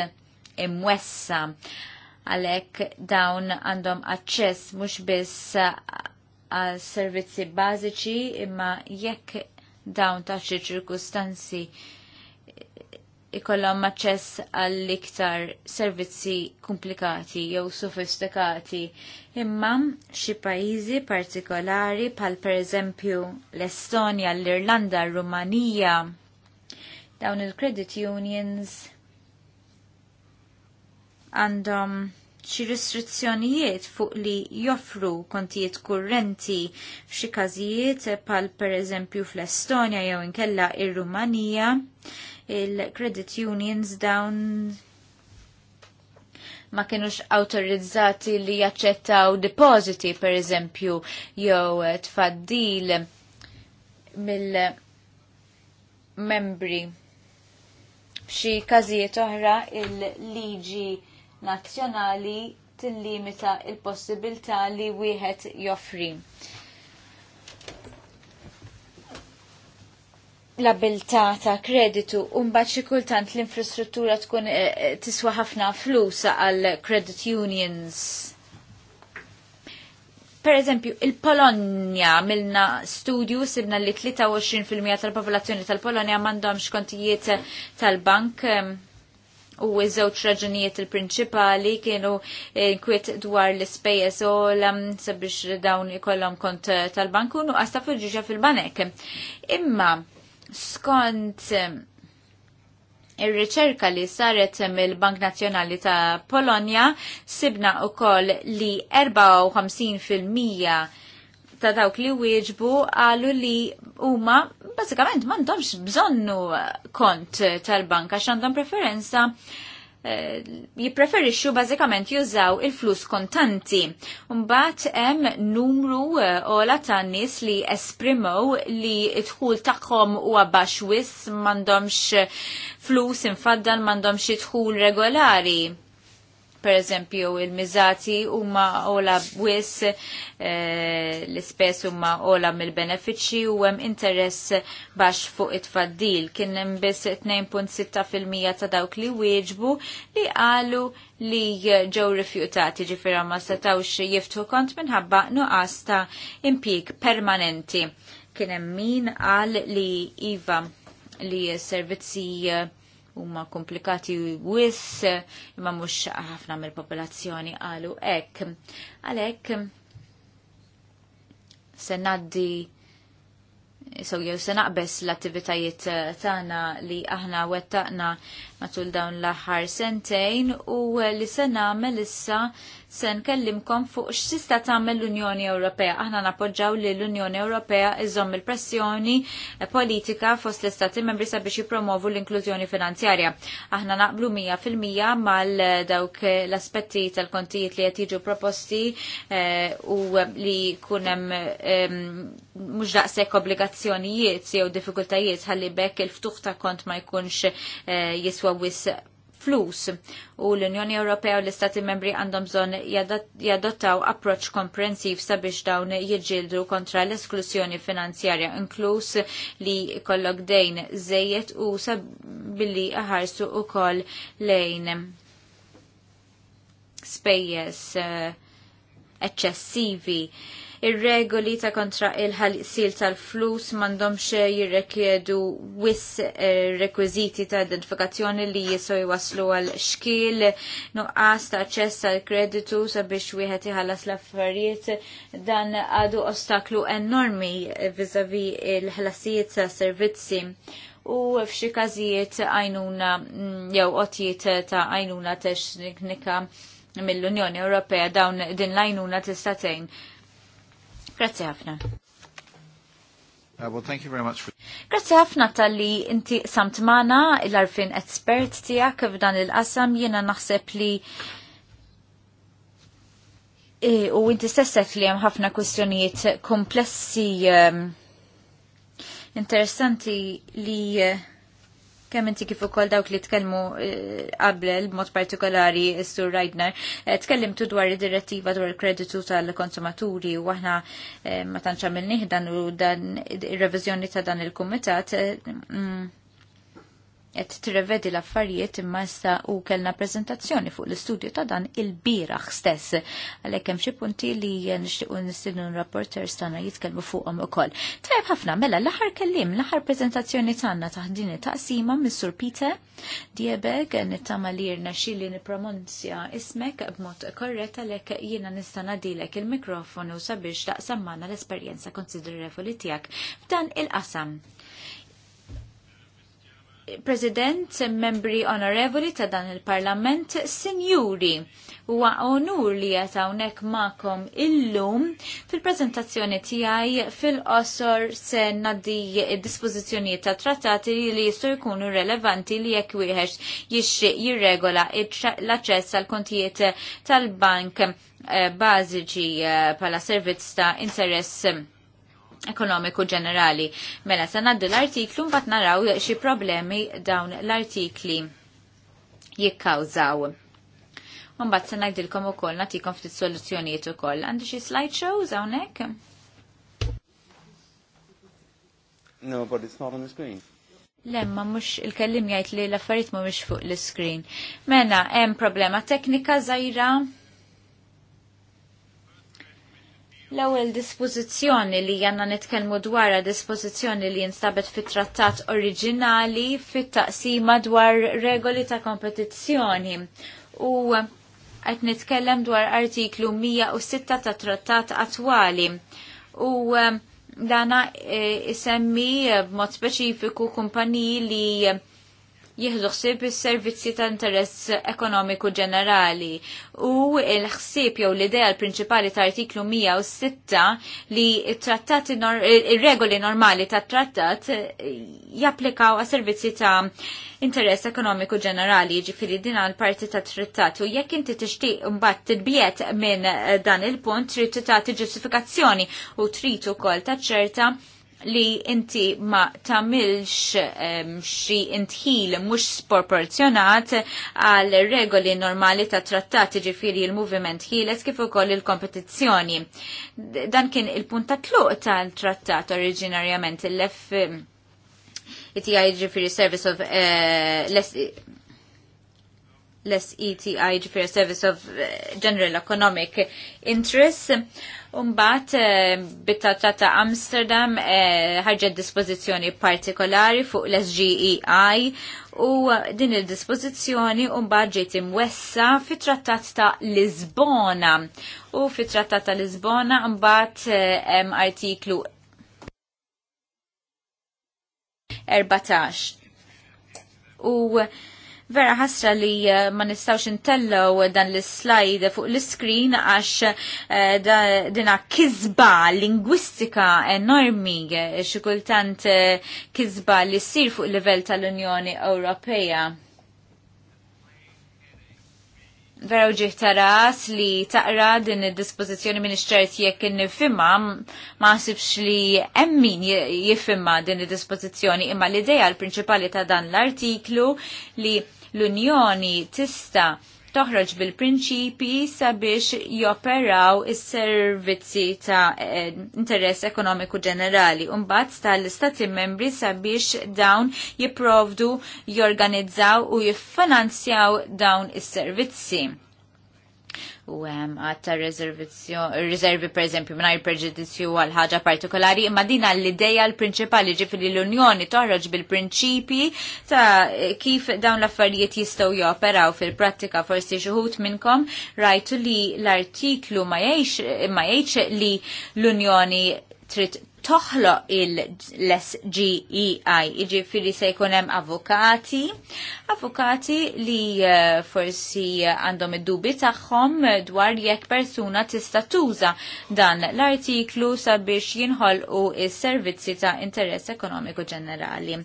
imwessa għalhekk dawn għandhom aċċess mhux biss għal servizzi bażiċi imma jekk dawn ta' xi ċirkustanzi ikollhom aċċess għall iktar servizzi komplikati jew sofistikati imma xi pajjiżi partikolari bħal pereżempju l-Estonja, l-Irlanda, r-Rumanija dawn il-credit unions għandhom xi restrizzjonijiet fuq li joffru kontijiet kurrenti f'xi każijiet pal pereżempju fl-Estonja jew inkella ir-Rumanija il-credit unions dawn ma kienux autorizzati li jaċċettaw depositi pereżempju jew tfaddil mill-membri f'xi każijiet oħra il-liġi nazzjonali tillimita il-possibilità li wieħed joffri. l-abilità ta' kreditu xi kultant l-infrastruttura tkun eh, eh, tiswa ħafna flus għal credit unions. Per eżempju, il-Polonja milna studju sibna li 23% tal-popolazzjoni tal-Polonja mandomx kontijiet tal-bank u żewġ raġunijiet il-prinċipali kienu eh, kwiet dwar l-ispejjeż sola mm, sabiex dawn ikollhom kont eh, tal bankun u għasta fuġġiġa fil-banek. Imma skont eh, Ir-riċerka li saret mill-Bank Nazzjonali ta' Polonja sibna u koll li 54% ta' dawk li wieġbu għalu li huma basikament m'għandhomx bżonnu eh, kont tal-banka x'għandhom preferenza eh, jippreferixxu bażikament jużaw il-flus kontanti. Mbagħad hemm numru eh, ola ta' nies li esprimow li t-dħul tagħhom huwa baxx wis m'għandhomx flus infaddan m'għandhomx idħul regolari per eżempju il-mizati huma ola wis e, l-ispess huma ola mill-benefiċċji u hemm interess baxx fuq it-tfaddil. Kien hemm biss 2.6% ta' dawk li wieġbu li qalu li ġew rifjutati ġifira ma setawx jiftħu kont minħabba nuqas ta' impjieg permanenti. Kien hemm min qal li iva li s servizzi eh, huma komplikati wis imma mhux ħafna mill-popolazzjoni qalu hekk. Għalhekk se ngħaddi jew se naqbes l-attivitajiet eh, tagħna li aħna wettaqna matul dawn l-aħħar sentejn u eh, li se nagħmel issa se nkellimkom fuq x'tista' tagħmel l-Unjoni Ewropea. Aħna nappoġġaw li l-Unjoni Ewropea iżomm il-pressjoni eh, politika fost l-istati membri sabiex jippromovu l-inklużjoni finanzjarja. Aħna naqblu fil-mija mal eh, dawk l-aspetti tal-kontijiet li qed jiġu proposti u li kun hemm mhux daqshekk obbligazzjonijiet jew diffikultajiet ħalli bekk il-ftuħ ta' kont ma jkunx jiswa jiswa wis flus u l-Unjoni Ewropea u l-Istati Membri għandhom bżonn jadottaw approċ komprensiv sabiex dawn jiġġieldu kontra l-esklusjoni finanzjarja inkluż li kollok dejn żejjed u sab billi ħarsu ukoll lejn spejjeż eh, eċċessivi. Uh, Ir-regoli ta' kontra il-ħalsil tal-flus xe jirrekjedu wis eh, rekwiziti ta' identifikazzjoni li jiso jwaslu għal xkil, nuqqas ta' ċess tal-kreditu sabiex wieħed iħallas l-affarijiet dan għadu ostaklu enormi vizavi il-ħlasijiet ta' servizzi u f'xi każijiet għajnuna mm, jew qotjiet ta' għajnuna teknika mill-Unjoni Ewropea dawn din l-għajnuna tista' tgħin Grazzi ħafna. Uh, well, thank you very much for... Grazzi ħafna tal-li inti samt mana l-arfin expert tijak f'dan il-qasam jena naħseb li e, u inti stesset li hemm ħafna kwestjonijiet komplessi um, interessanti li uh, Kemm inti kif ukoll dawk li tkellmu eh, qabel b'mod partikolari Sur Rajdner, eh, tkellimtu dwar id-direttiva dwar il-kreditu tal-konsumaturi u aħna eh, ma tantx għamilnieh dan u dan ir-reviżjoni ta' dan il-kumitat mm, qed tirrevedi l-affarijiet imma issa u kellna prezentazzjoni fuq l-istudju ta' dan il biraħ stess. Għalhekk hemm xi punti li nixtiequ nistiednu rapporters tagħna jitkellmu fuqhom ukoll. Tajjeb ħafna mela l-aħħar kellim, l-aħħar preżentazzjoni tagħna it taqsima mis-Sur Peter Diebeg nittama li jirna xili nipromonzja ismek b'mod korret għalhekk jiena nista' nadilek il-mikrofonu sabiex taqsam magħna l-esperjenza konsiderevoli tiegħek f'dan il-qasam. President, membri onorevoli ta' dan il-Parlament, sinjuri, huwa onur li qed hawnhekk magħkom illum fil-preżentazzjoni tiegħi fil-qosor se naddi d-dispożizzjonijiet ta' trattati li jistgħu jkunu relevanti li jekk wieħed jixtieq jirregola l-aċċess għal kontijiet tal-bank eh, bażiċi eh, bħala servizz ta' interess ekonomiku ġenerali. Mela, se naddu l-artiklu mbagħad naraw xi problemi dawn l-artikli jikkawżaw. Mbagħad se ngħidilkom ukoll nagħtikom ftit soluzzjonijiet ukoll. Għandi xi slideshow zawnek? No, but it's not on the screen. Lemma, mux il-kellim jajt li l-affarit mux fuq l-screen. Mena, hemm problema teknika zaħira L-ewwel dispożizzjoni li għandna nitkellmu dwar dispożizzjoni li jinstabet fit-trattat oriġinali fit-taqsima dwar regoli ta' kompetizzjoni. U qed nitkellem dwar artiklu 106 ta' trattat attwali. U eh, dana eh, isemmi eh, b'mod speċifiku kumpaniji li jieħdu ħsieb is-servizzi ta' interess ekonomiku ġenerali u l-ħsieb jew l-idea l-prinċipali ta' artiklu 106 li trattati ir regoli normali ta' trattat eh, japplikaw għas servizzi ta' interess ekonomiku ġenerali ġifiri din għal parti ta' trittat u jekk inti tixtieq mbagħad tibjet minn eh, dan il-punt trid tagħti ġustifikazzjoni u trid ukoll ta' ċerta li inti ma tamilx um, xi intħil mhux sproporzjonat għal regoli normali ta' trattati ġifiri il-moviment ħieles kif ukoll il-kompetizzjoni. Dan kien il-punt ta' tluq tal-trattat oriġinarjament il-lef ITI e ġifiri Service of uh, less, less ETI ġifiri Service of eh, General Economic Interest Umbat, eh, bit-tata ta' Amsterdam eh, ħarġet dispozizjoni partikolari fuq l-SGEI u din il-dispozizjoni umbat ġiet imwessa fit-trattat ta' Lisbona. U fit-trattat ta' Lisbona umbat eh, hemm artiklu 14. U Vera ħasra li eh, ma nistawx intello dan l-slide fuq l-screen għax uh, dina kizba lingwistika enormi eh, xikultant uh, kizba li sir fuq il-level tal-Unjoni Ewropea. Vera uġiħ taras li taqra din id-dispozizjoni minn iċċert jekk nifimma ma sibx li emmin jifimma din id-dispozizjoni imma l-ideja l-prinċipali ta' dan l-artiklu li L-Unjoni tista' toħroġ bil-prinċipi sabiex joperaw is-servizzi ta' eh, interess ekonomiku ġenerali mbagħad tal-istati membri sabiex dawn jiprovdu, jorganizzaw u jiffinanzjaw dawn is-servizzi u hemm għatta riservi per eżempju mingħajr preġudizzju għal ħaġa partikolari, imma dina l-ideja l-prinċipali ġifieri l-Unjoni toħroġ bil-prinċipi ta' kif dawn l-affarijiet jistgħu joperaw fil-prattika forsi xi wħud minnkom rajtu li l-artiklu ma jgħidx li l-Unjoni trid toħlo il-SGEI, iġifiri se jkunem avukati, avukati li eh, forsi eh, għandhom id-dubi tagħhom dwar jekk persuna tista' tuża dan l-artiklu sabiex jinħolqu is-servizzi ta' interess ekonomiku ġenerali.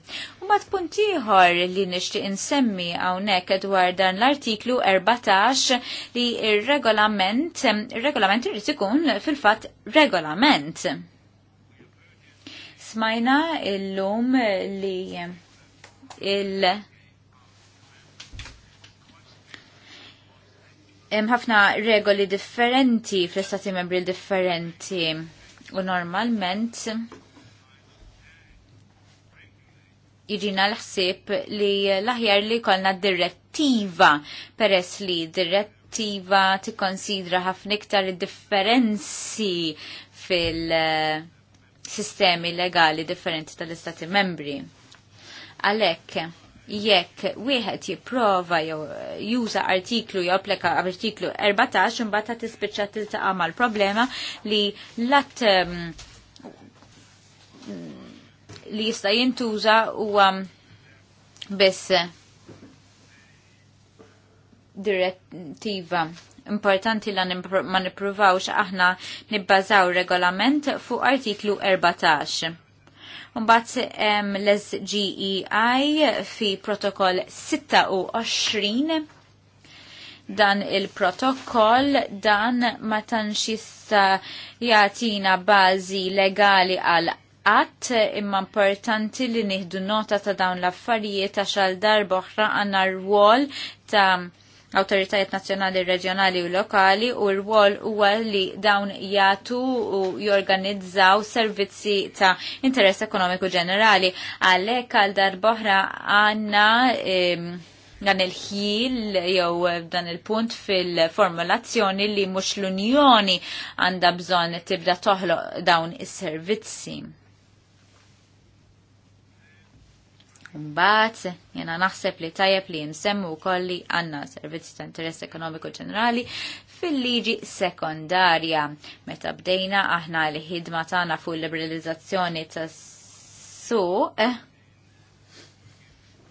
U mat punt ieħor li nixtieq insemmi hawnhekk dwar dan l-artiklu 14 li il-regolament, il-regolament jrid fil-fat regolament ir-regolament irid ikun fil-fatt regolament smajna illum li il hemm ħafna regoli differenti fl-istati membri differenti u normalment jiġina l-ħsib li l-aħjar li kolna direttiva peress li direttiva tikkonsidra ħafna iktar differenzi fil- uh, sistemi legali differenti tal-istati membri. Għalhekk, jekk wieħed jipprova jew juża artiklu jew applika artiklu 14 imbagħad tispiċċa tiltaqa' mal-problema li lat um, li jista' jintuża huwa biss direttiva Importanti li ma nipruvawx aħna nibbażaw regolament fuq artiklu 14. Mbagħad um, l-SGEI fi protokoll 26 dan il-protokoll dan ma tantx jagħtina bażi legali għal qatt imma importanti li nieħdu nota ta' dawn l-affarijiet għax għal darba oħra r rwol ta' autoritajiet nazzjonali, reġjonali u lokali u r-wol huwa li dawn jagħtu u jorganizzaw servizzi ta' interess ekonomiku ġenerali. Għalhekk għal darboħra għandna dan il-ħil jew dan il-punt fil-formulazzjoni li mhux l-Unjoni għandha bżonn tibda toħloq dawn is-servizzi. Mbaħt, jiena naħseb li tajjeb li nsemmu wkoll li għandna servizzi ta' interess ekonomiku ġenerali fil-liġi sekondarja. Meta bdejna aħna li ħidma tagħna fuq liberalizzazzjoni tas-suq eh,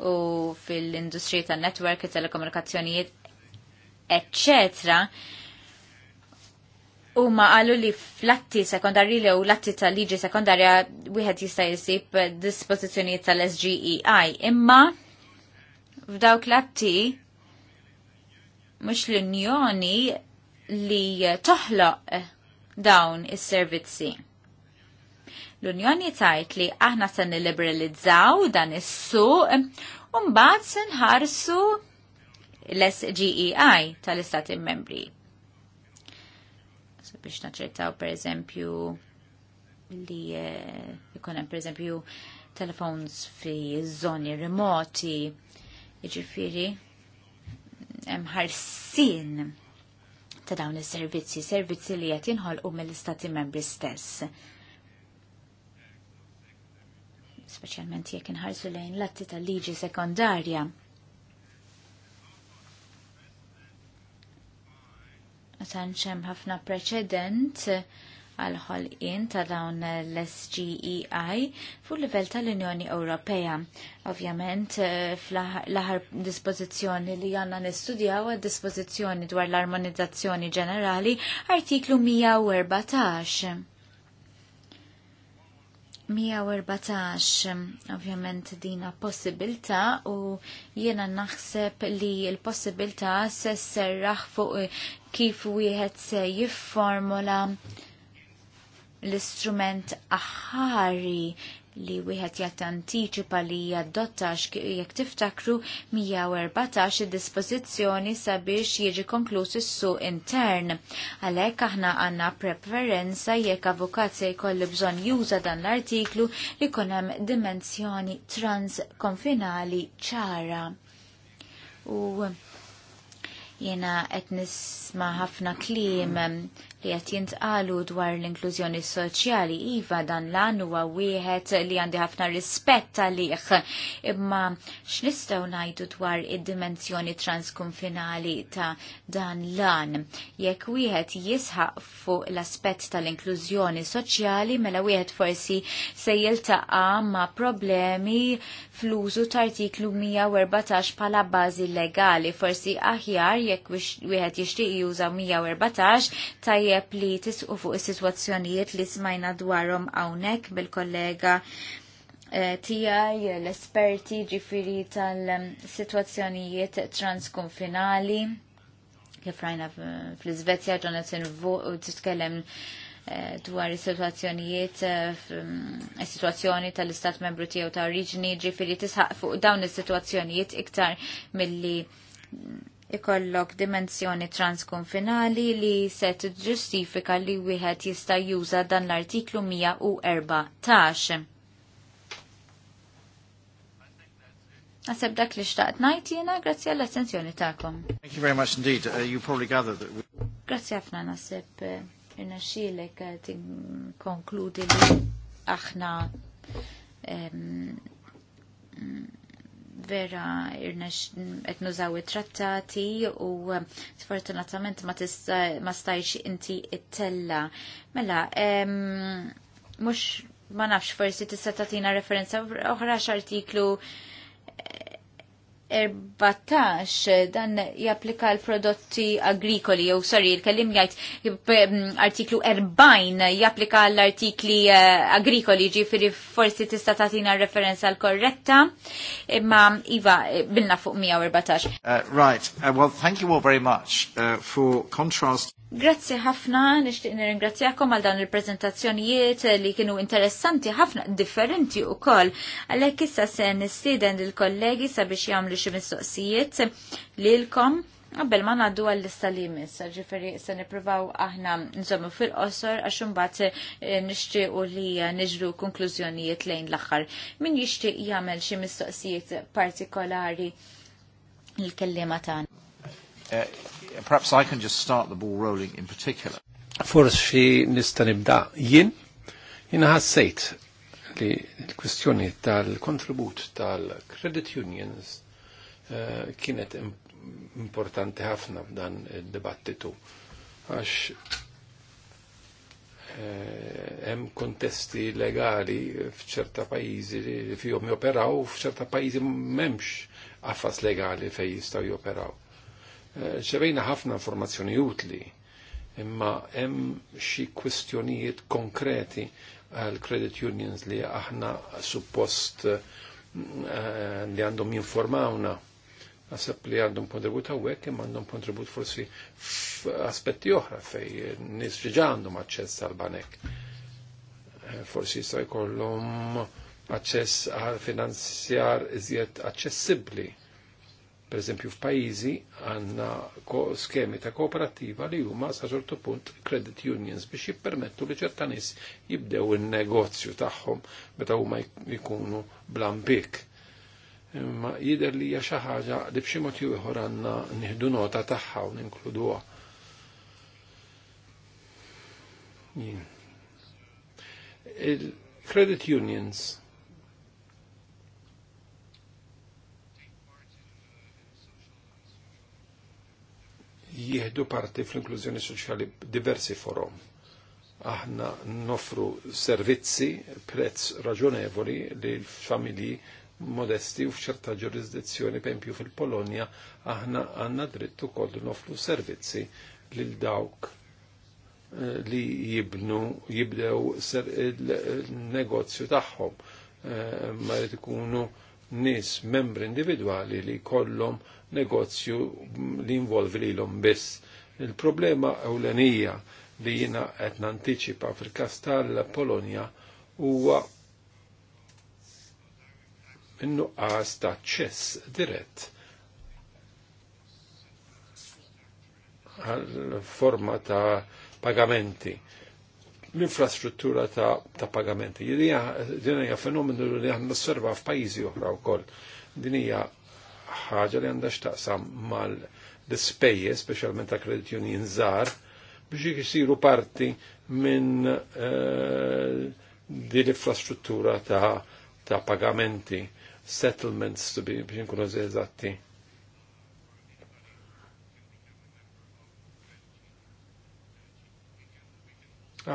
u fil-industrija tan-netwerk, telekomunikazzjonijiet, eccetera, U ma għallu li flatti sekondarji li u latti tal-liġi sekondarja wieħed jista' jisib dispożizzjonijiet tal-SGEI. Imma f'dawk latti mhux l-Unjoni li toħloq dawn is-servizzi. L-Unjoni tajt li aħna se nilliberalizzaw dan is-suq u mbagħad se nħarsu l-SGEI tal-Istati Membri biex naċċertaw pereżempju li jkun eh, hemm pereżempju telefons fi żoni remoti jiġifieri hemm ħarsien ta' dawn is-servizzi, servizzi li qed jinħolqu mill-istati membri stess. Speċjalment jekk inħarsu lejn l-atti tal-liġi sekondarja ma hemm ħafna preċedent għal ħolqien ta' dawn l-SGEI fuq livell tal-Unjoni Ewropea. Ovvjament, eh, fl-aħar dispożizzjoni li għanna nistudjaw għad dispożizzjoni dwar l-armonizzazzjoni ġenerali, artiklu 114. 114 ovvjament dina possibilta u jiena naħseb li l-possibilta se serraħ fuq kif wieħed se jifformula l-istrument aħari li wieħed jattantiċipa li jaddottax jekk tiftakru 114 dispożizzjoni sabiex jiġi konkluż is-suq intern. Għalhekk aħna għandna preferenza jekk avukat se jkolli bżonn juża dan l-artiklu li jkun hemm dimensjoni transkonfinali ċara. U Jena qed nisma' ħafna kliem li qed jintqalu dwar l-inklużjoni soċjali iva dan l-għan huwa wieħed li għandi ħafna rispett għalih. Imma x'nistgħu ngħidu dwar id-dimensjoni transkonfinali ta' dan l-għan. Jekk wieħed jisħaq fuq l-aspett tal-inklużjoni soċjali mela wieħed forsi se jiltaqa' ma' problemi fl-użu ta' artiklu 114 bħala bażi legali. Forsi aħjar jekk wieħed jixtieq juża 114 tajjeb tajjeb li tisqu fuq is-sitwazzjonijiet li smajna dwarhom hawnhekk bil-kollega eh, tijaj l-esperti ġifiri tal-situazzjonijiet transkonfinali kif rajna fl-Svezja Jonathan Vu tkellem eh, dwar is-situazzjonijiet eh, is-situazzjoni tal-istat membru tiegħu ta' oriġini ġifiri tisħaq fuq dawn is-situazzjonijiet iktar milli ikollok dimensjoni transkonfinali li se ġustifika li wieħed jista' juża dan l-artiklu 114. Naseb dak li xtaqt najt jena, grazzi għall attenzjoni ta'kom. Thank you very much indeed. Uh, you probably gathered that we... Grazzi għafna naseb uh, irna xilek uh, konkludi li aħna um, vera irnex qed nużaw it-trattati u um, sfortunatament ma ma stajx inti it-tella. Mela, mhux ma nafx forsi tista' tagħtina referenza oħra artiklu 14 dan japplika l-prodotti agrikoli, u sorry, il-kellim jgħajt ehm, artiklu 40 japplika l-artikli eh, agrikoli, ġifiri forsi tista' tagħtina referenza l-korretta, imma Iva, bilna fuq 114. Uh, right, uh, well, thank you all very much uh, for contrast. Grazzi ħafna, nixtieq nirringrazzjakom għal dan il-prezentazzjonijiet li kienu interessanti ħafna, differenti u koll. Għalek issa se nistieden il-kollegi sabiex jagħmlu xi mistoqsijiet lilkom. Għabbel ma ngħaddu għall istalimis ġifiri se nippruvaw aħna nżommu fil-qosor għax imbagħad eh, nixtiequ li eh, niġru konklużjonijiet lejn l-aħħar. Min jixtieq jagħmel xi mistoqsijiet partikolari l-kellima tagħna. Eh, perhaps I can just start the ball rolling in particular. Forsi nista' nibda jien jiena ħassejt li l-kwistjoni tal-kontribut tal-credit unions eh, kienet importanti ħafna f'dan id-dibattitu għax eh, hemm kontesti legali f'ċerta pajjiżi li fihom joperaw, f'ċerta pajjiżi m'hemmx affas legali fejn jistgħu joperaw ċevejna eh, ħafna informazzjoni utli, imma hemm xi kwistjonijiet konkreti għal credit unions li aħna suppost eh, li għandhom jinformawna. Għasab li għandhom kontribut għawek, imma għandhom kontribut forsi f'aspetti oħra fej nis ġiġa għandhom għacċess għal banek. Eh, forsi jistaj jkollhom għacċess għal finanzjar iżjed għacċessibli. Per eżempju, f'pajjiżi għandna skemi ta' kooperattiva li huma sa' ċertu punt credit unions biex jippermettu li ċerta nies jibdew in-negozju tagħhom meta huma jkunu blampik. Imma jidher li hija xi ħaġa li b'xi mod ieħor għandna nieħdu nota tagħha u ninkluduha. Il-credit unions jieħdu parti fl-inklużjoni soċjali diversi forum. Aħna nofru servizzi prezz raġonevoli li l-familji modesti u f'ċerta ġurisdizzjoni pempju fil-Polonja aħna għanna dritt ukoll nofru servizzi lil dawk eh, li jibnu jibdew il-negozju tagħhom eh, ma jrid ikunu membri individwali li kollhom negozju li involvi lilhom biss. Il-problema ewlenija li jina qed nantiċipa fil kastar tal polonia huwa minnu għas ta' ċess dirett għal forma ta' pagamenti l-infrastruttura ta', ta pagamenti. Din hija fenomenu li aħna nosserva f'pajjiżi oħra wkoll. Din hija ħaġa li għandha x'taqsam mal-spejje, speċjalment ta' kredit union żgħar, biex jisiru parti minn eh, din l-infrastruttura ta' ta' pagamenti, settlements biex nkunu eżatti.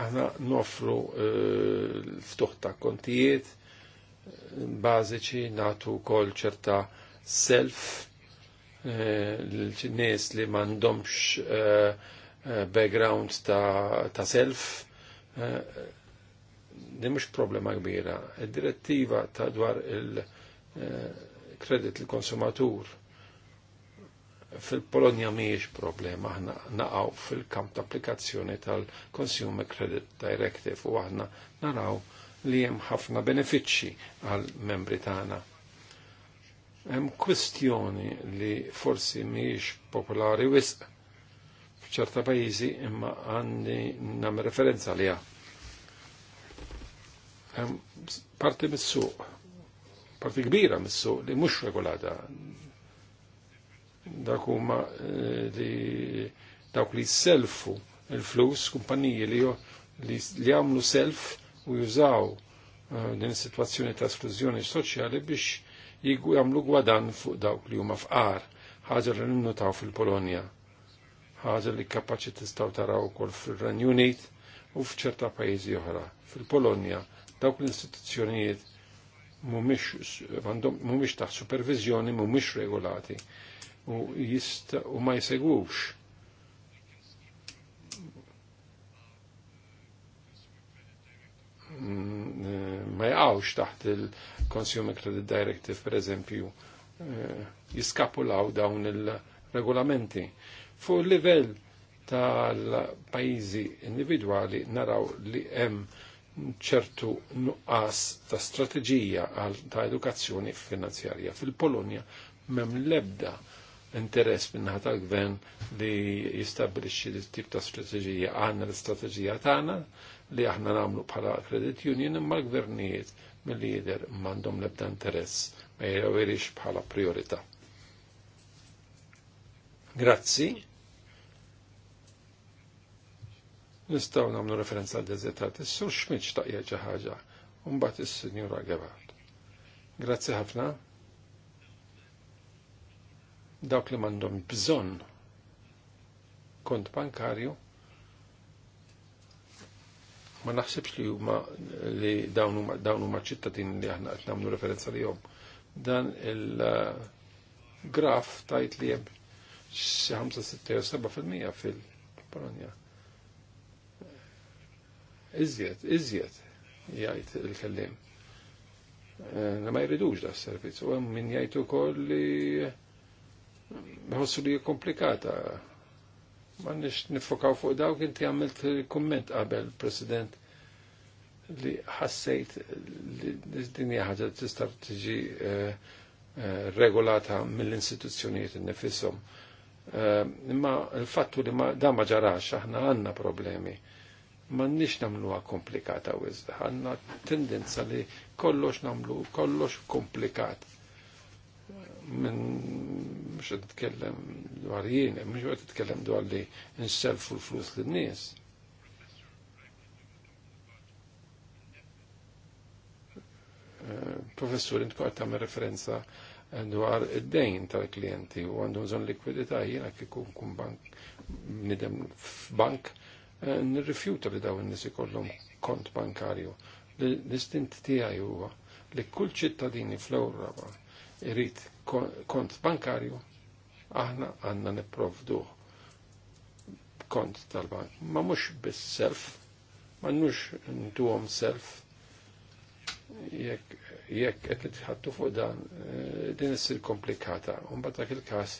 Aħna noffru l-ftuħ eh, ta' kontijiet eh, bażiċi natu kol ċerta' self l-nis eh, li mandomx eh, eh, background ta' self li mux problema kbira. il direttiva ta' dwar il-kredit l-konsumatur fil-Polonja miex problema, aħna naqaw fil-kamp ta' applikazzjoni tal-Consumer Credit Directive u aħna naraw li hemm ħafna benefiċċji għal membri tagħna Hemm kwistjoni li forsi mhijiex popolari wisq f'ċerta pajjiżi imma għandi nam referenza li Hemm parti mis-suq, parti kbira mis-suq li mhux regolata. Dak huma eh, li dawk li selfu il-flus, kumpaniji li li għamlu self u jużaw eh, din is-sitwazzjoni ta' esklużjoni soċjali biex jagħmlu gwadan fuq dawk li huma fqar, ħaġa li nnutaw fil-Polonja. Ħaġa li kapaċi tistaw taraw ukoll fil renju Unit u f'ċerta pajjiżi oħra. Fil-Polonja dawk l-istituzzjonijiet mumiex taħt supervizjoni, mumiex regolati u, jista, u ma jsegwux. Mm, eh, ma jgħawx taħt il-Consumer Credit Directive, per eżempju, eh, jiskapulaw dawn il-regolamenti. Fu livell tal-pajizi individuali naraw li hemm ċertu nuqqas ta' strateġija ta' edukazzjoni finanzjarja. Fil-Polonja mem lebda interess minnaħat tal-gvern li jistabbilixxi l-tip ta' strateġija. Għanna l ta' tagħna li aħna namlu bħala credit union imma l-gvernijiet mill-lider mandom lebda interess ma jirawirix bħala priorita. Grazzi. Nistaw namlu referenza għal deżetat, s-sur xmiċ taqja ġaħġa, un-bat il-Sinjura Gavard. Grazzi ħafna dawk li mandom bżon kont bankarju ma naħsibx li huma li dawn huma ċittadini li aħna qed nagħmlu referenza lihom. Dan il-graf tajt li hemm xi 5 seba' fil-Polonja. Iżjed, iżjed, jgħid il-kellim. Eh, ma jridux da s-servizz, u hemm min jajtu ukoll li ħossu li komplikata ma nix nifokaw fuq dawk inti għamilt komment qabel, President, li ħassejt li dinja t-istab t-ġi eh, eh, regolata mill n innifisom. Eh, imma l-fattu li da ma ġarax, aħna għandna problemi. Ma nix namluha komplikata wizda, għandna tendenza li kollox namlu, kollox komplikat. Minn mux t-tkellem dwar jien, mux t-tkellem dwar li n nselfu l-flus l nis professur intkort ta' referenza dwar id-dejn tal-klienti u għandu bżon likwidità jiena kieku nkun bank nidem f-bank eh, nirrifjuta li dawn nies ikollhom kont bankarju. L-istint tiegħi huwa li kull ċittadini fl-Ewropa irrit kont bankarju aħna għanna neprovdu kont tal-bank. Ma mux biss self, ma nux n ntuhom self jekk jekk qed nitħattu fuq dan eh, din issir komplikata. U mbagħad dak il-każ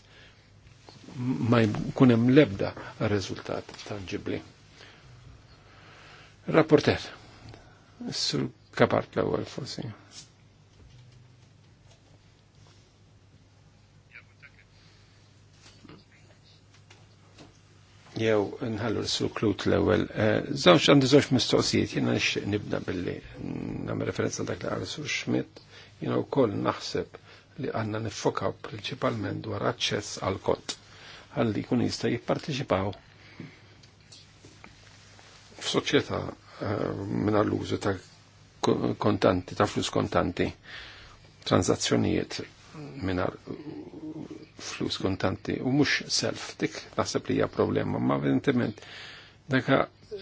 ma jkun hemm lebda ebda riżultat tangibbli. Rapporter, sur kapart l-ewwel forsi. jew nħallu l-sur klut l-ewel. Zawx eh, għandi zawx mistoqsijiet, jena nixtieq nibda billi nam referenza dak li għal sur Schmidt, jena u koll naħseb li għanna nifokaw principalment dwar aċċess għal kont għalli kun jista' jipparteċipaw f'soċjetà eh, minna l-użu ta' kontanti, ta' flus kontanti, tranzazzjonijiet minna flus kontanti u mux self, dik naħseb li hija problema, ma evidentement daka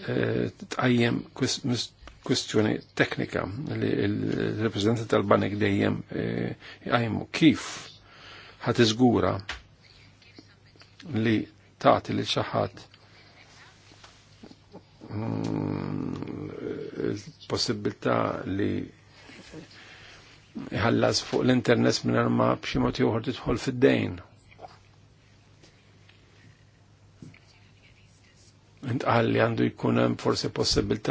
eh, tqajjem kwestjoni teknika li l-reprezentanti tal-banek dejjem eh, jgħajmu kif ħat iżgura li tagħti mm, li xaħat possibilità li ħallas fuq l-internet minn ma b'xi mod joħor tidħol fid-dejn. għal li għandu jkun hemm forsi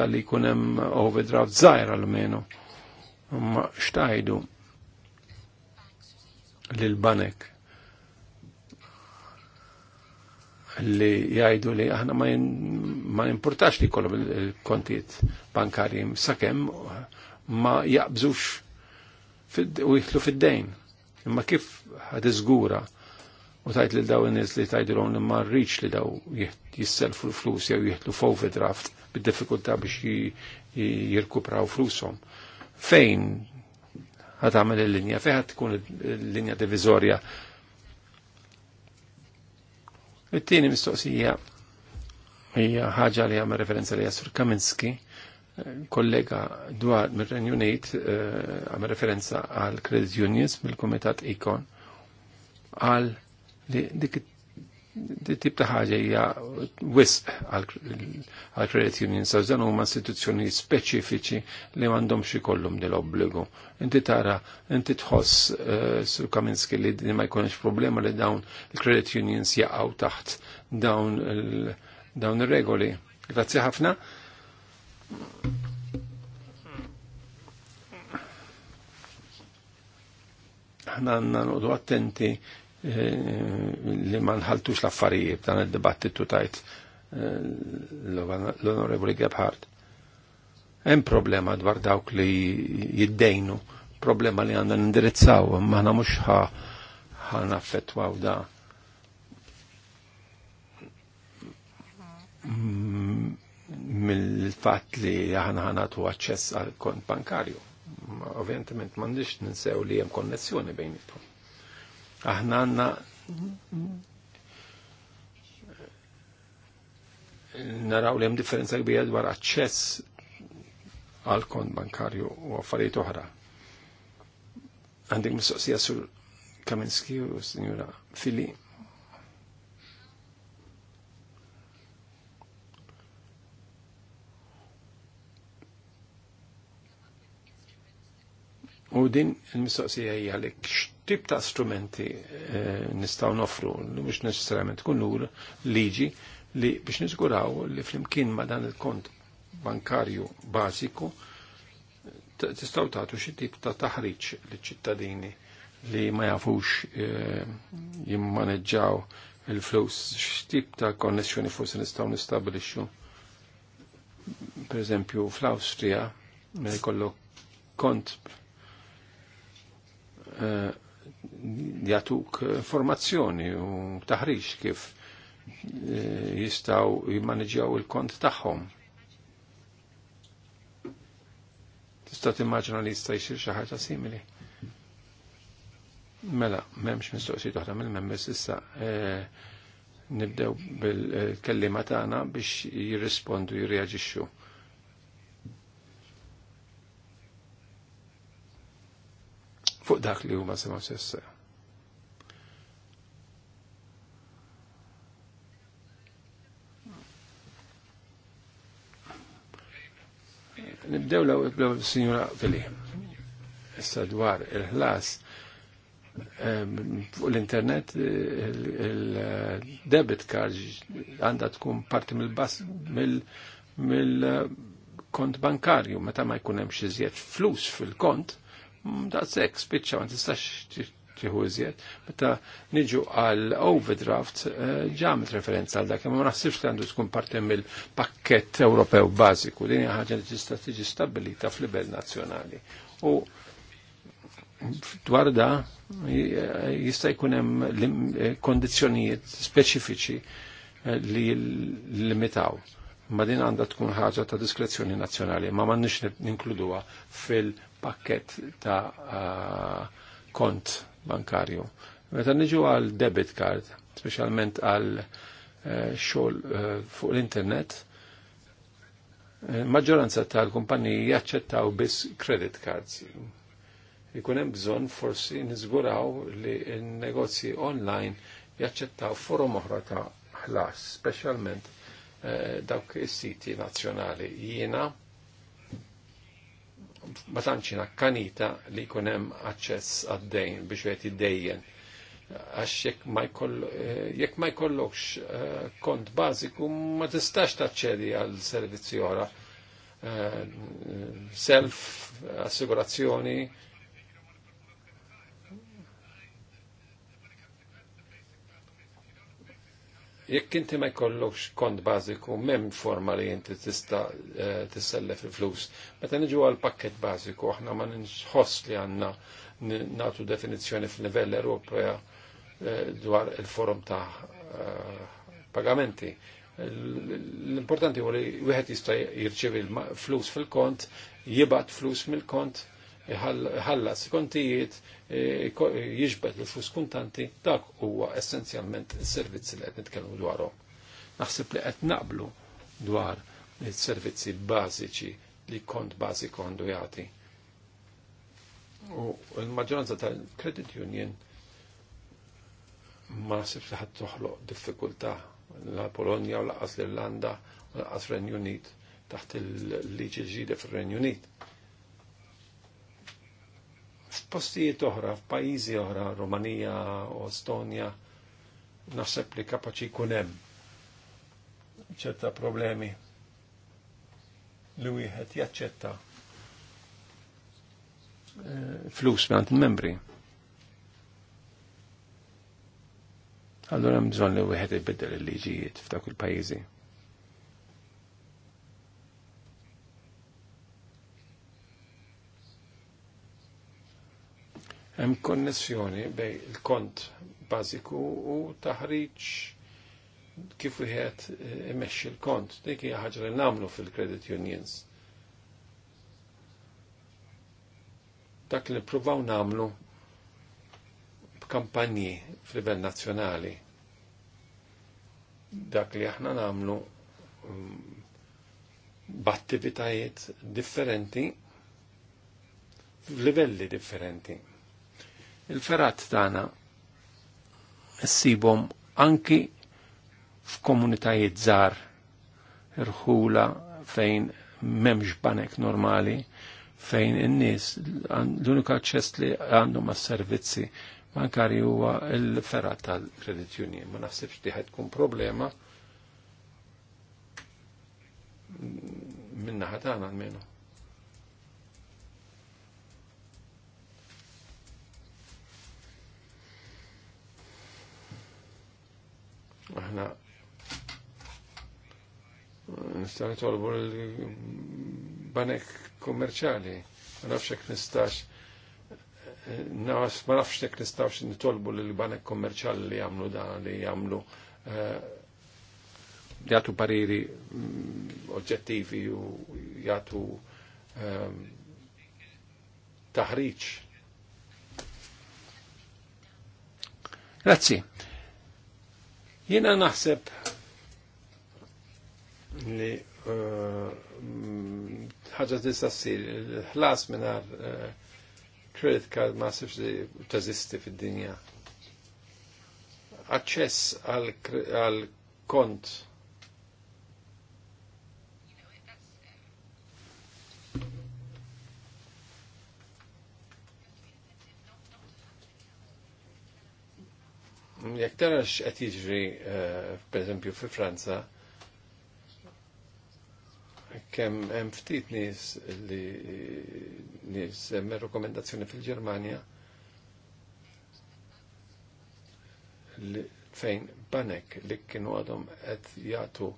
li jkun hemm overdraft għal menu Ma xtajdu l banek li jgħidu li aħna ma importax li kollom il-kontijiet bankari sakemm ma jaqbżux u jitlu fid-dejn. Imma kif għad-izgura? u tajt li daw n-nis li tajdilom li ma rriċ li daw jisselfu l-flus jew jihlu draft bid-difikulta biex jirkupraw flusom. Fejn ħat għamil il-linja, fejn ħat tkun l linja divizorja. Il-tini mistoqsija hija ħaġa li għamil referenza li jasur Kaminski, kollega dwar mir Unit eh, għamil referenza għal Credit Unions mill-Komitat Ikon għal li dik tip ta' ħaġa hija wisq għal credit unions sa' dan huma istituzzjoni speċifiċi li m'għandhomx ikollhom l obbligu. Inti tara, inti tħoss eh, sur Kaminski li ma jkunx problema li dawn il-credit unions jaqgħu taħt dawn dawn ir-regoli. Grazzi ħafna. Ħna għandna noqogħdu attenti Eh, li ma nħaltux l-affarijiet dan id-dibattitu tajt eh, l-Onorevoli Gebhardt. Hemm problema dwar dawk li jiddejnu, problema li għandna nindirizzaw, ma ħana mhux ħana affettwaw da. mill-fatt li aħna ħanatu aċċess għal kont bankarju. Ovvjament m'għandix ninsew li hemm konnessjoni bejn it Aħna għanna naraw li hemm differenza kbira dwar aċċess għal kont bankarju u affarijiet oħra. Għandek mistoqsija sur Kaminski u Sinjura Fili. U din il-mistoqsija hija għalek tip ta' strumenti eh, nistaw nofru li mux neċessarjament tkun lur liġi li biex niżguraw li flimkien ma' dan il-kont bankarju bażiku tistgħu tagħtu xi tip ta' taħriġ liċ-ċittadini li ma jafux eh, jimmaneġġaw il-flus x'tip ta' konnessjoni forsi nistgħu nistabilixxu. Per eżempju, fl-Awstrija, me jkollok kont eh, jatuk informazzjoni eh, u taħriġ kif eh, jistaw jimmanġjaw il-kont tagħhom. Tista' timmaġina li jista' jsir xi ħaġa simili. Mela, m'hemmx mistoqsijiet oħra mill-members issa eh, nibdew bil-kellima tagħna biex jirrispondu jirreaġixxu. fuq dak li huma sema sessa. Nibdew l-ewwel sinjura Fili. Issa dwar il-ħlas fuq l-internet il-debit card għandha tkun parti mill-bas mill-kont eh, bankarju meta ma jkun hemm xi flus fil-kont da' sekk spiċċa ma tistax tieħu iżjed. Meta niġu għal overdraft eh, ġamet referenza għal dak, ma naħsibx li għandu tkun partem mill-pakket Ewropew bażiku, din hija ħaġa li tista' tiġi stabbilita fl nazzjonali. U dwar da jista' jkun hemm eh, kondizzjonijiet speċifiċi eh, li limitaw ma din għandha tkun ħaġa ta' diskrezzjoni nazzjonali, ma m'għandniex ninkluduha fil- pakket ta' kont bankarju. Meta niġu għal debit card, specialment għal eh, xogħol eh, fuq l-internet, eh, maġġoranza tal-kumpaniji jaċċettaw biss credit cards. Ikun hemm bżonn forsi niżguraw li n-negozji online jaċċettaw forum oħra ta' ħlas, specialment dawk is-siti nazzjonali. Jiena batanċina kanita li kunem aċċess għaddejn biex għet id-dejjen. Għax jekk ma eh, jkollokx eh, kont bażiku ma tistax taċċedi għal servizzi ora. Eh, Self, assigurazzjoni, Jekk inti ma jkollokx kont bażiku m'hemm forma li inti tista' eh, tissellef il-flus. Meta niġu għal pakket bażiku aħna ma nħoss li għandna nagħtu definizzjoni f'livell Ewropea eh, dwar il-forum ta' eh, pagamenti. L-importanti huwa li wieħed jista' jirċevi flus fil-kont, jibgħat flus mill-kont ħallas kontijiet e, jiġbed l-flus kuntanti dak huwa essenzjalment is-servizzi li qed nitkellmu dwarhom. Naħseb li qed naqblu dwar il-servizzi bażiċi li kont bażi għandu jagħti. U l-maġġoranza tal-credit union ma sibx li ħadd toħloq diffikultà la Polonja u laqas l-Irlanda u laqas Renju Unit taħt il-liġi ġdida fir-Renju Unit Postijiet oħra, f'pajjiżi oħra, Romanija u Estonja, naħseb li kapaċi jkun hemm ċerta problemi li wieħed jaċċetta eh, flus minn membri. Allora hemm bżonn li wieħed ibiddel il-liġijiet f'dawk il-pajjiżi. Hemm konnessjoni bej il-kont bażiku u taħriġ kif wieħed eh, imexxi l-kont. Dik hija ħaġa li nagħmlu fil-credit unions. Dak li nippruvaw nagħmlu b'kampanji f'livell nazzjonali. Dak li aħna nagħmlu mm, b'attivitajiet differenti f'livelli differenti. Il-ferat tagħna sibom anki f'komunitajiet żgħar irħula fejn m'hemmx banek normali fejn in-nies l-unika ċest li għandhom għas-servizzi bankari huwa l-ferat tal-credit union. Ma nafsibx diħed tkun problema minna ħatana almenu. Aħna nistaw nitolbu l-banek kommerċali. Ma nafx jekk nistax ma nafx jekk nistax nitolbu l-banek kommerċali li jamlu da li jagħmlu Jatu eh, pariri mm, oġġettivi u jatu ehm, taħriċ. Grazie. Jena naħseb li uh, mm, ħagġa tista' ssir ħlas mingħajr uh, credit card ma sibx li teżisti fid-dinja. Aċċess għal kont Jek tarax qed jiġri pereżempju fi Franza kemm hemm ftit nies li nies hemm rekomendazzjoni fil-Ġermanja fejn banek li kienu għadhom qed jagħtu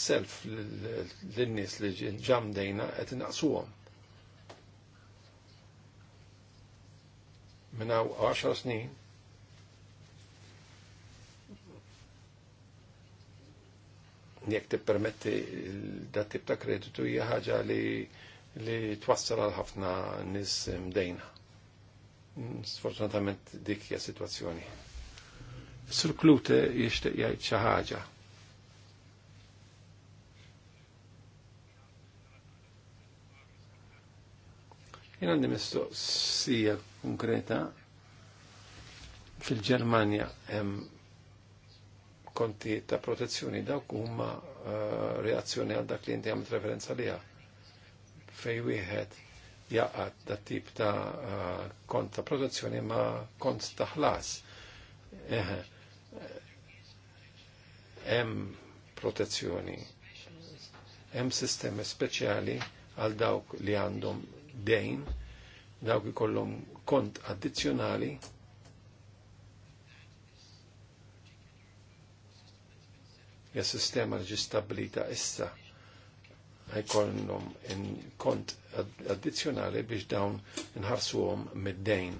self l-nies li ġamdejna qed inaqsuhom. minna 10 snin jek tippermetti da tip ta' kreditu hija ħaġa li li twassal għal ħafna nis mdejna. Sfortunatament dik hija sitwazzjoni. Sur Klute jixtieq jgħid xi ħaġa. Jien għandi mistoqsija konkreta fil-Ġermanja hemm konti ta' protezzjoni dawk huma eh, reazzjoni għal dak li inti għamilt referenza liha fej wieħed jaqgħad dat tip ta' eh, kont ta' protezzjoni ma' kont ta' ħlas. Hemm protezzjoni hemm sistemi speċjali għal dawk li għandhom dejn, dawk ikollhom kont addizzjonali ja sistema li ġistablita issa ħajkollhom kont addizzjonali biex dawn inħarsuhom mid-dejn.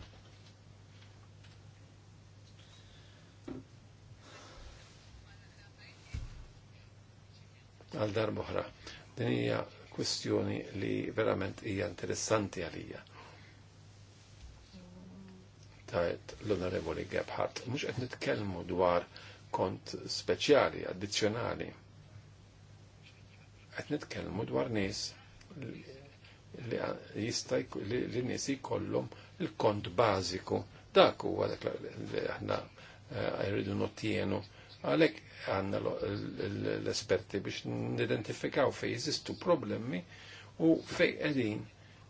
Għal darba oħra. Din hija kwistjoni li verament hija interessanti għalija. Tajt l-Onorevoli Gebhardt, mux qed nitkellmu dwar kont speċjali, addizzjonali. Qed nitkelmu dwar nies li jista' li nies jkollhom il-kont baziku. Dak huwa dak li aħna jridu eh, nottienu. Uh, Għalek għanna l-esperti biex nidentifikaw fej jizistu problemi u fej edin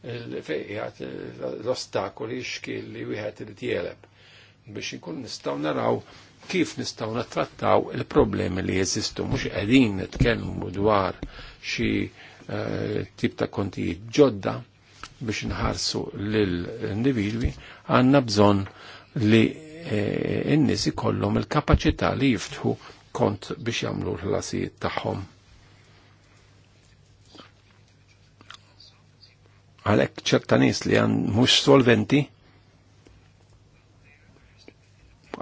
fejqijat l-ostakoli xkilli li wieħed li tjeleb. biex ikun nistaw naraw kif nistaw natrattaw il-problemi li jeżistu. Mux qegħdin nitkellmu dwar xi eh, tip ta' kontijiet ġodda biex nħarsu lill individwi għandna bżonn li E, in-nies ikollhom il-kapaċità li jiftħu kont biex jagħmlu l-ħlasijiet tagħhom. Għalhekk ċerta nies li għan mhux solventi,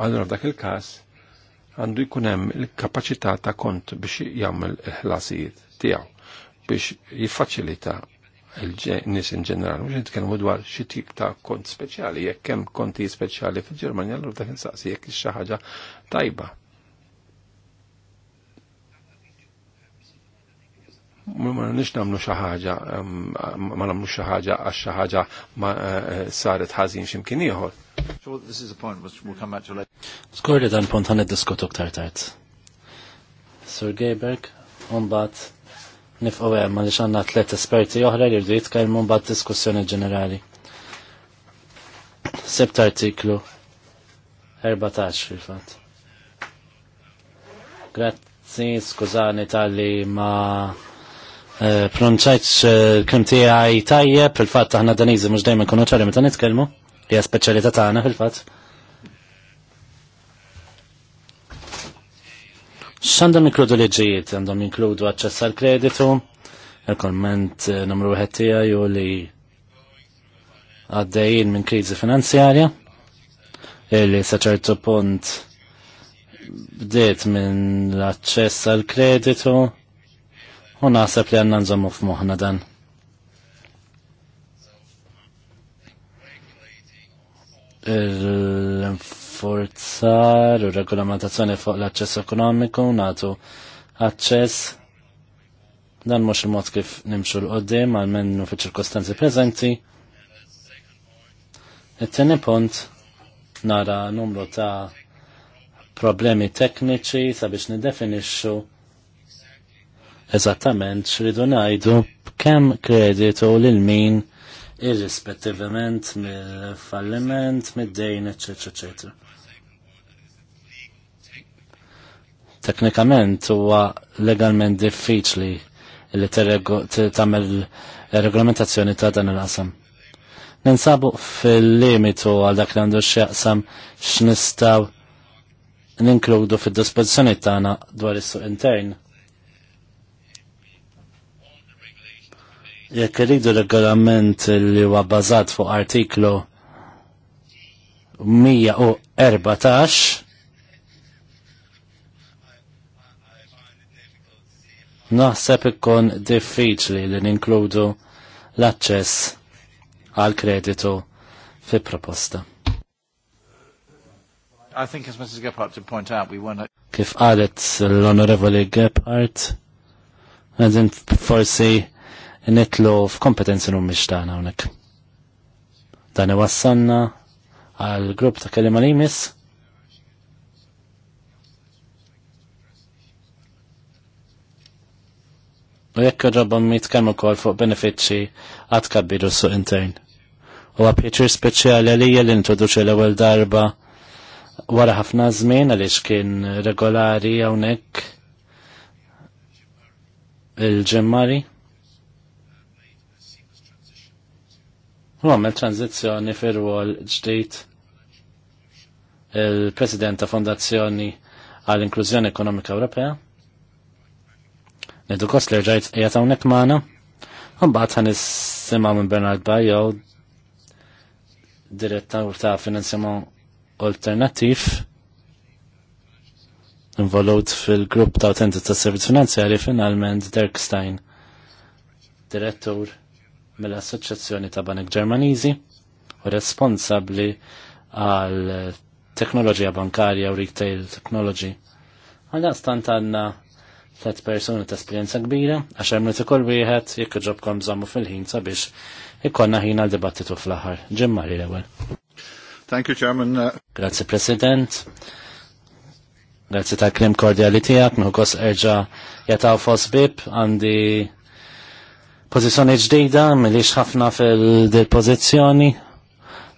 allura f'dak il-każ għandu jkun hemm il-kapaċità ta' kont biex jagħmel il-ħlasijiet tiegħu biex jiffaċilita il-nis in ġenerali, mux nitkellmu dwar xi tip ta' kont speċjali, jekk hemm konti speċjali fil-Ġermanja, allura dak insaqsi jekk xi ħaġa tajba. Ma nix namlu xaħġa, ma namlu xaħġa għax xaħġa ma eh, saret ħazin ximkien ieħor. Skorri dan pont ħan id-diskutu ktar tart. Sir Gejberg, bat, nifqaw hemm għaliex għandna tliet esperti oħra li rridu jitkellmu mbagħad diskussjoni ġenerali. Sebt artiklu 14 fil-fatt. Grazzi, skużani tal-li ma eh, pronċajċ eh, kem tiegħi tajjeb, fil-fatt aħna daniżi mhux dejjem ikunu ċari meta nitkellmu, hija speċjalità tagħna fil-fatt. X'għandhom inkludu liġijiet, għandhom inkludu aċċess għal kreditu, il-komment eh, numru wieħed ju li għaddejjin minn kriżi finanzjarja, illi saċertu punt bdiet minn l-aċċess għal kreditu u naħseb li għanna nżommu f'moħna dan. l l u regolamentazzjoni fuq l-aċċess ekonomiku natu aċċess dan mhux il-mod kif nimxu l-qoddim għal minnu fi ċirkostanzi preżenti. It-tieni punt nara numru ta' problemi tekniċi sabiex nidefinixxu eżattament xridu ngħidu kemm kreditu lil min irrispettivament mill-falliment, mid-dejn, eccetera, eccetera. Teknikament huwa legalment diffiċli li tagħmel regolamentazzjoni ta' dan il-qasam. Ninsabu fil-limitu għal dak li għandu x'jaqsam x'nistgħu ninkludu fid-dispożizzjoni tagħna dwar is-suq intern. Jekk iridu regolament li huwa bbażat fuq artiklu 114 naħseb ikkun diffiċli li ninkludu l-aċċess għal kreditu fi proposta. I think as Mrs. Gephardt point out, we weren't... Kif għalet l-Onorevoli Gephardt, għedin forsi nitlu f'kompetenzi nu mixtana unek. Dan wassanna għal grupp ta' kelima l-imis. U jekk irrobhom jitkellmu ukoll fuq benefiċċji għad s suq intern. Huwa għapieċi speċjali għalija li introduċi l-ewwel darba wara ħafna żmien għaliex kien regolari hawnhekk il-ġemmari. U għamel tranzizzjoni fir wol ġdid il-President ta' Fondazzjoni għall-Inklużjoni Ekonomika Ewropea. Nidu Kostler ġajt jgħat hawnhekk magħna. Mbagħad is-sema minn Bernard Bajo direttur ta' finanzjament alternattiv involut fil-grupp ta' utenti ta' servizz finanzjari finalment Dirk Stein, direttur mill-Assoċjazzjoni ta' Banek Ġermaniżi u responsabli għal teknoloġija bankarja u retail technology. għal stant għanna tlet persuni ta' esperjenza kbira, għax hemm li kull wieħed jekk iġobkom żammu fil-ħin sabiex ikonna ħin għal dibattitu fl-aħħar. Mari l-ewwel. Thank you, Chairman. Uh, Grazzi President. Grazzi ta' krim kordjali tijak, kos erġa jataw fosbib, għandi pozizjoni ġdida, milix ħafna fil-pozizjoni,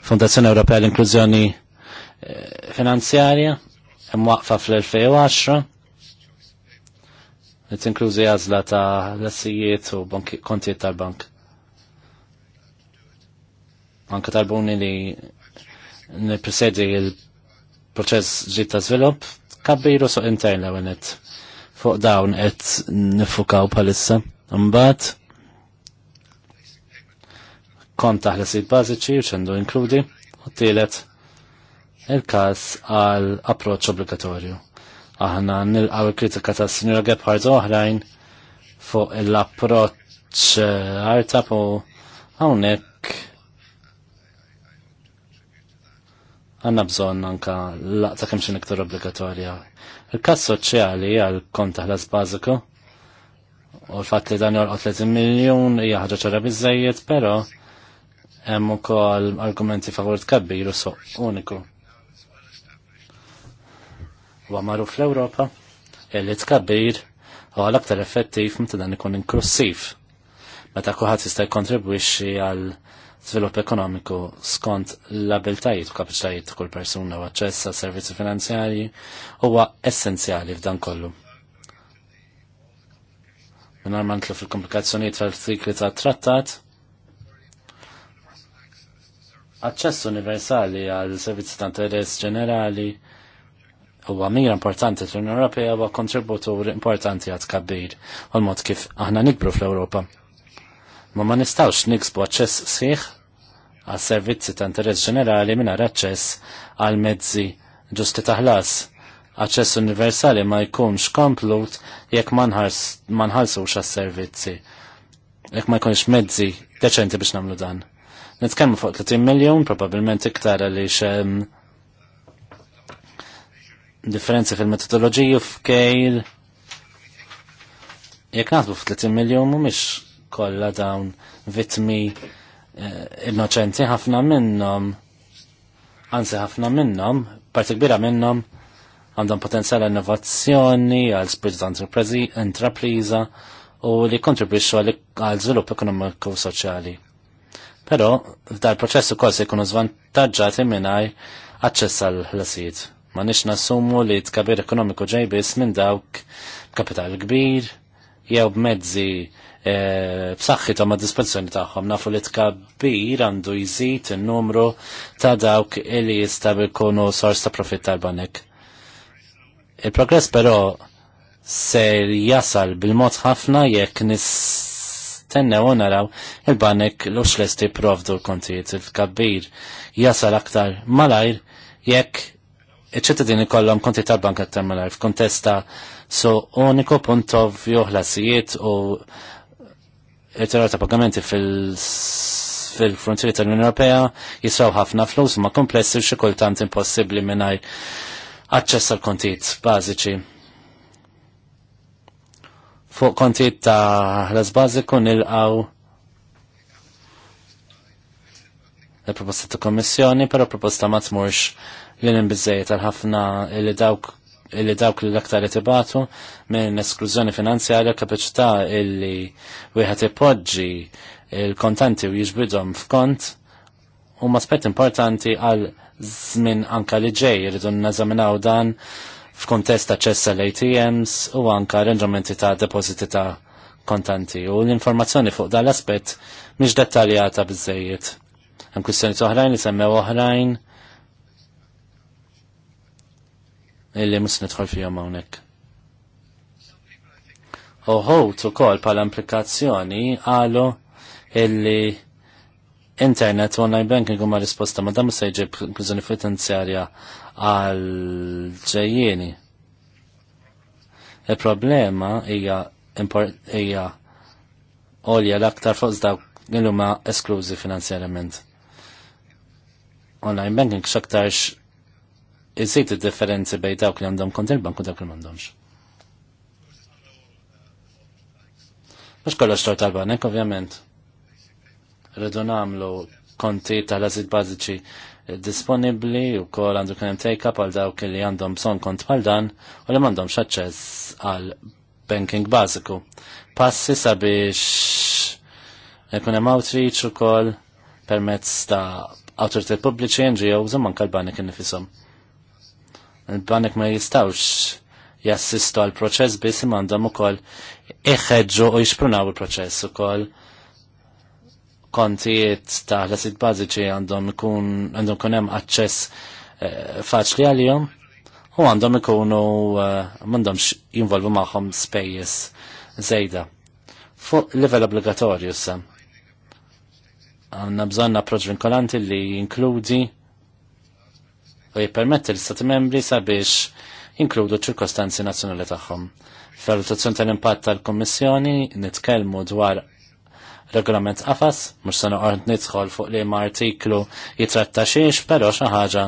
Fondazzjoni Ewropea l-Inklużjoni eh, Finanzjarja, waqfa fl-2010, li tinklużi għażla ta' l-assijiet u kontijiet tal-bank. Anka tal-buni li nipresedi il-proċess ġit ta' svilup, kabbiru so intern l-għenet fuq dawn qed nifukaw palissa. konta kont taħlesit bażiċi u ċendu inkludi, u tielet il-każ għal approċċ obbligatorju. Aħna nilqaw il-kritika ta' Sinjora Gebhard oħrajn fuq l-approċċ eh, artab u hawnhekk għanna bżonn anka laqta kemm xi iktar obbligatorja. Il-każ soċjali għal kont taħlas bażiku u l-fatt li dan jorqot 30 miljun hija ħaġa ċara biżejjed, però hemm ukoll argumenti favur tkabbir u soq uniku. Huwa magħruf fl-Ewropa illi tkabbir u għal aktar effettiv meta dan ikun inklusiv. Meta kulħadd jista' jkontribwixxi għal żvilupp ekonomiku skont l-abiltajiet u kapaċitajiet kull persuna u aċċess għal servizzi finanzjarji huwa essenzjali f'dan kollu. Minar ma nitlu fil-komplikazzjonijiet tal-artikli ta' trattat, aċċess universali għal servizzi ta' interess ġenerali huwa mira importanti l-Unjoni Ewropea huwa kontributur importanti għad kabbir u l-mod kif aħna nikbru fl-Ewropa. Ma ma nistawx niksbu aċċess sħiħ għal servizzi ta' interess ġenerali mingħajr aċċess għal mezzi ġusti taħlas. Aċċess universali ma jkunx komplut jekk ma nħallsux għas-servizzi. Jekk ma jkunx mezzi deċenti biex nagħmlu dan. Nitkemmu fuq 30 miljon, probabbilment iktar għaliex differenzi fil-metodologiju f'kejl jekk naħsbu f'30 miljon mhumiex kollha dawn vitmi eh, innoċenti ħafna minnhom anzi ħafna minnhom, parti kbira minnhom għandhom potenzjal innovazzjoni għal spirit intrapriża u li kontribwixxu għal żvilupp ekonomiku u soċjali. Però f'dal proċess ukoll se jkunu żvantaġġati mingħajr aċċess għall ħlasijiet. Ma nix nassumu li tkabir ekonomiku ġejbis minn dawk kapital kbir, jew b'mezzi e, b'saħħithom ma' dispozzjoni tagħhom nafu li tkabbir għandu jżid in-numru ta' dawk li jistab ikunu sors ta' profitt tal-banek. Il-progress però se jasal bil-mod ħafna jekk nis u naraw il-banek l-uxlesti provdu l-kontijiet il-kabbir jasal aktar malajr jekk iċ-ċittadini kollhom konti tal-banka terminal f'kontesta so uniku punt ovvju ħlasijiet u it ta' pagamenti fil- fil-frontieri tal-Unjoni Ewropea jisraw ħafna flus ma komplessi u xi kultant impossibbli mingħajr aċċess għal kontijiet bażiċi. Fuq kontijiet ta' ħlas bażiku nilqaw proposta ta' kommissjoni, pero proposta ma tmurx Jien bizzejiet għal ħafna li dawk illi dawk li l-aktar tibatu minn esklużjoni finanzjarja kapaċità illi wieħed ipoġġi il-kontanti u jiġbidhom f'kont huma aspett importanti għal żmien anka li ġej irridu nażaminaw dan f'kuntest ta' ċessa l-ATMs u anka arranġamenti ta' depositi ta' kontanti u l-informazzjoni fuq dal aspett mhix dettaljata biżejjed. Hemm kwistjoni oħrajn li semmew oħrajn illi mus nidħol fija mawnek. Uħut u kol pala implikazzjoni għalu illi internet u online banking huma risposta ma dam se jġib inklużjoni finanzjarja għal ġejjieni. Il-problema hija hija olja l-aktar fuq dawk l esklużi finanzjarjament. Online banking x'aktarx iżid id-differenzi bejn dawk li għandhom kont il-bank dawk li m'għandhomx. Mux kollox xtor tal-banek, ovvjament. Rridu nagħmlu konti tal-azid bażiċi disponibli u kol għandu kienem take-up għal dawk li għandhom bżonn kont bħal dan u li m'għandhom xaċċess għal banking bażiku. Passi sabiex ikun hemm outreach ukoll permezz ta' awtoritet pubbliċi NGOs u manka l-banek innifisom banek ma jistawx jassistu għal proċess biss imandom u koll iħeġġu u jixprunaw il-proċess u koll kontijiet ta' l bażiċi għandhom ikun għandhom kun hemm aċċess eh, faċli għalihom u għandhom ikunu eh, m'għandhomx jinvolvu magħhom spejjeż żejda. Fuq livell obbligatorju sa. Għandna bżonn approċċ vinkolanti li jinkludi u jippermetti l-Stati membri sabiex jinkludu ċirkostanzi nazzjonali tagħhom. Fil-valutazzjoni tal-impatt tal-Kommissjoni nitkellmu dwar regolament qafas, mhux se noqgħod nidħol fuq li ma artiklu jitratta xiex, xi ħaġa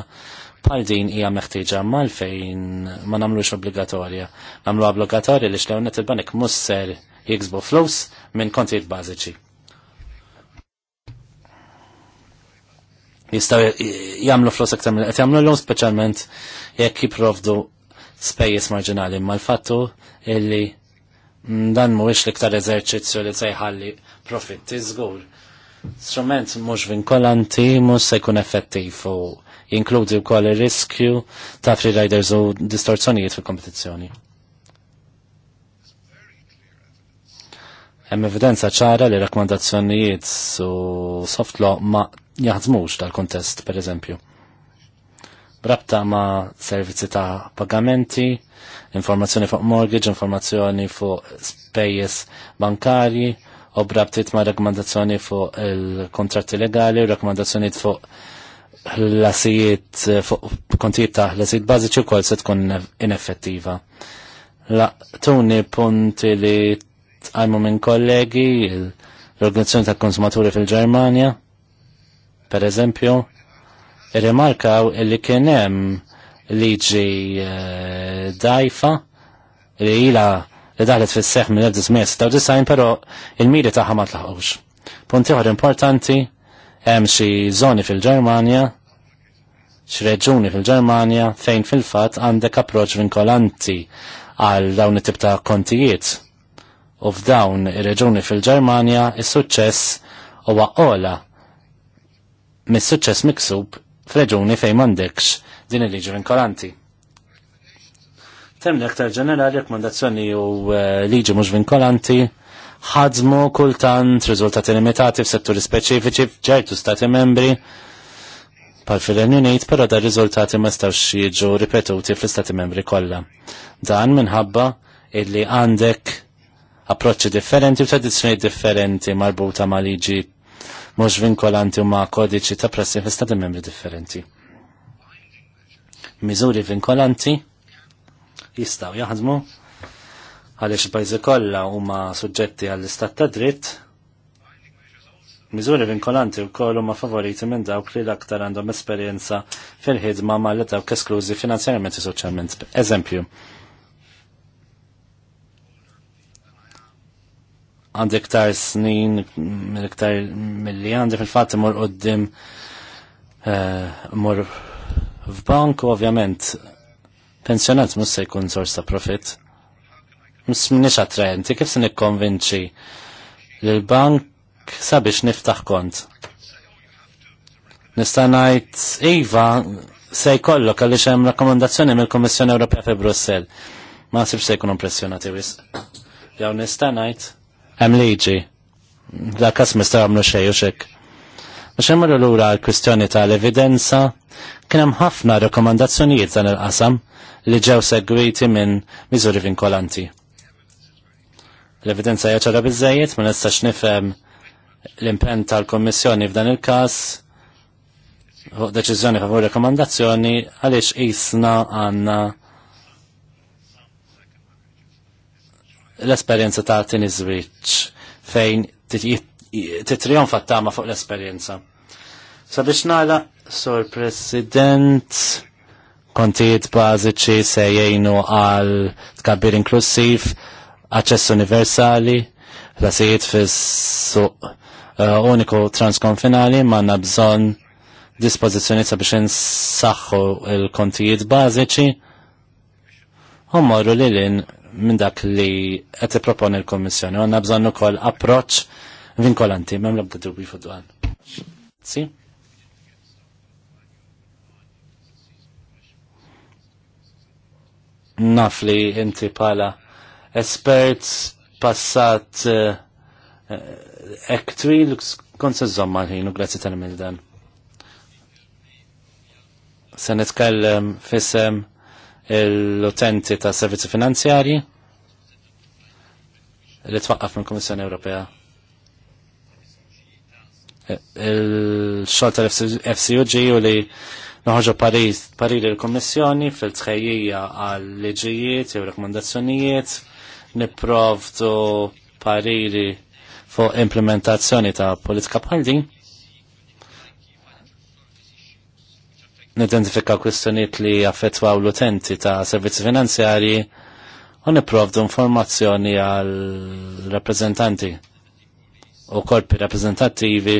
bħal din hija meħtieġa mal-fejn ma nagħmlux obbligatorja. Namlu obbligatorja li xlewnet il-banek musser jiksbu flus minn kontijiet bażiċi. jistaw jamlu flus aktar minn jamlu l-lum specialment jekk jiprovdu spejjes marġinali ma l-fattu illi mm, dan mhuwiex l-iktar eżerċizzju li se jħalli profitti żgur. Strument mhux vinkolanti mhux se jkun effettiv u jinkludi wkoll ir-riskju ta' free riders u distorzjonijiet fil-kompetizzjoni. hemm evidenza ċara li rakkomandazzjonijiet su soft law ma jaħdmux tal-kontest, per eżempju. Brabta ma' servizzi ta' pagamenti, informazzjoni fuq mortgage, informazzjoni fuq spejjes bankarji, u brabtit ma' rekomendazzjoni fuq il-kontratti legali u rekomendazzjoni fuq l-asijiet, fuq kontijiet ta' l-asijiet bażiċi u kol se tkun ineffettiva. La, tuni punti li għajmu minn kollegi, l-organizzazzjoni ta' konsumaturi fil-Germania, Per eżempju, rimarkaw eh, li kienem liġi dajfa li ila li daħlet fis seħ minn 1996, pero il-miri taħħa ma tlaħqux. Punti oħra importanti, hemm xi zoni fil-Ġermanja, xi reġuni fil-Ġermanja fejn fil-fatt għandek approċ vinkolanti għal dawn it-tip ta' kontijiet. U f'dawn ir-reġuni fil-Ġermanja is-suċċess huwa ola mis-suċċess miksub f'reġuni fejn m'għandekx din il-liġi vinkolanti. Temm l-aktar ġenerali rekomandazzjoni u eh, liġi mhux vinkolanti ħadmu kultant riżultati limitati f'setturi speċifiċi f'ġertu stati membri pal fil-Renju Unit, però da riżultati ma stawx jiġu ripetuti fl-istati membri kollha. Dan minħabba illi għandek approċċi differenti u tradizzjoni differenti marbuta ma' liġi mhux vinkolanti u ma' kodiċi ta' pressi fi stati membri differenti. Miżuri vinkolanti jistgħu jaħdmu għaliex il pajzi kollha huma suġġetti għall-istat ta' dritt Miżuri vinkolanti u kollu ma favoriti minn dawk li l-aktar għandhom esperjenza fil-ħidma ma li dawk esklużi finanzjarjament u soċjalment. Eżempju, għandi iktar snin, ktar mill-li għandi fil-fat mor għoddim eh, mor f'bank u ovvjament pensjonat mus se jkun sors ta' profit. Mus minix attraenti, kif se nikkonvinċi li l-bank sabiex niftaħ kont. Nista' ngħid iva se jkollok għaliex hemm rakkomandazzjoni mill-Kummissjoni Ewropea fi Brussell. Ma sibx se jkun impressjonati wisq. Jew nista' ngħid hemm liġi. Lakas kas mistaw għamlu xej u xek. Biex imru l-ura l-kwistjoni tal-evidenza, kien hemm ħafna rekomandazzjonijiet dan il-qasam li ġew segwiti minn miżuri vinkolanti. L-evidenza jaċara bizzejiet, ma nistax nifhem l impenn tal-Kommissjoni f'dan il każ deċiżjoni favur rekomandazzjoni għaliex isna għanna l-esperienza ta' tini zwiċ fejn titrionfa t-tama fuq l-esperienza. Sabiex nala, Sur President, kontijiet bażiċi se jgħinu għal tkabbir inklusiv, aċċess universali, rasijiet fis-suq uh, uniku transkonfinali manna bżon dispożizzjoni sabiex insaħħu il-kontijiet bażiċi u morru lilin minn dak li qed proponi l-Kommissjoni. għanna bżonn ukoll approċċ vinkolanti mem l-ebda dubi fuq Si? Naf li inti pala espert passat eh, ek l kont se żomma ħin u grazzi tal mildan dan. Se nitkellem fisem l-utenti ta' servizzi finanzjarji li twaqqaf mill kummissjoni Ewropea. Il-xol tal-FCUG u li noħġu pariri l komissjoni fil-tħejjija għal liġijiet jew rekomendazzjonijiet niprovdu pariri fuq implementazzjoni ta' politika bħal din nidentifika kwistjoniet li affettwaw l-utenti ta' servizzi finanzjari u niprovdu informazzjoni għal rappresentanti u korpi rappreżentattivi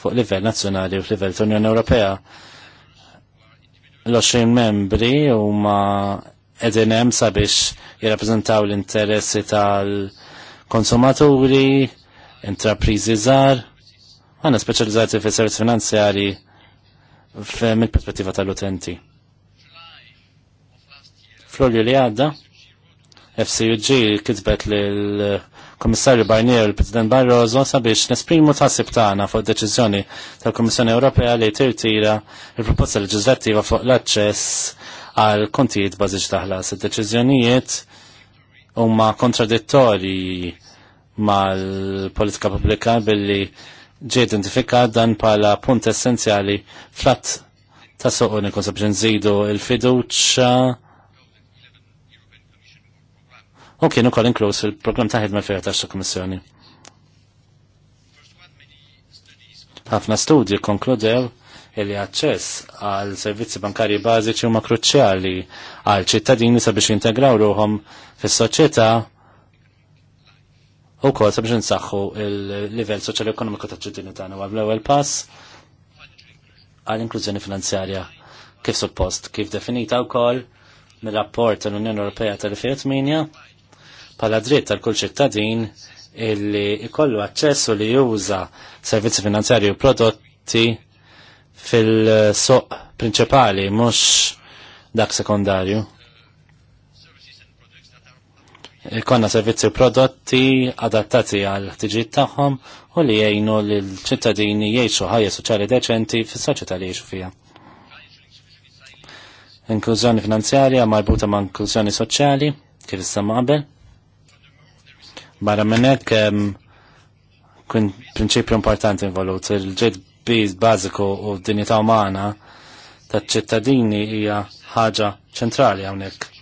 fuq livell nazzjonali u livell ta' Unjoni Ewropea. L-20 membri huma qegħdin hemm sabiex jirrappreżentaw l-interessi tal-konsumaturi, intrapriżi żgħar, għanna speċjalizzati fis servizz finanzjari mill-perspettiva tal-utenti. fl li għadda, FCUG kitbet li l-Komissarju Barnier l-President Barroso sabiex nesprimu tħassib tagħna fuq deċiżjoni tal komissjoni Ewropea li tirtira il-proposta leġislattiva fuq l-aċċess għal kontijiet bażiċ taħlas. Id-deċiżjonijiet huma kontradittorji mal-politika pubblika billi ġie identifika dan bħala punt essenzjali flat ta' soq uniku sabiex nżidu il-fiduċa u kien ukoll inkluż il-programm ta' ħidma fejn tax kummissjoni. Ħafna studji konkludew li aċċess għal servizzi bankarji bażiċi huma kruċjali għal ċittadini sabiex jintegraw ruhom fis-soċjetà u kol sabiex nsaxħu il-livell soċjal-ekonomiku ta' ċittadini tagħna u l-ewwel pass għall-inklużjoni finanzjarja kif suppost, kif definita wkoll mir-rapport tal-Unjoni Ewropea tal-2008 bħala dritt tal-kull ċittadin illi ikollu aċċess u li juża servizzi finanzjarji u prodotti fil-soq prinċipali mhux dak sekondarju konna servizzi prodotti adattati għal ħtiġiet tagħhom u li jgħinu l ċittadini jgħixu ħajja soċjali deċenti fis-soċjetà li jgħixu fiha. Inklużjoni finanzjarja marbuta ma' inklużjoni soċjali kif issa qabel. Barra minn hekk prinċipju importanti involut il-ġid biz bażiku u d-dinjità umana taċ-ċittadini hija ħaġa ċentrali hawnhekk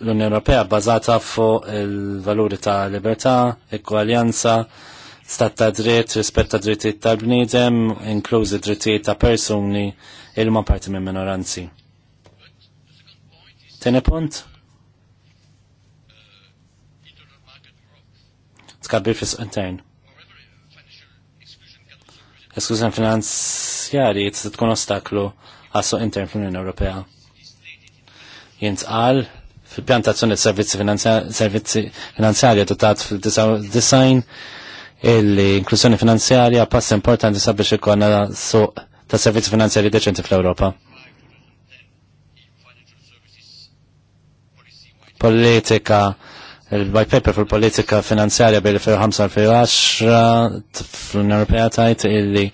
l-Unjoni Ewropea bbażata fuq il-valuri ta' libertà, ekwaljanza, stat ta' dritt, rispett ta' drittijiet tal-bniedem, inklużi drittijiet ta' persuni il ma' parti minn minoranzi. Tieni punt? Tkabbir fis intern. Eskużan finanzjari tkun ostaklu għas intern fl-Unjoni Ewropea jintqal fil-pjantazzjoni servizzi finanzjarja dotat fil-design l-inklusjoni finanzjarja pass importanti sabiex ikonna suq ta' servizzi finanzjarji deċenti fl europa Politika, il-white paper fil politika finanzjarja bil 2005-2010 fl-Unjoni Europea tajt illi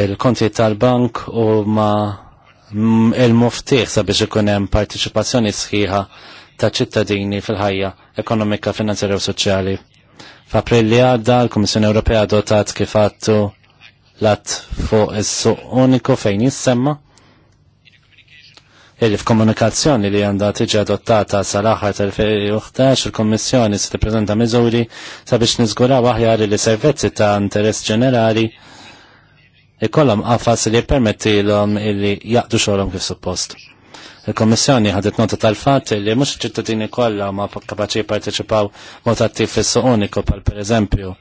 il-konti tal-bank u ma' Mm, il-muftiħ sabiex ikun hemm partiċipazzjoni sħiħa ta' ċittadini fil-ħajja ekonomika, finanzjarja u soċjali. F'April li għadda l-Kummissjoni Ewropea dotat kif għattu l-att fuq is-suq uniku fejn jissemma illi f'komunikazzjoni li għandha tiġi adottata sal-aħħar tal-2011 il kummissjoni se tippreżenta miżuri sabiex niżguraw aħjar li servizzi ta' interess ġenerali ikollhom għafas li l-om illi jaqdu xorom kif suppost. il komissjoni ħadet nota tal-fatt li mhux ċittadini kollha ma kapaċi parteċipaw mod attiv fis uniku pal per pereżempju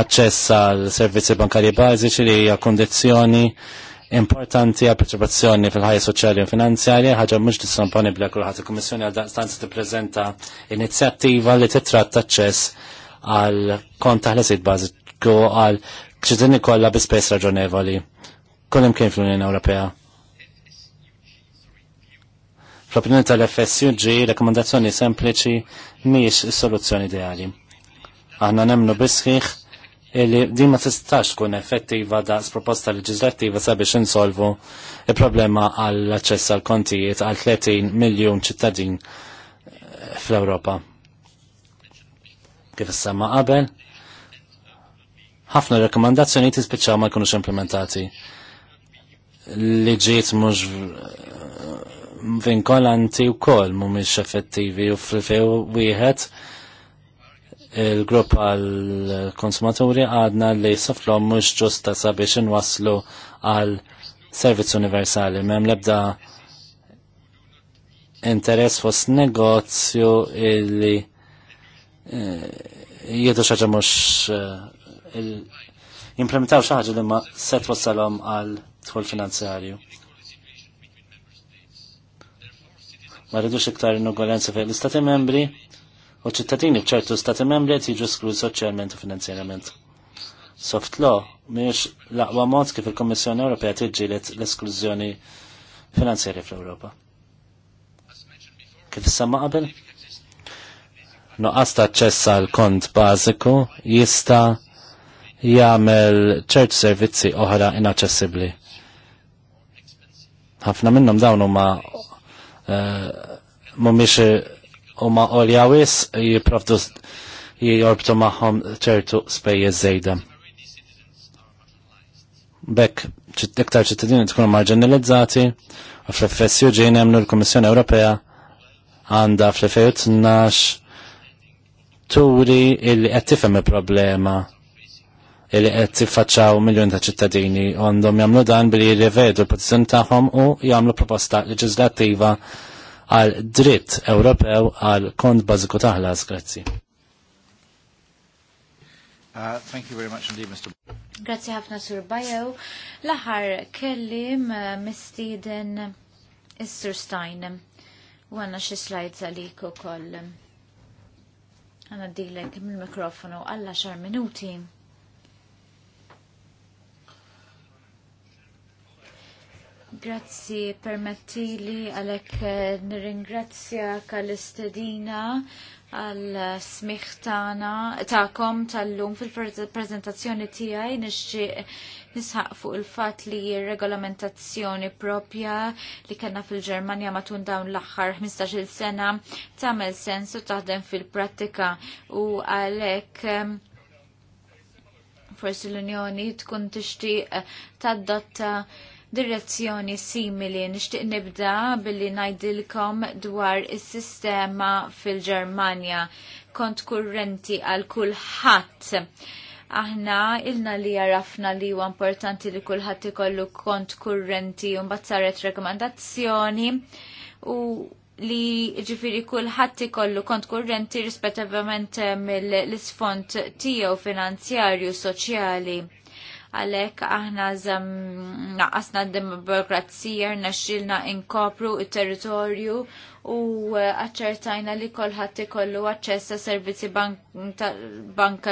aċċess għal servizzi bankarji bażiċi li hija kondizjoni importanti għal partecipazzjoni fil-ħajja soċjali u finanzjarja ħaġa mhux disponibbli għal kulħadd il-Kummissjoni għal stanza tippreżenta inizjattiva li titratta aċċess għal l taħlesit bażiku għal ċittadini kollha bi spess raġonevoli. Kull kien fl-Unjoni Ewropea. Fl-opinjoni tal-FSUG, rekomendazzjoni sempliċi mhijiex is-soluzzjoni ideali. Aħna nemmnu bisħiħ illi din ma tistax tkun effettiva da' proposta leġislattiva sabiex insolvu il-problema għall-aċċess għal kontijiet għal 30 miljun ċittadin eh, fl-Ewropa. Kif s-sama qabel, ħafna rekomandazzjoni tispiċċaw ma jkunux implementati. Liġiet mhux eh, vinkolanti wkoll mhumiex effettivi u fil-few wieħed il-grupp għal konsumaturi għadna li soflom mux ġusta sabiex inwaslu għal servizz universali. Mem lebda interess fos negozju illi eh, jiedu xaġa mux eh, implementaw xaħġa li ma se wassalom għal tħol finanzjarju. Ma ridux iktar inugolenza fej l-Istati membri u ċittadini b'ċertu Stati membri qed jiġu skluż soċjalment u finanzjarjament. Soft law mhijiex l-aqwa mod kif il-Kommissjoni Ewropea tiġġieled l-esklużjoni finanzjarja fl-Ewropa. Kif s-samma qabel? Noqqas ta' ċess kont bażiku jista' jagħmel ċert servizzi oħra inaċċessibbli. Ħafna minnhom dawn huma eh, mhumiex huma għolja wis jipprovdu jorbtu magħhom ċertu spejjeż żejda. Bekk iktar ċittadini tkunu marġinalizzati u fl-FSU ġejn jemnu l-Kummissjoni Ewropea għanda fl-2012 turi illi qed tifhem il-problema li qed tiffaċċaw miljun ta' ċittadini għandhom jagħmlu dan billi jirrivedu l-pozizjoni tagħhom u jagħmlu proposta leġislattiva għal dritt Ewropew għal kont bażiku taħlas, grazzi. Uh, thank you very much indeed, Mr. Grazzi ħafna Sur Bajew. L-aħħar kellim uh, mistieden Sir Stein. U għanna xi slajt għalik ukoll. Għanna dilek mil mikrofonu għalla xar minuti. Grazzi, Permettili li għalek eh, nirringrazzja kal-istedina għal-smiħtana ta'kom tal-lum fil-prezentazzjoni tijaj nisċi nisħaq fuq il-fat li regolamentazzjoni propja li kena fil-Ġermanja matun dawn l-axħar 15 sena tamel sensu taħdem fil-prattika u għalek eh, forsi l-Unjoni tkun tixtieq eh, tadotta uh, direzzjoni simili. Nixtieq nibda billi ngħidilkom dwar is-sistema fil-Ġermanja kont kurrenti għal kulħadd aħna ilna li jarafna li huwa importanti li kulħadd ikollu kont kurrenti u mbagħad saret rekomandazzjoni u li ġifiri kulħadd ikollu kont kurrenti rispettivament mill-isfond tiegħu finanzjarju soċjali għalek aħna zem naqasna d-demokrazija, naxxilna inkopru il-territorju u għacċertajna eh, li kolħat ikollu għacċessa servizzi bank,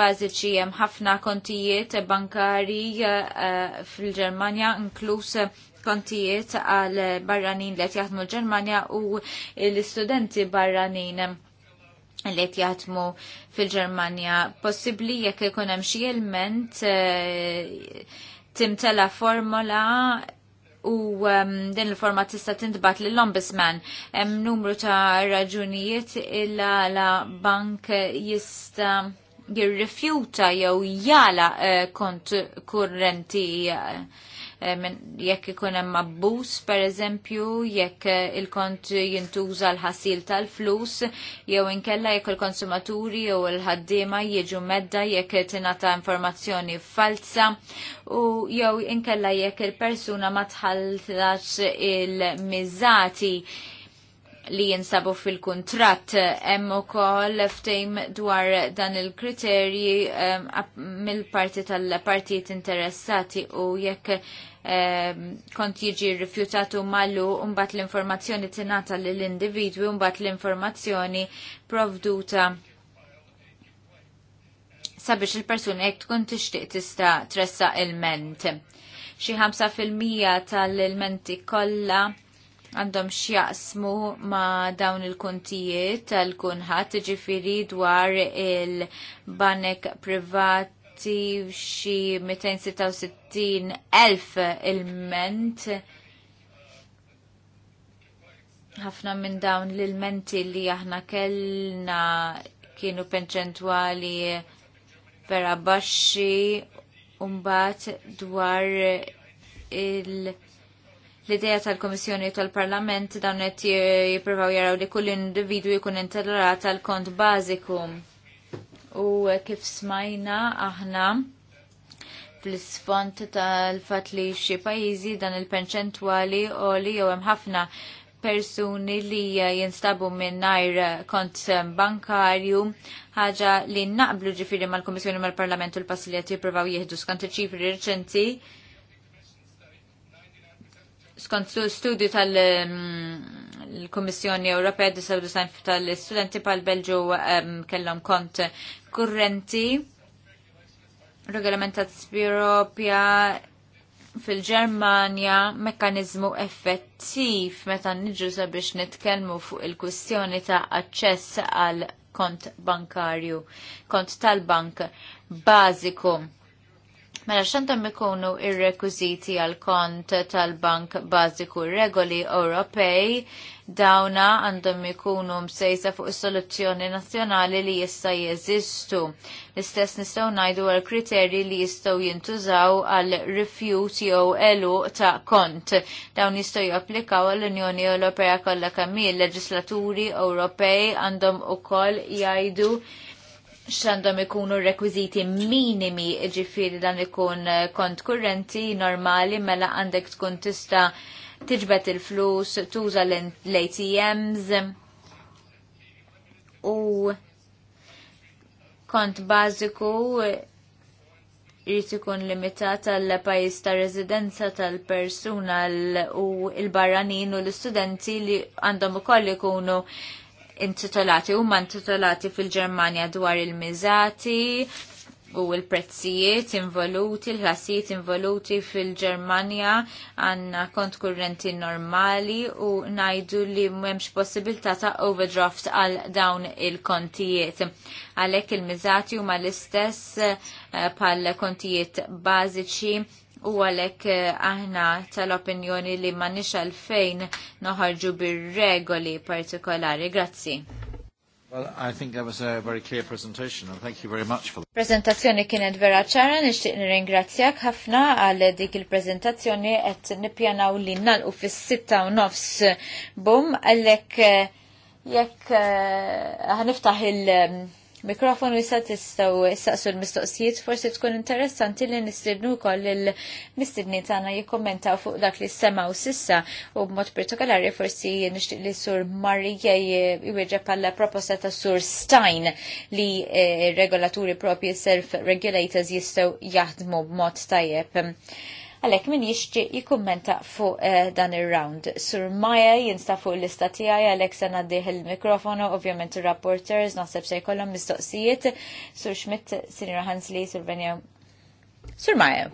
bażiċi hemm ħafna kontijiet bankari eh, fil-Ġermanja inkluż kontijiet għal barranin li jaħdmu l-Ġermanja u l-istudenti barranin li jatmu fil-Ġermanja. Possibli jekk ikun hemm xi ilment eh, timtela formola u ehm, din il-forma tista' tintbat lill ombudsman Hemm numru ta' raġunijiet illa la bank jista' jirrifjuta jew jala eh, kont kurrenti uh, Eh, jekk ikun hemm abbuż pereżempju, jekk eh, il-kont jintuża l-ħasil tal-flus, jew inkella jekk il-konsumaturi jew il-ħaddiema jiġu medda jekk tingħata informazzjoni falsa u jew inkella jekk il-persuna ma tħallax il-miżati li jinsabu fil-kontrat hemm ukoll ftejm dwar dan il-kriterji eh, mill-parti tal-partijiet interessati u jekk kont jiġi rifjutatu mallu umbat l-informazzjoni tinata l-individwi umbat l-informazzjoni provduta sabiex il-persuna jek tkun tixtieq tista' tressa il-ment. Xi 5% tal-ilmenti kollha għandhom xjaqsmu ma dawn il-kuntijiet tal-kunħat ġifiri dwar il-banek privat tirrifletti xi elf il-ment ħafna minn dawn l-ilmenti li aħna kellna kienu perċentwali vera baxxi umbat dwar il- L-ideja tal-Komissjoni tal-Parlament dawn qed jippruvaw jaraw li kull individwu jkun intellerat għall kont bażiku u kif smajna aħna fl isfond tal-fat li xi pajjiżi dan il-perċentwali u li jew hemm ħafna persuni li jinstabu minnajr kont bankarju ħaġa li naqblu ġifiri mal-Komissjoni mal-Parlament u l-Passiljat jipruvaw jihdu skant ċifri reċenti skont studju tal-Kommissjoni mm, Ewropea Disabilità tal-Studenti pal-Belġu kellhom kont kurrenti regolamentazzjoni Europja fil-Ġermanja mekkanizmu effettiv meta niġu sabiex nitkellmu fuq il-kwistjoni ta' aċċess għal kont bankarju, kont tal-bank bażiku Mela xantam ikunu ir-rekwiziti għal kont tal-Bank Bażiku Regoli Ewropej dawna għandhom ikunu msejsa fuq soluzzjoni nazzjonali li jista' jeżistu. L-istess nistgħu ngħidu għal kriterji li jistgħu jintużaw għal rifjut jew elu ta' kont. Dawn jistgħu japplikaw għall-Unjoni Ewropea kollha kemm leġislaturi Ewropej għandhom ukoll jgħidu xandom ikunu rekwiziti minimi ġifiri dan ikun eh, kont kurrenti normali mela għandek tkun tista tiġbet il-flus, tuża l-ATMs u kont bażiku jrid ikun limitat għal pajjiż ta' residenza tal-persuna u l-barranin u l-istudenti li għandhom ukoll ikunu intitolati huma intitolati fil-Ġermanja dwar il-miżati u l-prezzijiet involuti, l-ħlasijiet involuti fil-Ġermanja għanna kont kurrenti normali u najdu li memx possibilta ta' overdraft għal dawn il-kontijiet. Għalek il-mizati huma l-istess eh, pal kontijiet bażiċi u għalek eh, aħna tal-opinjoni li ma nix għalfejn noħarġu bir-regoli partikolari. Grazzi. Well, I think that was a very clear presentation and thank you very much for that. Presentazzjoni kienet vera ċara, nixtieq nirringrazzjak ħafna għal dik il-prezentazzjoni qed nippjanaw li nalqu fis-sitta u nofs bum għalhekk eh, jekk eh, ħaniftaħ il- mikrofonu jisa tistaw saqsu l-mistoqsijiet, forsi tkun interessanti li nistidnu kol l-mistidni tagħna jikkommentaw fuq dak li semaw sissa u b'mod partikolari forsi nixtieq li sur Marija jwieġa palla proposta ta' sur Stein li eh, regolaturi propi self-regulators jistgħu jaħdmu b'mod tajjeb għalek min jixġi jikummenta fuq uh, dan il-round. Sur Maja jinsta fuq l-lista għalek sen naddiħ il mikrofono ovvjament il-rapporters, naħseb se jkollhom mistoqsijiet. Sur Schmidt, Sinira Hansli, Sur Benja. Sur Maja.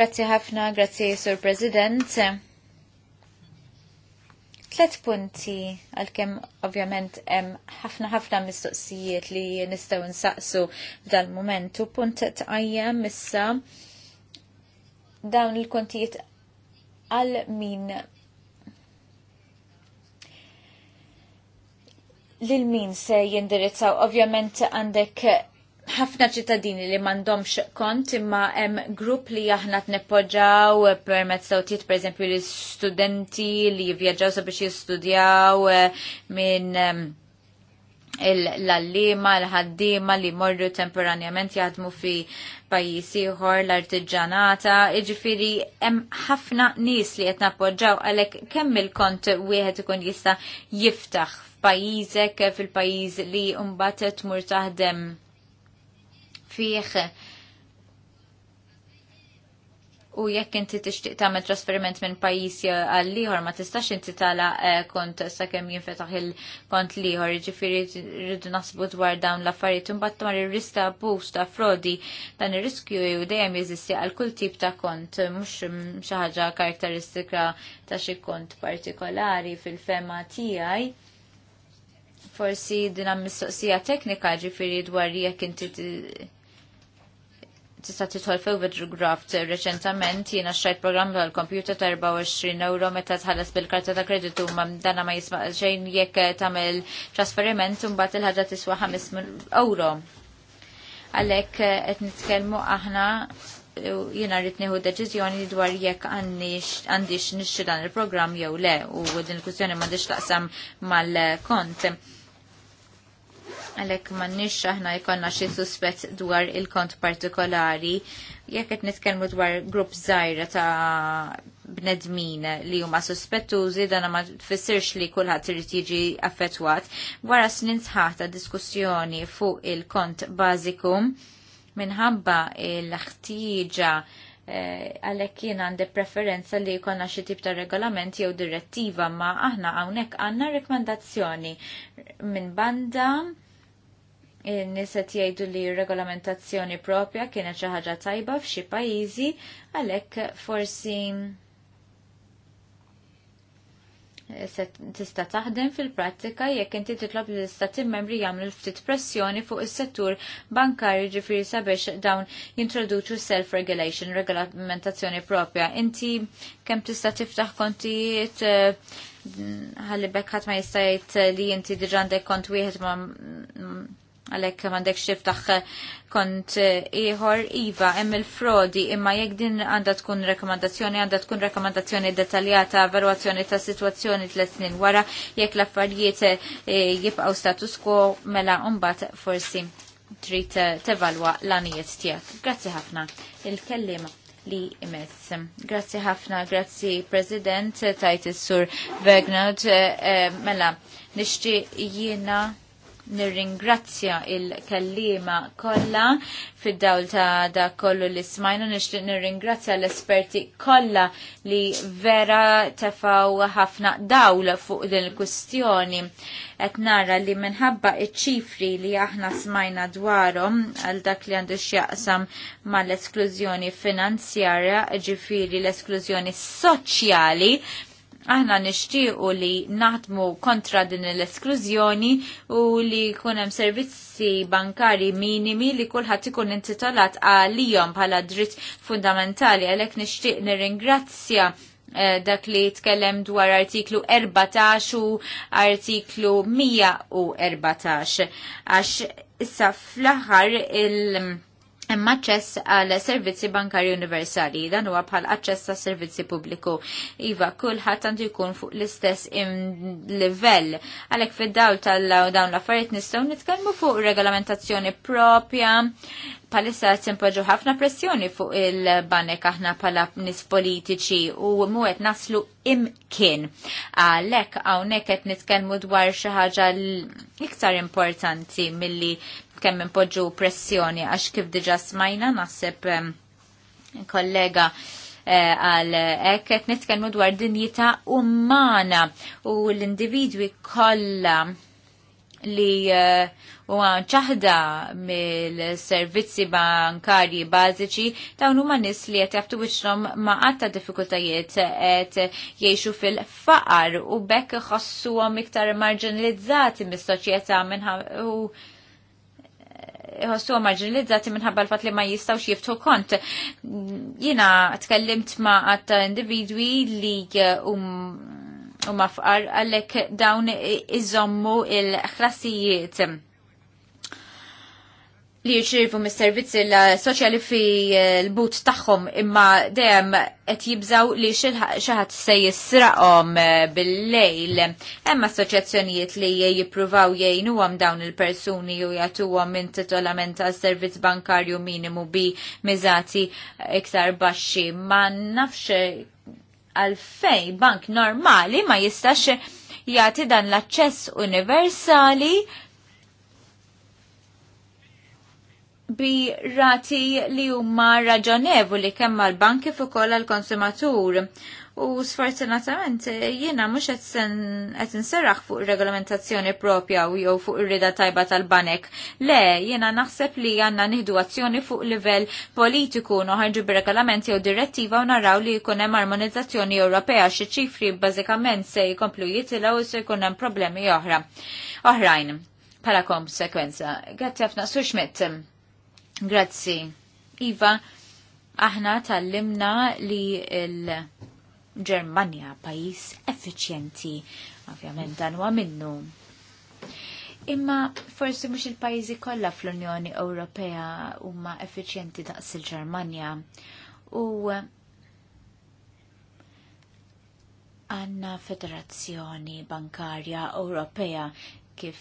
Grazzi ħafna, grazie Sur President. Tlet punti għal-kem ovvjament hemm ħafna ħafna mistoqsijiet li nistgħu nsaqsu dal-momentu. u punt tqajjem issa dawn il-kontijiet għal min lil min se jindirizzaw. Ovvjament għandek ħafna ċittadini li mandomx kont imma hemm grupp li aħna tneppoġġaw permezz tawtiet pereżempju li studenti li jivvjaġġaw sabiex jistudjaw eh, minn ehm, l-allima, l-ħaddima li morru temporanjament jaħdmu fi pajjiż ieħor l-artiġanata, iġifiri, hemm ħafna nies li qed nappoġġaw għalhekk kemm il-kont wieħed ikun jista' jiftaħ f'pajjiżek fil-pajjiż li umbatet tmur taħdem fih U jekk inti tixtieq tagħmel trasferiment minn pajjiż għal ieħor ma tistax inti tala eh, kont sakemm jinfetaħ il-kont liħor, jiġifieri rridu naħsbu dwar dawn l-affarijiet imbagħad mar ir rista abbuż ta' frodi dan ir-riskju dejjem jeżisti għal kull tip ta' kont mhux mm, xi ħaġa karakteristika ta' xi kont partikolari fil-fema tiegħi forsi din mistoqsija teknika ġifiri dwar jekk inti tista' titħol f'overdraft reċentament jiena xtrajt programm tal-kompjuter ta' 24 euro meta tħallas bil-karta ta' kreditu ma dana ma jisma' xejn jekk tagħmel trasferiment mbagħad il-ħaġa tiswa 5 euro. Għalhekk eh, qed nitkellmu aħna jiena rrid nieħu deċiżjoni dwar jekk għandix nixxi dan il-programm jew le u din il-kwistjoni m'għandix taqsam mal-kont għalek mannix aħna jkonna xie suspett dwar il-kont partikolari, jekk qed nitkellmu dwar grupp żgħira ta' bnedmin li huma suspettużi dan ma tfissirx li kulħadd irid jiġi affettwat. Wara snin sħaħ ta' diskussjoni fuq il-kont bażiku minħabba l-ħtieġa eh, għalek jien għandi preferenza li jkollna xi tip ta' regolament jew direttiva ma aħna hawnhekk għandna rekomendazzjoni minn banda Niset jgħidu li regolamentazzjoni propja kienet xi ħaġa tajba f'xi pajjiżi għalhekk forsi se tista' taħdem fil-prattika jekk inti titlob li l-istati membri jagħmlu ftit pressjoni fuq is-settur bankarju ġifieri sabiex dawn jintroduċu self-regulation, regolamentazzjoni propja. Inti kemm tista' tiftaħ kontijiet eh, ħalli bekk ħadd ma jista' jgħid li inti diġà għandek kont wieħed ma' għalek għandek xiftaħ eh, kont eh, iħor Iva, hemm il-frodi, imma jekk din għandha tkun rekomandazzjoni, għandha tkun rekomandazzjoni dettaljata, evalwazzjoni ta' situazzjoni tlet snin wara, jekk l-affarijiet eh, jibqgħu status quo mela mbagħad forsi trid tevalwa l-anijiet tiegħek. Grazzi ħafna. Il-kellima li imess. Grazzi ħafna, grazzi President, tajt sur Vegnod, mela, nixtieq jiena nirringrazzja il-kallima kolla fid-dawl ta' da kollu li smajna nishtiq nirringrazzja l-esperti kolla li vera tefaw ħafna dawl fuq din il-kustjoni. Et nara li minħabba iċ-ċifri li aħna smajna dwarhom għal dak li għandu x'jaqsam mal-esklużjoni finanzjarja, ġifiri l-esklużjoni soċjali, aħna nixtiequ li naħdmu kontra din l-esklużjoni u li jkun hemm servizzi bankari minimi li kulħadd ikun intitolat għalihom bħala dritt fundamentali għalhekk nixtieq nirringrazzja eh, dak li tkellem dwar artiklu 14 u artiklu 114 għax issa fl-aħħar il- hemm aċċess għal servizzi bankari universali dan huwa bħal aċċess ta' servizzi pubbliku. Iva, kulħadd għandu jkun fuq l-istess livell. Għalhekk fid-dawl tal-dawn l-affarijiet nistgħu nitkellmu fuq regolamentazzjoni propja, palissa simpoġu ħafna pressjoni fuq il-banek aħna pala nis politiċi u muwet naslu imkien. Għalek għawnek qed nitkellmu dwar xi ħaġa l-iktar importanti milli kemm impoġġu pressjoni għax kif diġa smajna naħseb kollega eh, għal ek qed nitkellmu dwar dinjità umana u l-individwi kollha li eh, huwa uh, ċaħda mill-servizzi bankarji bażiċi dawn huma nies li qed jaftu wiċċhom ma' għatta ta' diffikultajiet qed jgħixu fil-faqar u bekk iħossuhom iktar marginalizzati mis-soċjetà minn u jħossu marġinalizzati minħabba l-fat li ma jistaw jiftu kont. Jina tkellimt ma għatta individwi li eh, um u um mafqar għallek dawn iżommu il-ħlasijiet li jirċirvu mis-servizzi l-soċjali fi eh, l-but tagħhom imma dejjem qed jibżaw li xi ħadd se jisraqhom eh, bil-lejl. Hemm assoċjazzjonijiet li jippruvaw jgħinuhom dawn il-persuni u jagħtuhom minn titolament servizz bankarju minimu bi miżati iktar baxxi. Ma nafx eh, għalfej bank normali ma jistax jagħti dan l-aċċess universali bi rati li huma raġonevoli kemm għall bank kif ukoll għall konsumatur U sfortunatament jiena mhux qed inserraħ fuq regolamentazzjoni propja u jew fuq ir-rida tajba tal-banek. Le, jiena naħseb li għandna nieħdu azzjoni fuq livell politiku noħarġu bir-regolament jew direttiva u naraw li jkun hemm armonizzazzjoni Ewropea xi ċifri bażikament se jkomplu jitilgħu se jkun hemm problemi oħra. Oħrajn, bħala konsekwenza, għattefna suxmet. Grazzi. Iva, aħna tal-limna li il germania pajis effiċjenti, ovvjament dan huwa minnu. Imma forsi mhux il-pajjiżi kollha fl-Unjoni Ewropea huma effiċjenti daqs il-Ġermanja u għanna Federazzjoni Bankarja Ewropea kif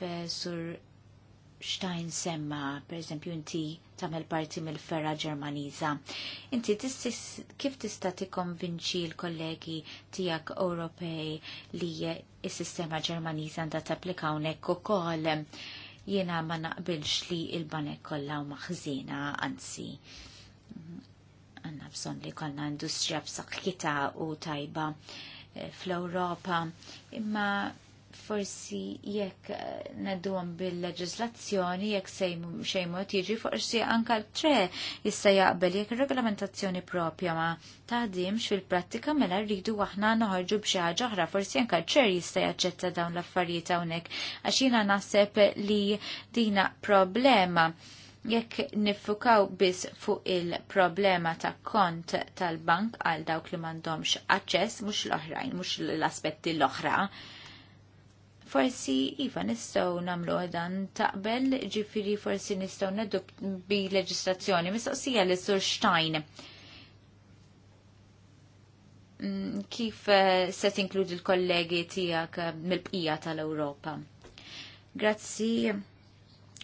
eh, Sur xtajn semma, per eżempju, inti tamel parti mill-ferra ġermaniza. Inti tistis, kif tista tikkonvinċi l-kollegi tijak Ewropej li s-sistema ġermaniza għanda tapplika unek u kol jena ma naqbilx li il-banek kollha u maħżina, anzi. Għanna bżon li konna industrija b'saqkita u tajba eh, fl-Europa, imma forsi jekk eh, naddum bil-leġislazzjoni, jekk xejmu tiġi, forsi anka tre jista jaqbel jekk regolamentazzjoni propja ma taħdimx fil-prattika mela rridu aħna noħorġu b'xi ħaġa oħra, forsi anka ċer jista jaċċetta dawn l-affarijiet hawnhekk għax jiena naħseb li dina problema jekk niffukaw biss fuq il-problema ta' kont tal-bank għal dawk li m'għandhomx aċċess mhux l-oħrajn, mhux l-aspetti l-oħra forsi iva nistgħu nagħmlu dan taqbel ġifiri forsi nistgħu neddu bi leġislazzjoni mistoqsija li sur Stein. Mm, kif eh, se tinkludi l-kollegi tiegħek eh, mill-bqija tal-Ewropa? Grazzi.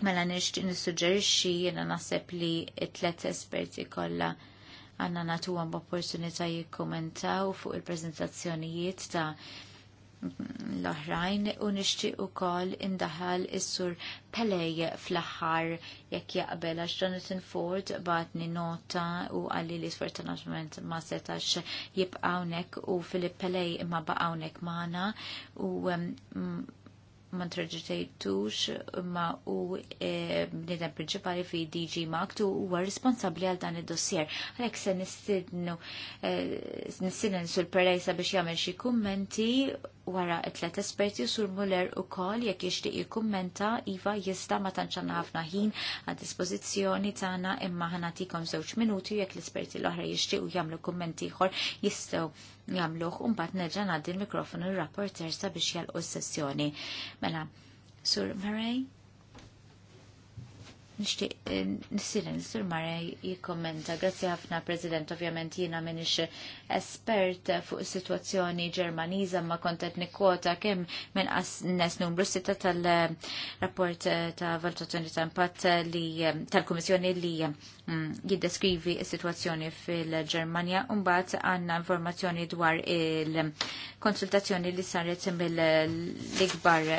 Mela nixtieq nissuġġerixxi jiena naħseb li t tlet esperti kollha għandna nagħtuhom opportunità jikkumentaw fuq il-preżentazzjonijiet ta' l-oħrajn u nixtieq ukoll indaħal is-sur Pelej fl-aħħar jekk jaqbel għax Jonathan Ford batni nota u għalli li sfortunatament ma setax jibqa' hawnhekk u Filip Pelej ma baqa' hawnhekk magħna u um, ma introduċejtux ma u bnidem eh, prinċipali fi DG Maktu huwa responsabbli għal dan id-dossier. Għalhekk se nistidnu eh, nistidnu sul perejsa biex jagħmel xi kummenti wara tlet esperti u sur Muller u kol jekk jixtieq jikkummenta iva jista' ma tantx ħafna ħin għad dispożizzjoni tagħna imma ħanatikom żewġ minuti jekk l-esperti l-oħra jixtiequ jagħmlu kummenti ieħor jistgħu jamluħ u mbagħad nerġa' ngħaddi l-mikrofonu l-rapporter sabiex jalqu s-sessjoni. Mela, Sur Murray? Nishtiq eh, nistilen Sur Mara jikkommenta. Grazzi ħafna President, ovvjament jiena minix espert fuq is-sitwazzjoni ma kontet nikkwota kemm minn nes numru sita tal-rapport eh, ta' valutazzjoni ta' impatt li eh, tal-Kummissjoni li mm, jiddeskrivi situazzjoni sitwazzjoni fil-Ġermanja u mbagħad għandna informazzjoni dwar il-konsultazzjoni li saret mill-ikbar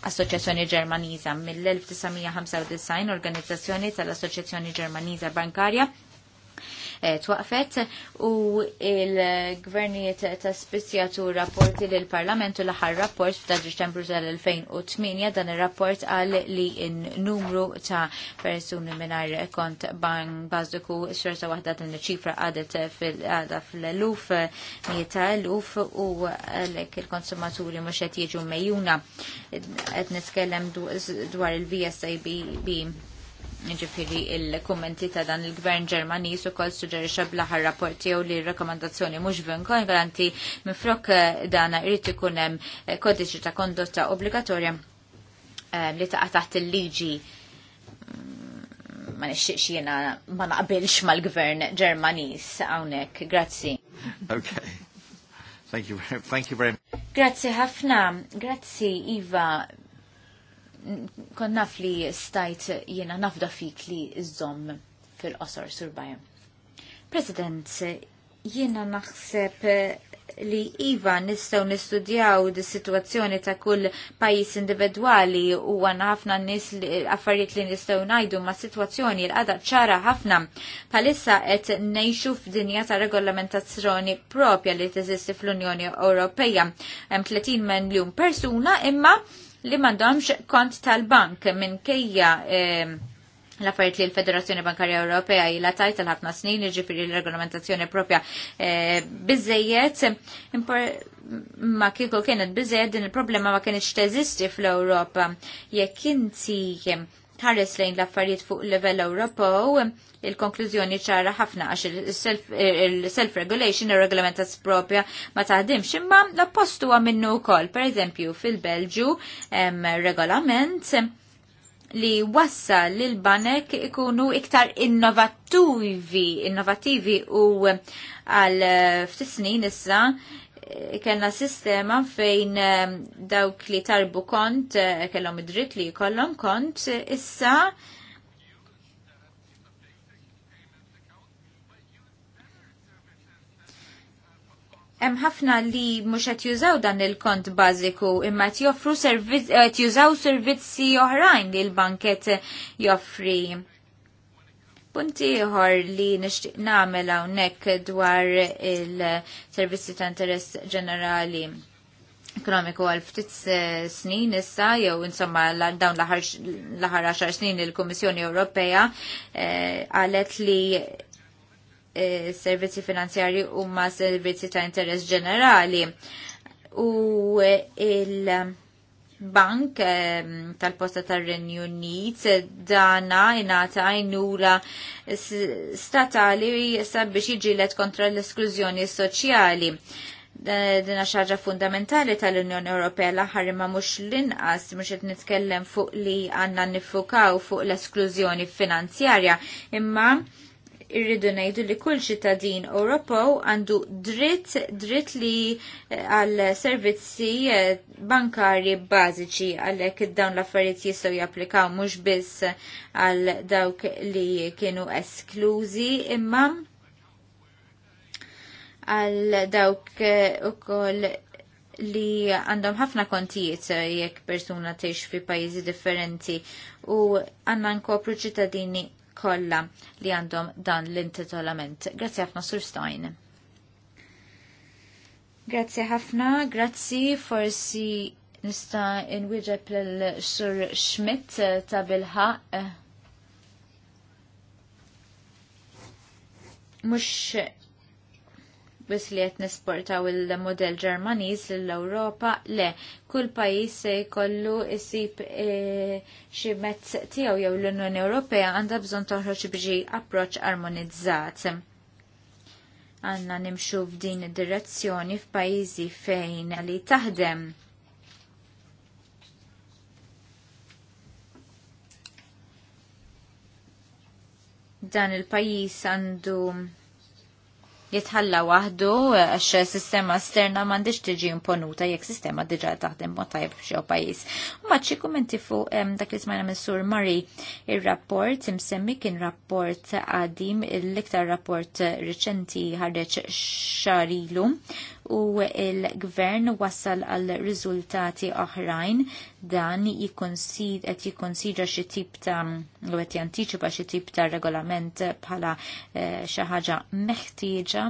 Assoċjazzjoni Ġermaniża mill-1995 l-organizzazzjoni tal-Assoċjazzjoni Ġermaniża Bankarja eh, twaqfet u il-gvernijiet ta' spizjatu rapporti l parlament u l-ħar rapport ta' ġeċembru tal-2008 dan il-rapport għal li n-numru ta' persuni minar kont bank s xorta wahda din ċifra għadet fil-għada fil-luf ta' luf u għalek il-konsumaturi muxet jieġu mejjuna għet niskellem dwar il-VSIB ġifiri il-kommenti ta' dan il-gvern ġermani su kol suġerxa blaħar rapporti u li rekomendazzjoni mux vinkon garanti minn frok eh, dana irrit ikunem eh, kodiċi ta' kondotta obbligatorja eh, li ta' taħt il-liġi mm, ma nixxiex jiena ma naqbilx mal-gvern ġermanis hawnhekk. Grazzi. Okay. Thank you, thank you very much. Grazzi ħafna, grazzi Iva kon naf li stajt jiena nafda fik li iżomm fil-qosor surbaja. President, jiena naħseb li Iva nistaw nistudjaw di situazzjoni ta' kull pajis individuali u għanna ħafna nis affarijiet li nistaw najdu ma' situazzjoni l għada ċara ħafna. Palissa et nejxu f'dinja ta' regolamentazzjoni propja li teżisti fl-Unjoni Ewropeja. Hemm 30 miljun persuna imma li mandomx kont tal-bank minn kejja ehm, l-affarijiet li l-Federazzjoni Bankarja Ewropea ilha tajt l ħafna snin, jiġifieri l-regolamentazzjoni propja eh, bizzejiet, ma kieku kienet bizzejiet din il-problema ma kienx teżisti fl-Ewropa. Jekk inti Ħares lejn l-affarijiet fuq level Ewropew, il-konklużjoni ċara ħafna għax il-self-regulation, il-reglamentas propja ma taħdimx, imma l-appostu minnu kol, per eżempju, fil-Belġu, regolament li wassa li l-banek ikunu iktar innovativi, innovativi u għal ftisnin issa kellna sistema fejn ehm, dawk li tarbu kont eh, kellhom id-dritt li jkollhom kont issa hemm ħafna li mhux qed jużaw dan il-kont bażiku imma qed joffru qed jużaw servizzi oħrajn li l bankett joffri. Punti ieħor li nixtieq nagħmel hawnhekk dwar il-servizzi ta' interess ġenerali ekonomiku għal ftit snin issa, jew insomma dawn l-aħħar 10 snin il-Kummissjoni Ewropea qalet eh, li eh, servizzi finanzjari huma servizzi ta' interess ġenerali u eh, il- bank eh, tal-posta tal-Renju Unit dana inata għajnula statali sabiex iġilet kontra l-esklużjoni soċjali. Dina xaġa fundamentali tal-Unjoni Ewropea l-aħħar ma mhux l-inqas mhux qed nitkellem fuq li għandna nifukaw fuq l-esklużjoni finanzjarja imma irridu ngħidu li kull ċittadin Ewropew għandu dritt dritt li eh, għal servizzi eh, bankarji bażiċi għalhekk dawn l-affarijiet jistgħu japplikaw mhux biss għal dawk li kienu esklużi imma għal dawk eh, ukoll li għandhom ħafna kontijiet jekk persuna teħx fi pajizi differenti u għanna nkopru ċittadini Kolla li għandhom dan l-intitolament. Grazzi ħafna Sur Stein. Grazzi ħafna, grazzi forsi nista inwiġeb l-Sur Schmidt eh, ta' bilħa. Eh. Mux biss li qed nesportaw il-modell Ġermaniż lill-Ewropa, le, kull pajjiż se jkollu isib e, xi mezz tiegħu jew l-Unjoni Ewropea għandha bżonn toħroġ biġi approċċ armonizzat. Għanna nimxu f'din id-direzzjoni f'pajjiżi fejn li taħdem. Dan il-pajjiż għandu jitħalla waħdu għax sistema sterna mandiġ tiġi imponuta jekk sistema diġa taħdem ma tajb f'xew pajjiż. Maċi kummenti fu dak li smajna minn Sur Mari ir-rapport imsemmi kien rapport għadim l-iktar rapport riċenti ħarreċ xarilu u il-gvern wassal għal riżultati oħrajn dan qed jikkonsidra xi tip ta' u qed jantiċipa xi tip ta' regolament bħala eh, xi ħaġa meħtieġa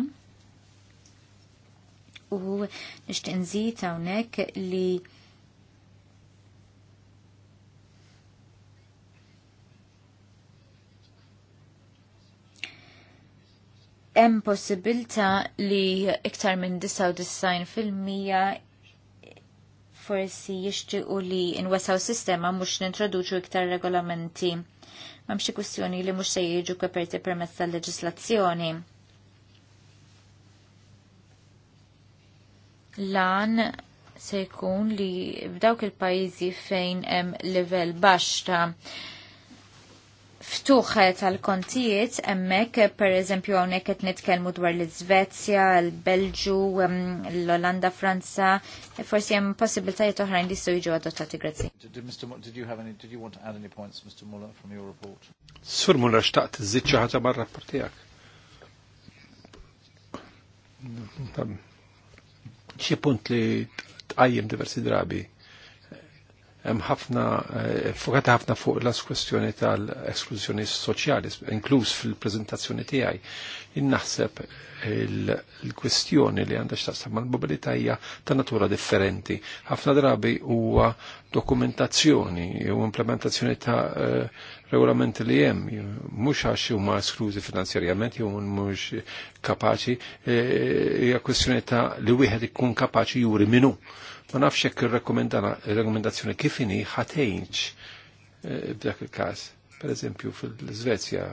u nixtieq nżid hawnhekk li hemm possibilità li iktar minn 99% fil-mija forsi jixtiequ li nwesaw sistema mhux nintroduċu iktar regolamenti. M'hemm xi kwistjoni li mhux se jiġu koperti permezz tal-leġislazzjoni. Lan se jkun li f'dawk il-pajjiżi fejn hemm livell baxx ta' ftuħ tal-kontijiet emmek, per eżempju, għonek et nitkelmu dwar l-Svezja, l-Belġu, l-Olanda, Franza, e forsi jem possibilitajiet oħrajn li jistaw jiġu adottati grazzi. Did you have any, did you want to add any points, Mr. Muller, from your report? Sur Muller, xtaqt, zitċa ħata barra partijak. Xie punt li tqajjem diversi drabi hemm ħafna eh, fokata ħafna fuq l kwestjoni tal-esklużjoni soċjali, inkluż fil-preżentazzjoni tiegħi. Innaħseb il-kwestjoni li għandha x'taqsam mal-mobilità hija ta' natura differenti. Ħafna drabi huwa dokumentazzjoni u implementazzjoni ta' eh, regolamenti li hemm mhux għax huma esklużi finanzjarjament jew mhux kapaċi eh, hija kwestjoni ta' li wieħed ikun kapaċi juri minu Ma nafx jekk ir-rekomendazzjoni kif inhi ħatejnx eh, b'dak il-każ. Per eżempju fil-Svezja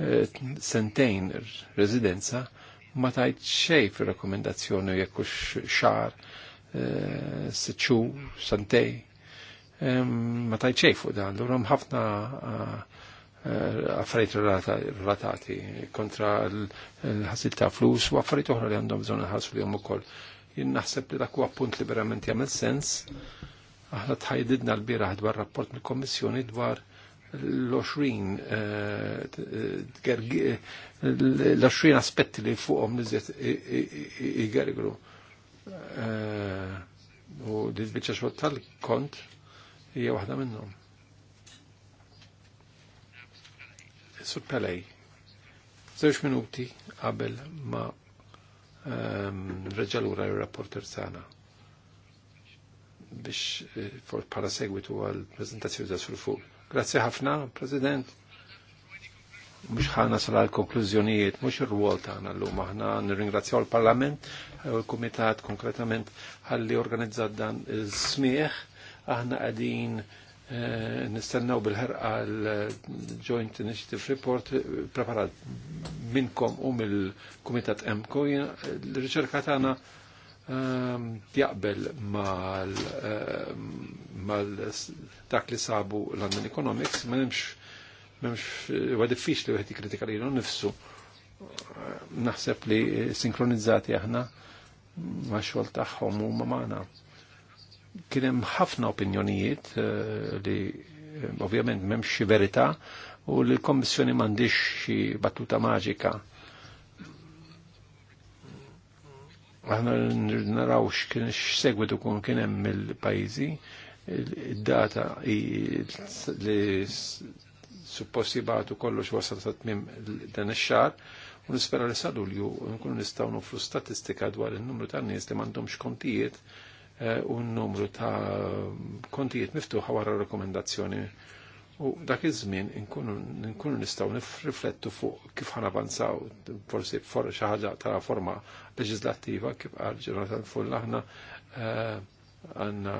eh, sentejn residenza ma tajt xej fil-rekomendazzjoni jekk xar eh, sitxu santej ma tajt xej fuq dan. Allura ħafna affarijiet relatati kontra l-ħasil ta' flus u affarijiet oħra li għandhom bżonn ħarsu li ukoll jien naħseb li dak huwa punt li verament jagħmel sens. Aħna tħajdidna l-bieraħ dwar rapport mill-Kommissjoni dwar l-20 eh, eh, eh, l-20 aspetti li fuqhom niżet igergru. U dil-biċċa xogħol tal-kont hija waħda minnhom. Sur Pelej, Zewġ minuti qabel ma' Ehm, reġalura il-rapporter sana biex eh, for para segwitu għal prezentazzjoni ta' sul-fuq. Grazie ħafna, President. Mux ħana sala l-konklużjonijiet, mux ir-rwol tagħna llum aħna nirringrazzjaw l-Parlament u l-Kumitat konkretament għalli organizzat dan il smieħ aħna għadin. Eh, nistennaw bil-ħerqa l-Joint Initiative Report preparat minnkom u mill-Kumitat EMCO. L-riċerka tagħna ehm, jaqbel ehm, mal dak li sabu London Economics, ma nemx memx huwa diffiċli wieħed jikkritika lilu nnifsu. Naħseb li sinkronizzati aħna ma' xogħol tagħhom huma magħna. Kien hemm ħafna opinjonijiet eh, li eh, ovvjament memx xi verità u li l-Kommissjoni m'għandix xi battuta maġika. Aħna naraw x'kien x'segwitu kun kien hemm mill-pajjiżi id-data li supposti batu kollox wasal sa tmim dan ix-xahar u nispera li sadulju nkunu nistgħu nofru statistika dwar in-numru tan nies li m'għandhomx kontijiet Eh, un numru ta' kontijiet miftuħa wara rekomendazzjoni U dak iż-żmien nkunu nistgħu nirriflettu fuq kif ħanavanzaw forsi for xi ħaġa ta' forma leġislattiva kif qal Jonathan Full aħna eh, għandna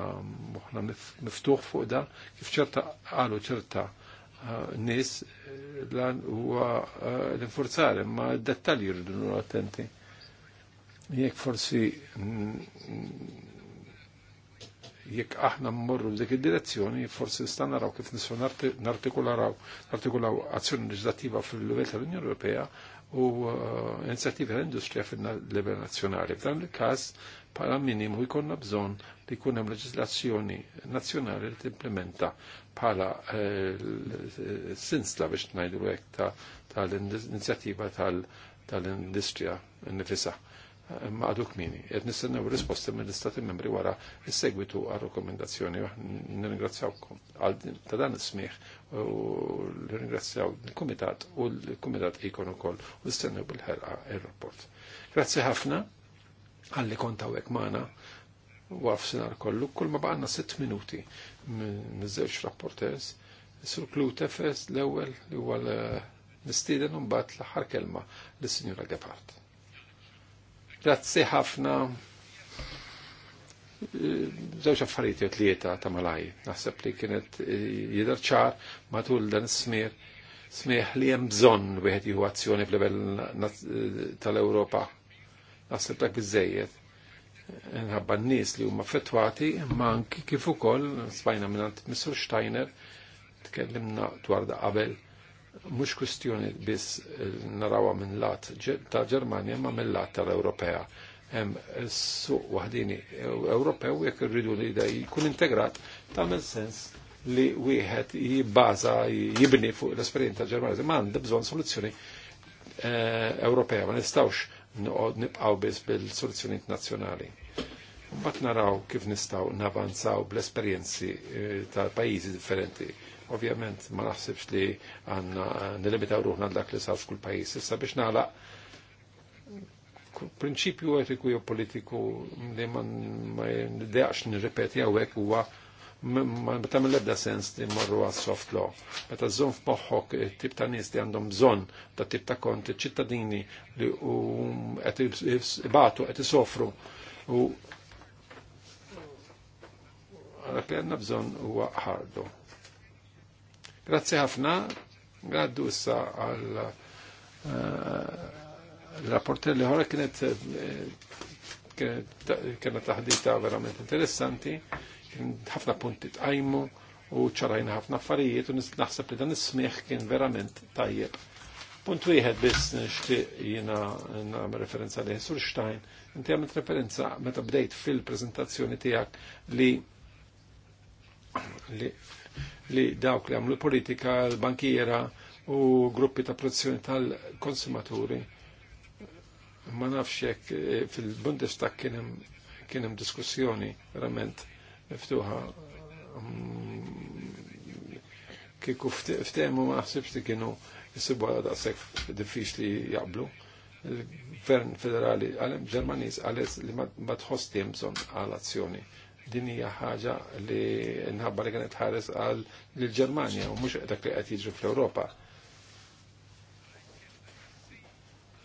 moħħna miftuħ fuq da kif ċerta qalu ċerta eh, nies lan huwa l-infurzar imma d-dettalji rridu attenti. Jekk forsi mm, jekk aħna mmorru l-dik id-direzzjoni, forsi nista naraw kif nartikularaw nartikulaw azzjoni leġislattiva fil-livell tal-Unjoni Ewropea u eh, inizjattivi tal-industrija fil-livell nazzjonali. F'dan il-każ bħala minimu jkollna bżonn li jkun hemm leġislazzjoni nazzjonali li timplementa bħala eh, sinsla biex ngħidu hekk tal-inizjattiva tal-industrija nifisha maqdu Mini. Ed nistennew risposti mill-Istati membri wara s-segwitu għal rekomendazzjoni Nirringrazzjawkom għal ta' dan is-smieħ u nirringrazzjaw il-Kumitat u l-Kumitat ikon ukoll u nistennew bil ħelqa il rapport Grazzi ħafna għalli kontaw hekk magħna waf sinar kollu, kull ma baqanna 6 minuti miż-żewġ rapporters, Sur Klute Tefes, l-ewwel li għal l un bat l-aħħar kelma lis signora Gephardt. Grazzi ħafna. Zewġ affarijiet jew tlieta ta' malaj. Naħseb li kienet jidher ċar matul dan is-smir smieħ li hemm bżonn wieħed jieħu azzjoni f'livell tal-Ewropa. Naħseb dak biżejjed. Nħabba n-nies li huma affettwati, imma anki kif ukoll smajna minn Mr. Steiner tkellimna dwar da qabel mux kustjoni bis eh, narawa minn lat ta' Ġermanja ma minn lat tal-Ewropea. Hemm eh, suq waħdini Ewropew jekk irridu li da jkun integrat ta' tagħmel sens li wieħed jibbaża jibni fuq l-esperjenza Ġermanja. Ma għandha bżonn soluzzjoni eh, Ewropea, ma nistgħux noqgħod nibqgħu biss bil soluzzjoni internazzjonali. Mbagħad naraw kif nistgħu navanzaw bl-esperjenzi ta' pajjiżi differenti Ovvjament ma naħsibx li għanna eh, nilimitaw ruħna dak li sar kull pajis. Issa biex nagħlaq prinċipju etiku jew politiku li ma ndeqx nirrepeti hawnhekk huwa ma tagħmel l-ebda sens li marru għas soft law. Meta żżomm f'moħħok tip ta' nies li għandhom bżonn ta' tip ta' konti ċittadini li qed ibatu qed isofru u għalhekk li għandna bżonn huwa ħardu. Grazie ħafna, għaddu issa għal eh, rapporter li ħora eh, kienet kena taħdita verament interessanti, ħafna punti tqajmu u ċarajna ħafna affarijiet u naħseb li dan is-smieħ kien verament tajjeb. Punt wieħed biss nixtieq jiena nagħmel referenza Sur Stein. inti għamilt referenza meta bdejt fil-preżentazzjoni tiegħek li li li dawk li għamlu politika, l-bankiera u gruppi ta' protezzjoni tal-konsumaturi. Ma nafx jekk eh, fil-Bundestag kien hemm diskussjoni verament miftuħa mm, kieku ftehmu ma naħsibx li kienu jisibu għada sekk diffiċ li jaqblu. Il-Gvern federali għal-Ġermaniż għalet li ma tħoss jemżon għal-azzjoni din hija ħaġa li nħabba li kienet ħares għal l-Ġermanja u mhux dak li qed jiġri fl-Ewropa.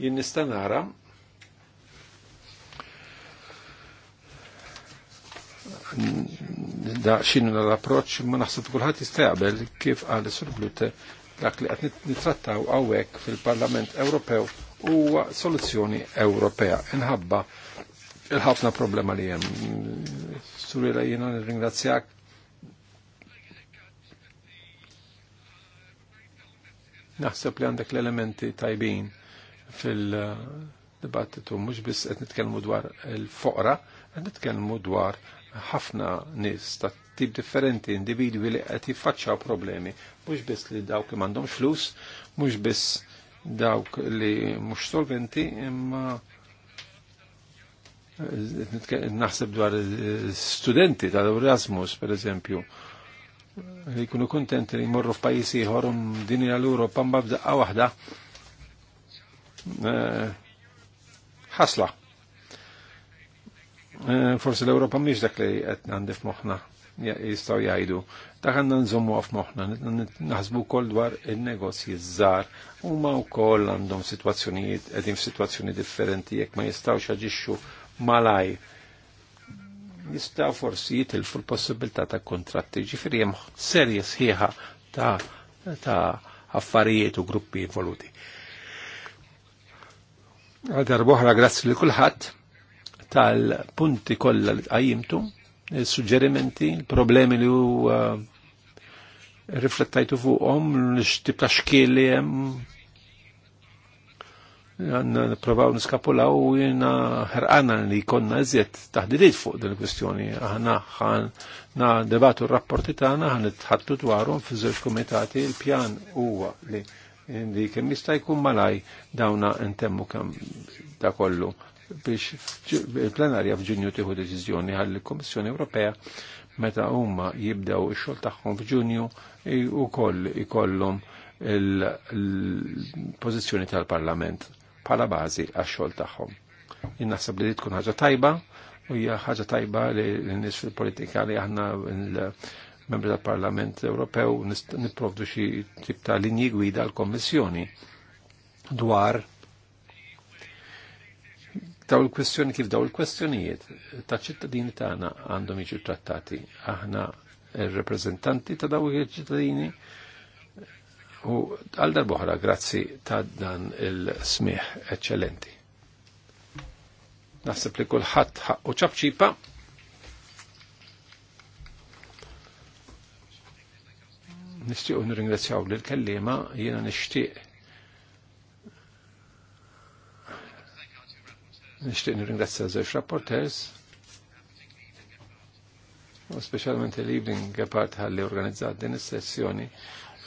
Jien nista' nara da xinu l-approċ ma naħseb kulħadd jista' jaqbel kif qal sur Blute dak li qed nittrattaw hawnhekk fil-Parlament Ewropew huwa soluzzjoni Ewropea inħabba il-ħafna problema li hemm. Surila jiena ringrazzjak. naħseb li għandek l-elementi tajbin fil-dibattitu, mux biss għed nitkelmu dwar il-foqra, għed nitkelmu dwar ħafna nis ta' tip differenti, individwi li għed jiffaċċaw problemi, mux biss li dawk li mandom flus, mux biss dawk li mux solventi, imma naħseb dwar eh, studenti tal-Erasmus, per eżempju, li kunu kontenti li morru f'pajisi ieħorhom um, din l-Ewropa mbagħad b'daqqa waħda eh, ħasla. Eh, forsi l-Ewropa mhix dak li qed għandi f'moħħna jistgħu jgħidu. Dak għandna nżommu f'moħħna, naħsbu wkoll dwar in-negozji żgħar huma wkoll għandhom sitwazzjonijiet qegħdin f'sitwazzjoni differenti jekk ma jistgħux aġixxu malaj. Jistaw forsi jitilfu l-possibilità ta' kontratti ġifiri jem serje sħiħa ta', ta affarijiet u gruppi involuti. Għadar boħra grazzi li kullħat tal-punti kollha li għajimtu, il-suġġerimenti, il-problemi li u eh, riflettajtu fuqhom, l ixtib ta' xkiel li hemm għanna niprofaw niskapulaw u jena ħerqana li konna eżiet taħdidiet fuq din il-kwestjoni. Aħna ħan na debatu r-rapporti tagħna ħan nitħattu dwarhom fi żewġ kumitati il-pjan huwa li li kemm jista' jkun malaj dawna intemmu kemm da kollu biex il-plenarja f'Ġunju tieħu deċiżjoni ħalli l-Kummissjoni Ewropea meta huma jibdew ix-xogħol tagħhom f'Ġunju ukoll ikollhom il-pożizzjoni tal-Parlament Pala bażi għax-xogħol tagħhom. naħseb li tkun ħaġa tajba u hija ħaġa tajba li l nies fil-politika li aħna membri tal-Parlament Ewropew nipprovdu xi tip ta' linji gwida l-Kommissjoni dwar daw il-kwestjoni kif daw il-kwestjonijiet ta' ċittadini tagħna għandhom jiġu trattati. Aħna ir-reprezentanti ta' daw il-ċittadini U għal darbohra, grazzi ta' dan il-smiħ eccellenti. Nasib li kullħat u ċabċipa. Nishtiq nirringrazzjaw li l-kellima, jena nishtiq Nishtiq nirringrazzja żewġ rapporters. U specialment l-evening għapart għalli organizzat din is-sessjoni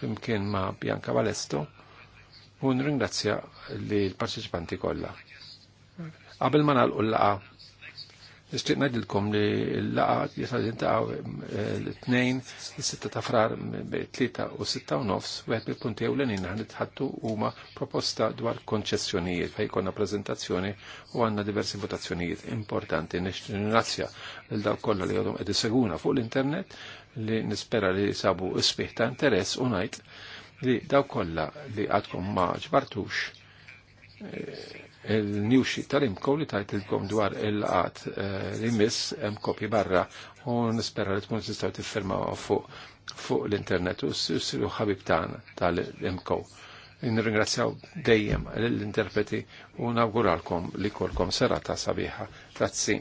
flimkien ma' Bianca Valesto u nringrazzja li l-parteċipanti kollha. Qabel ma nagħlqu l-laqa Nishtiq najdilkom li l-laqa jisadin ta' l-2, l-6 ta' frar, 3 u 6 u nofs, u għed bil-punti ewlenin l-enin huma u ma proposta dwar konċessjonijiet, fej konna prezentazzjoni u għanna diversi votazzjonijiet importanti. Nishtiq ringrazzja l dawk kollha li għadhom edi seguna fuq l-internet li nispera li sabu isbih ta' interess u li daw kolla li għadkom ma ġbartux il-newxi tal-imkom li tajt il-kom dwar il-għat li miss hemm kopji barra u nispera li tkun tistaw tiffermaw fuq fuq l-internet u s-siru ħabib tal imkow Nirringrazzjaw dejjem l-interpreti u nawguralkom li kolkom serata sabiħa. Grazzi.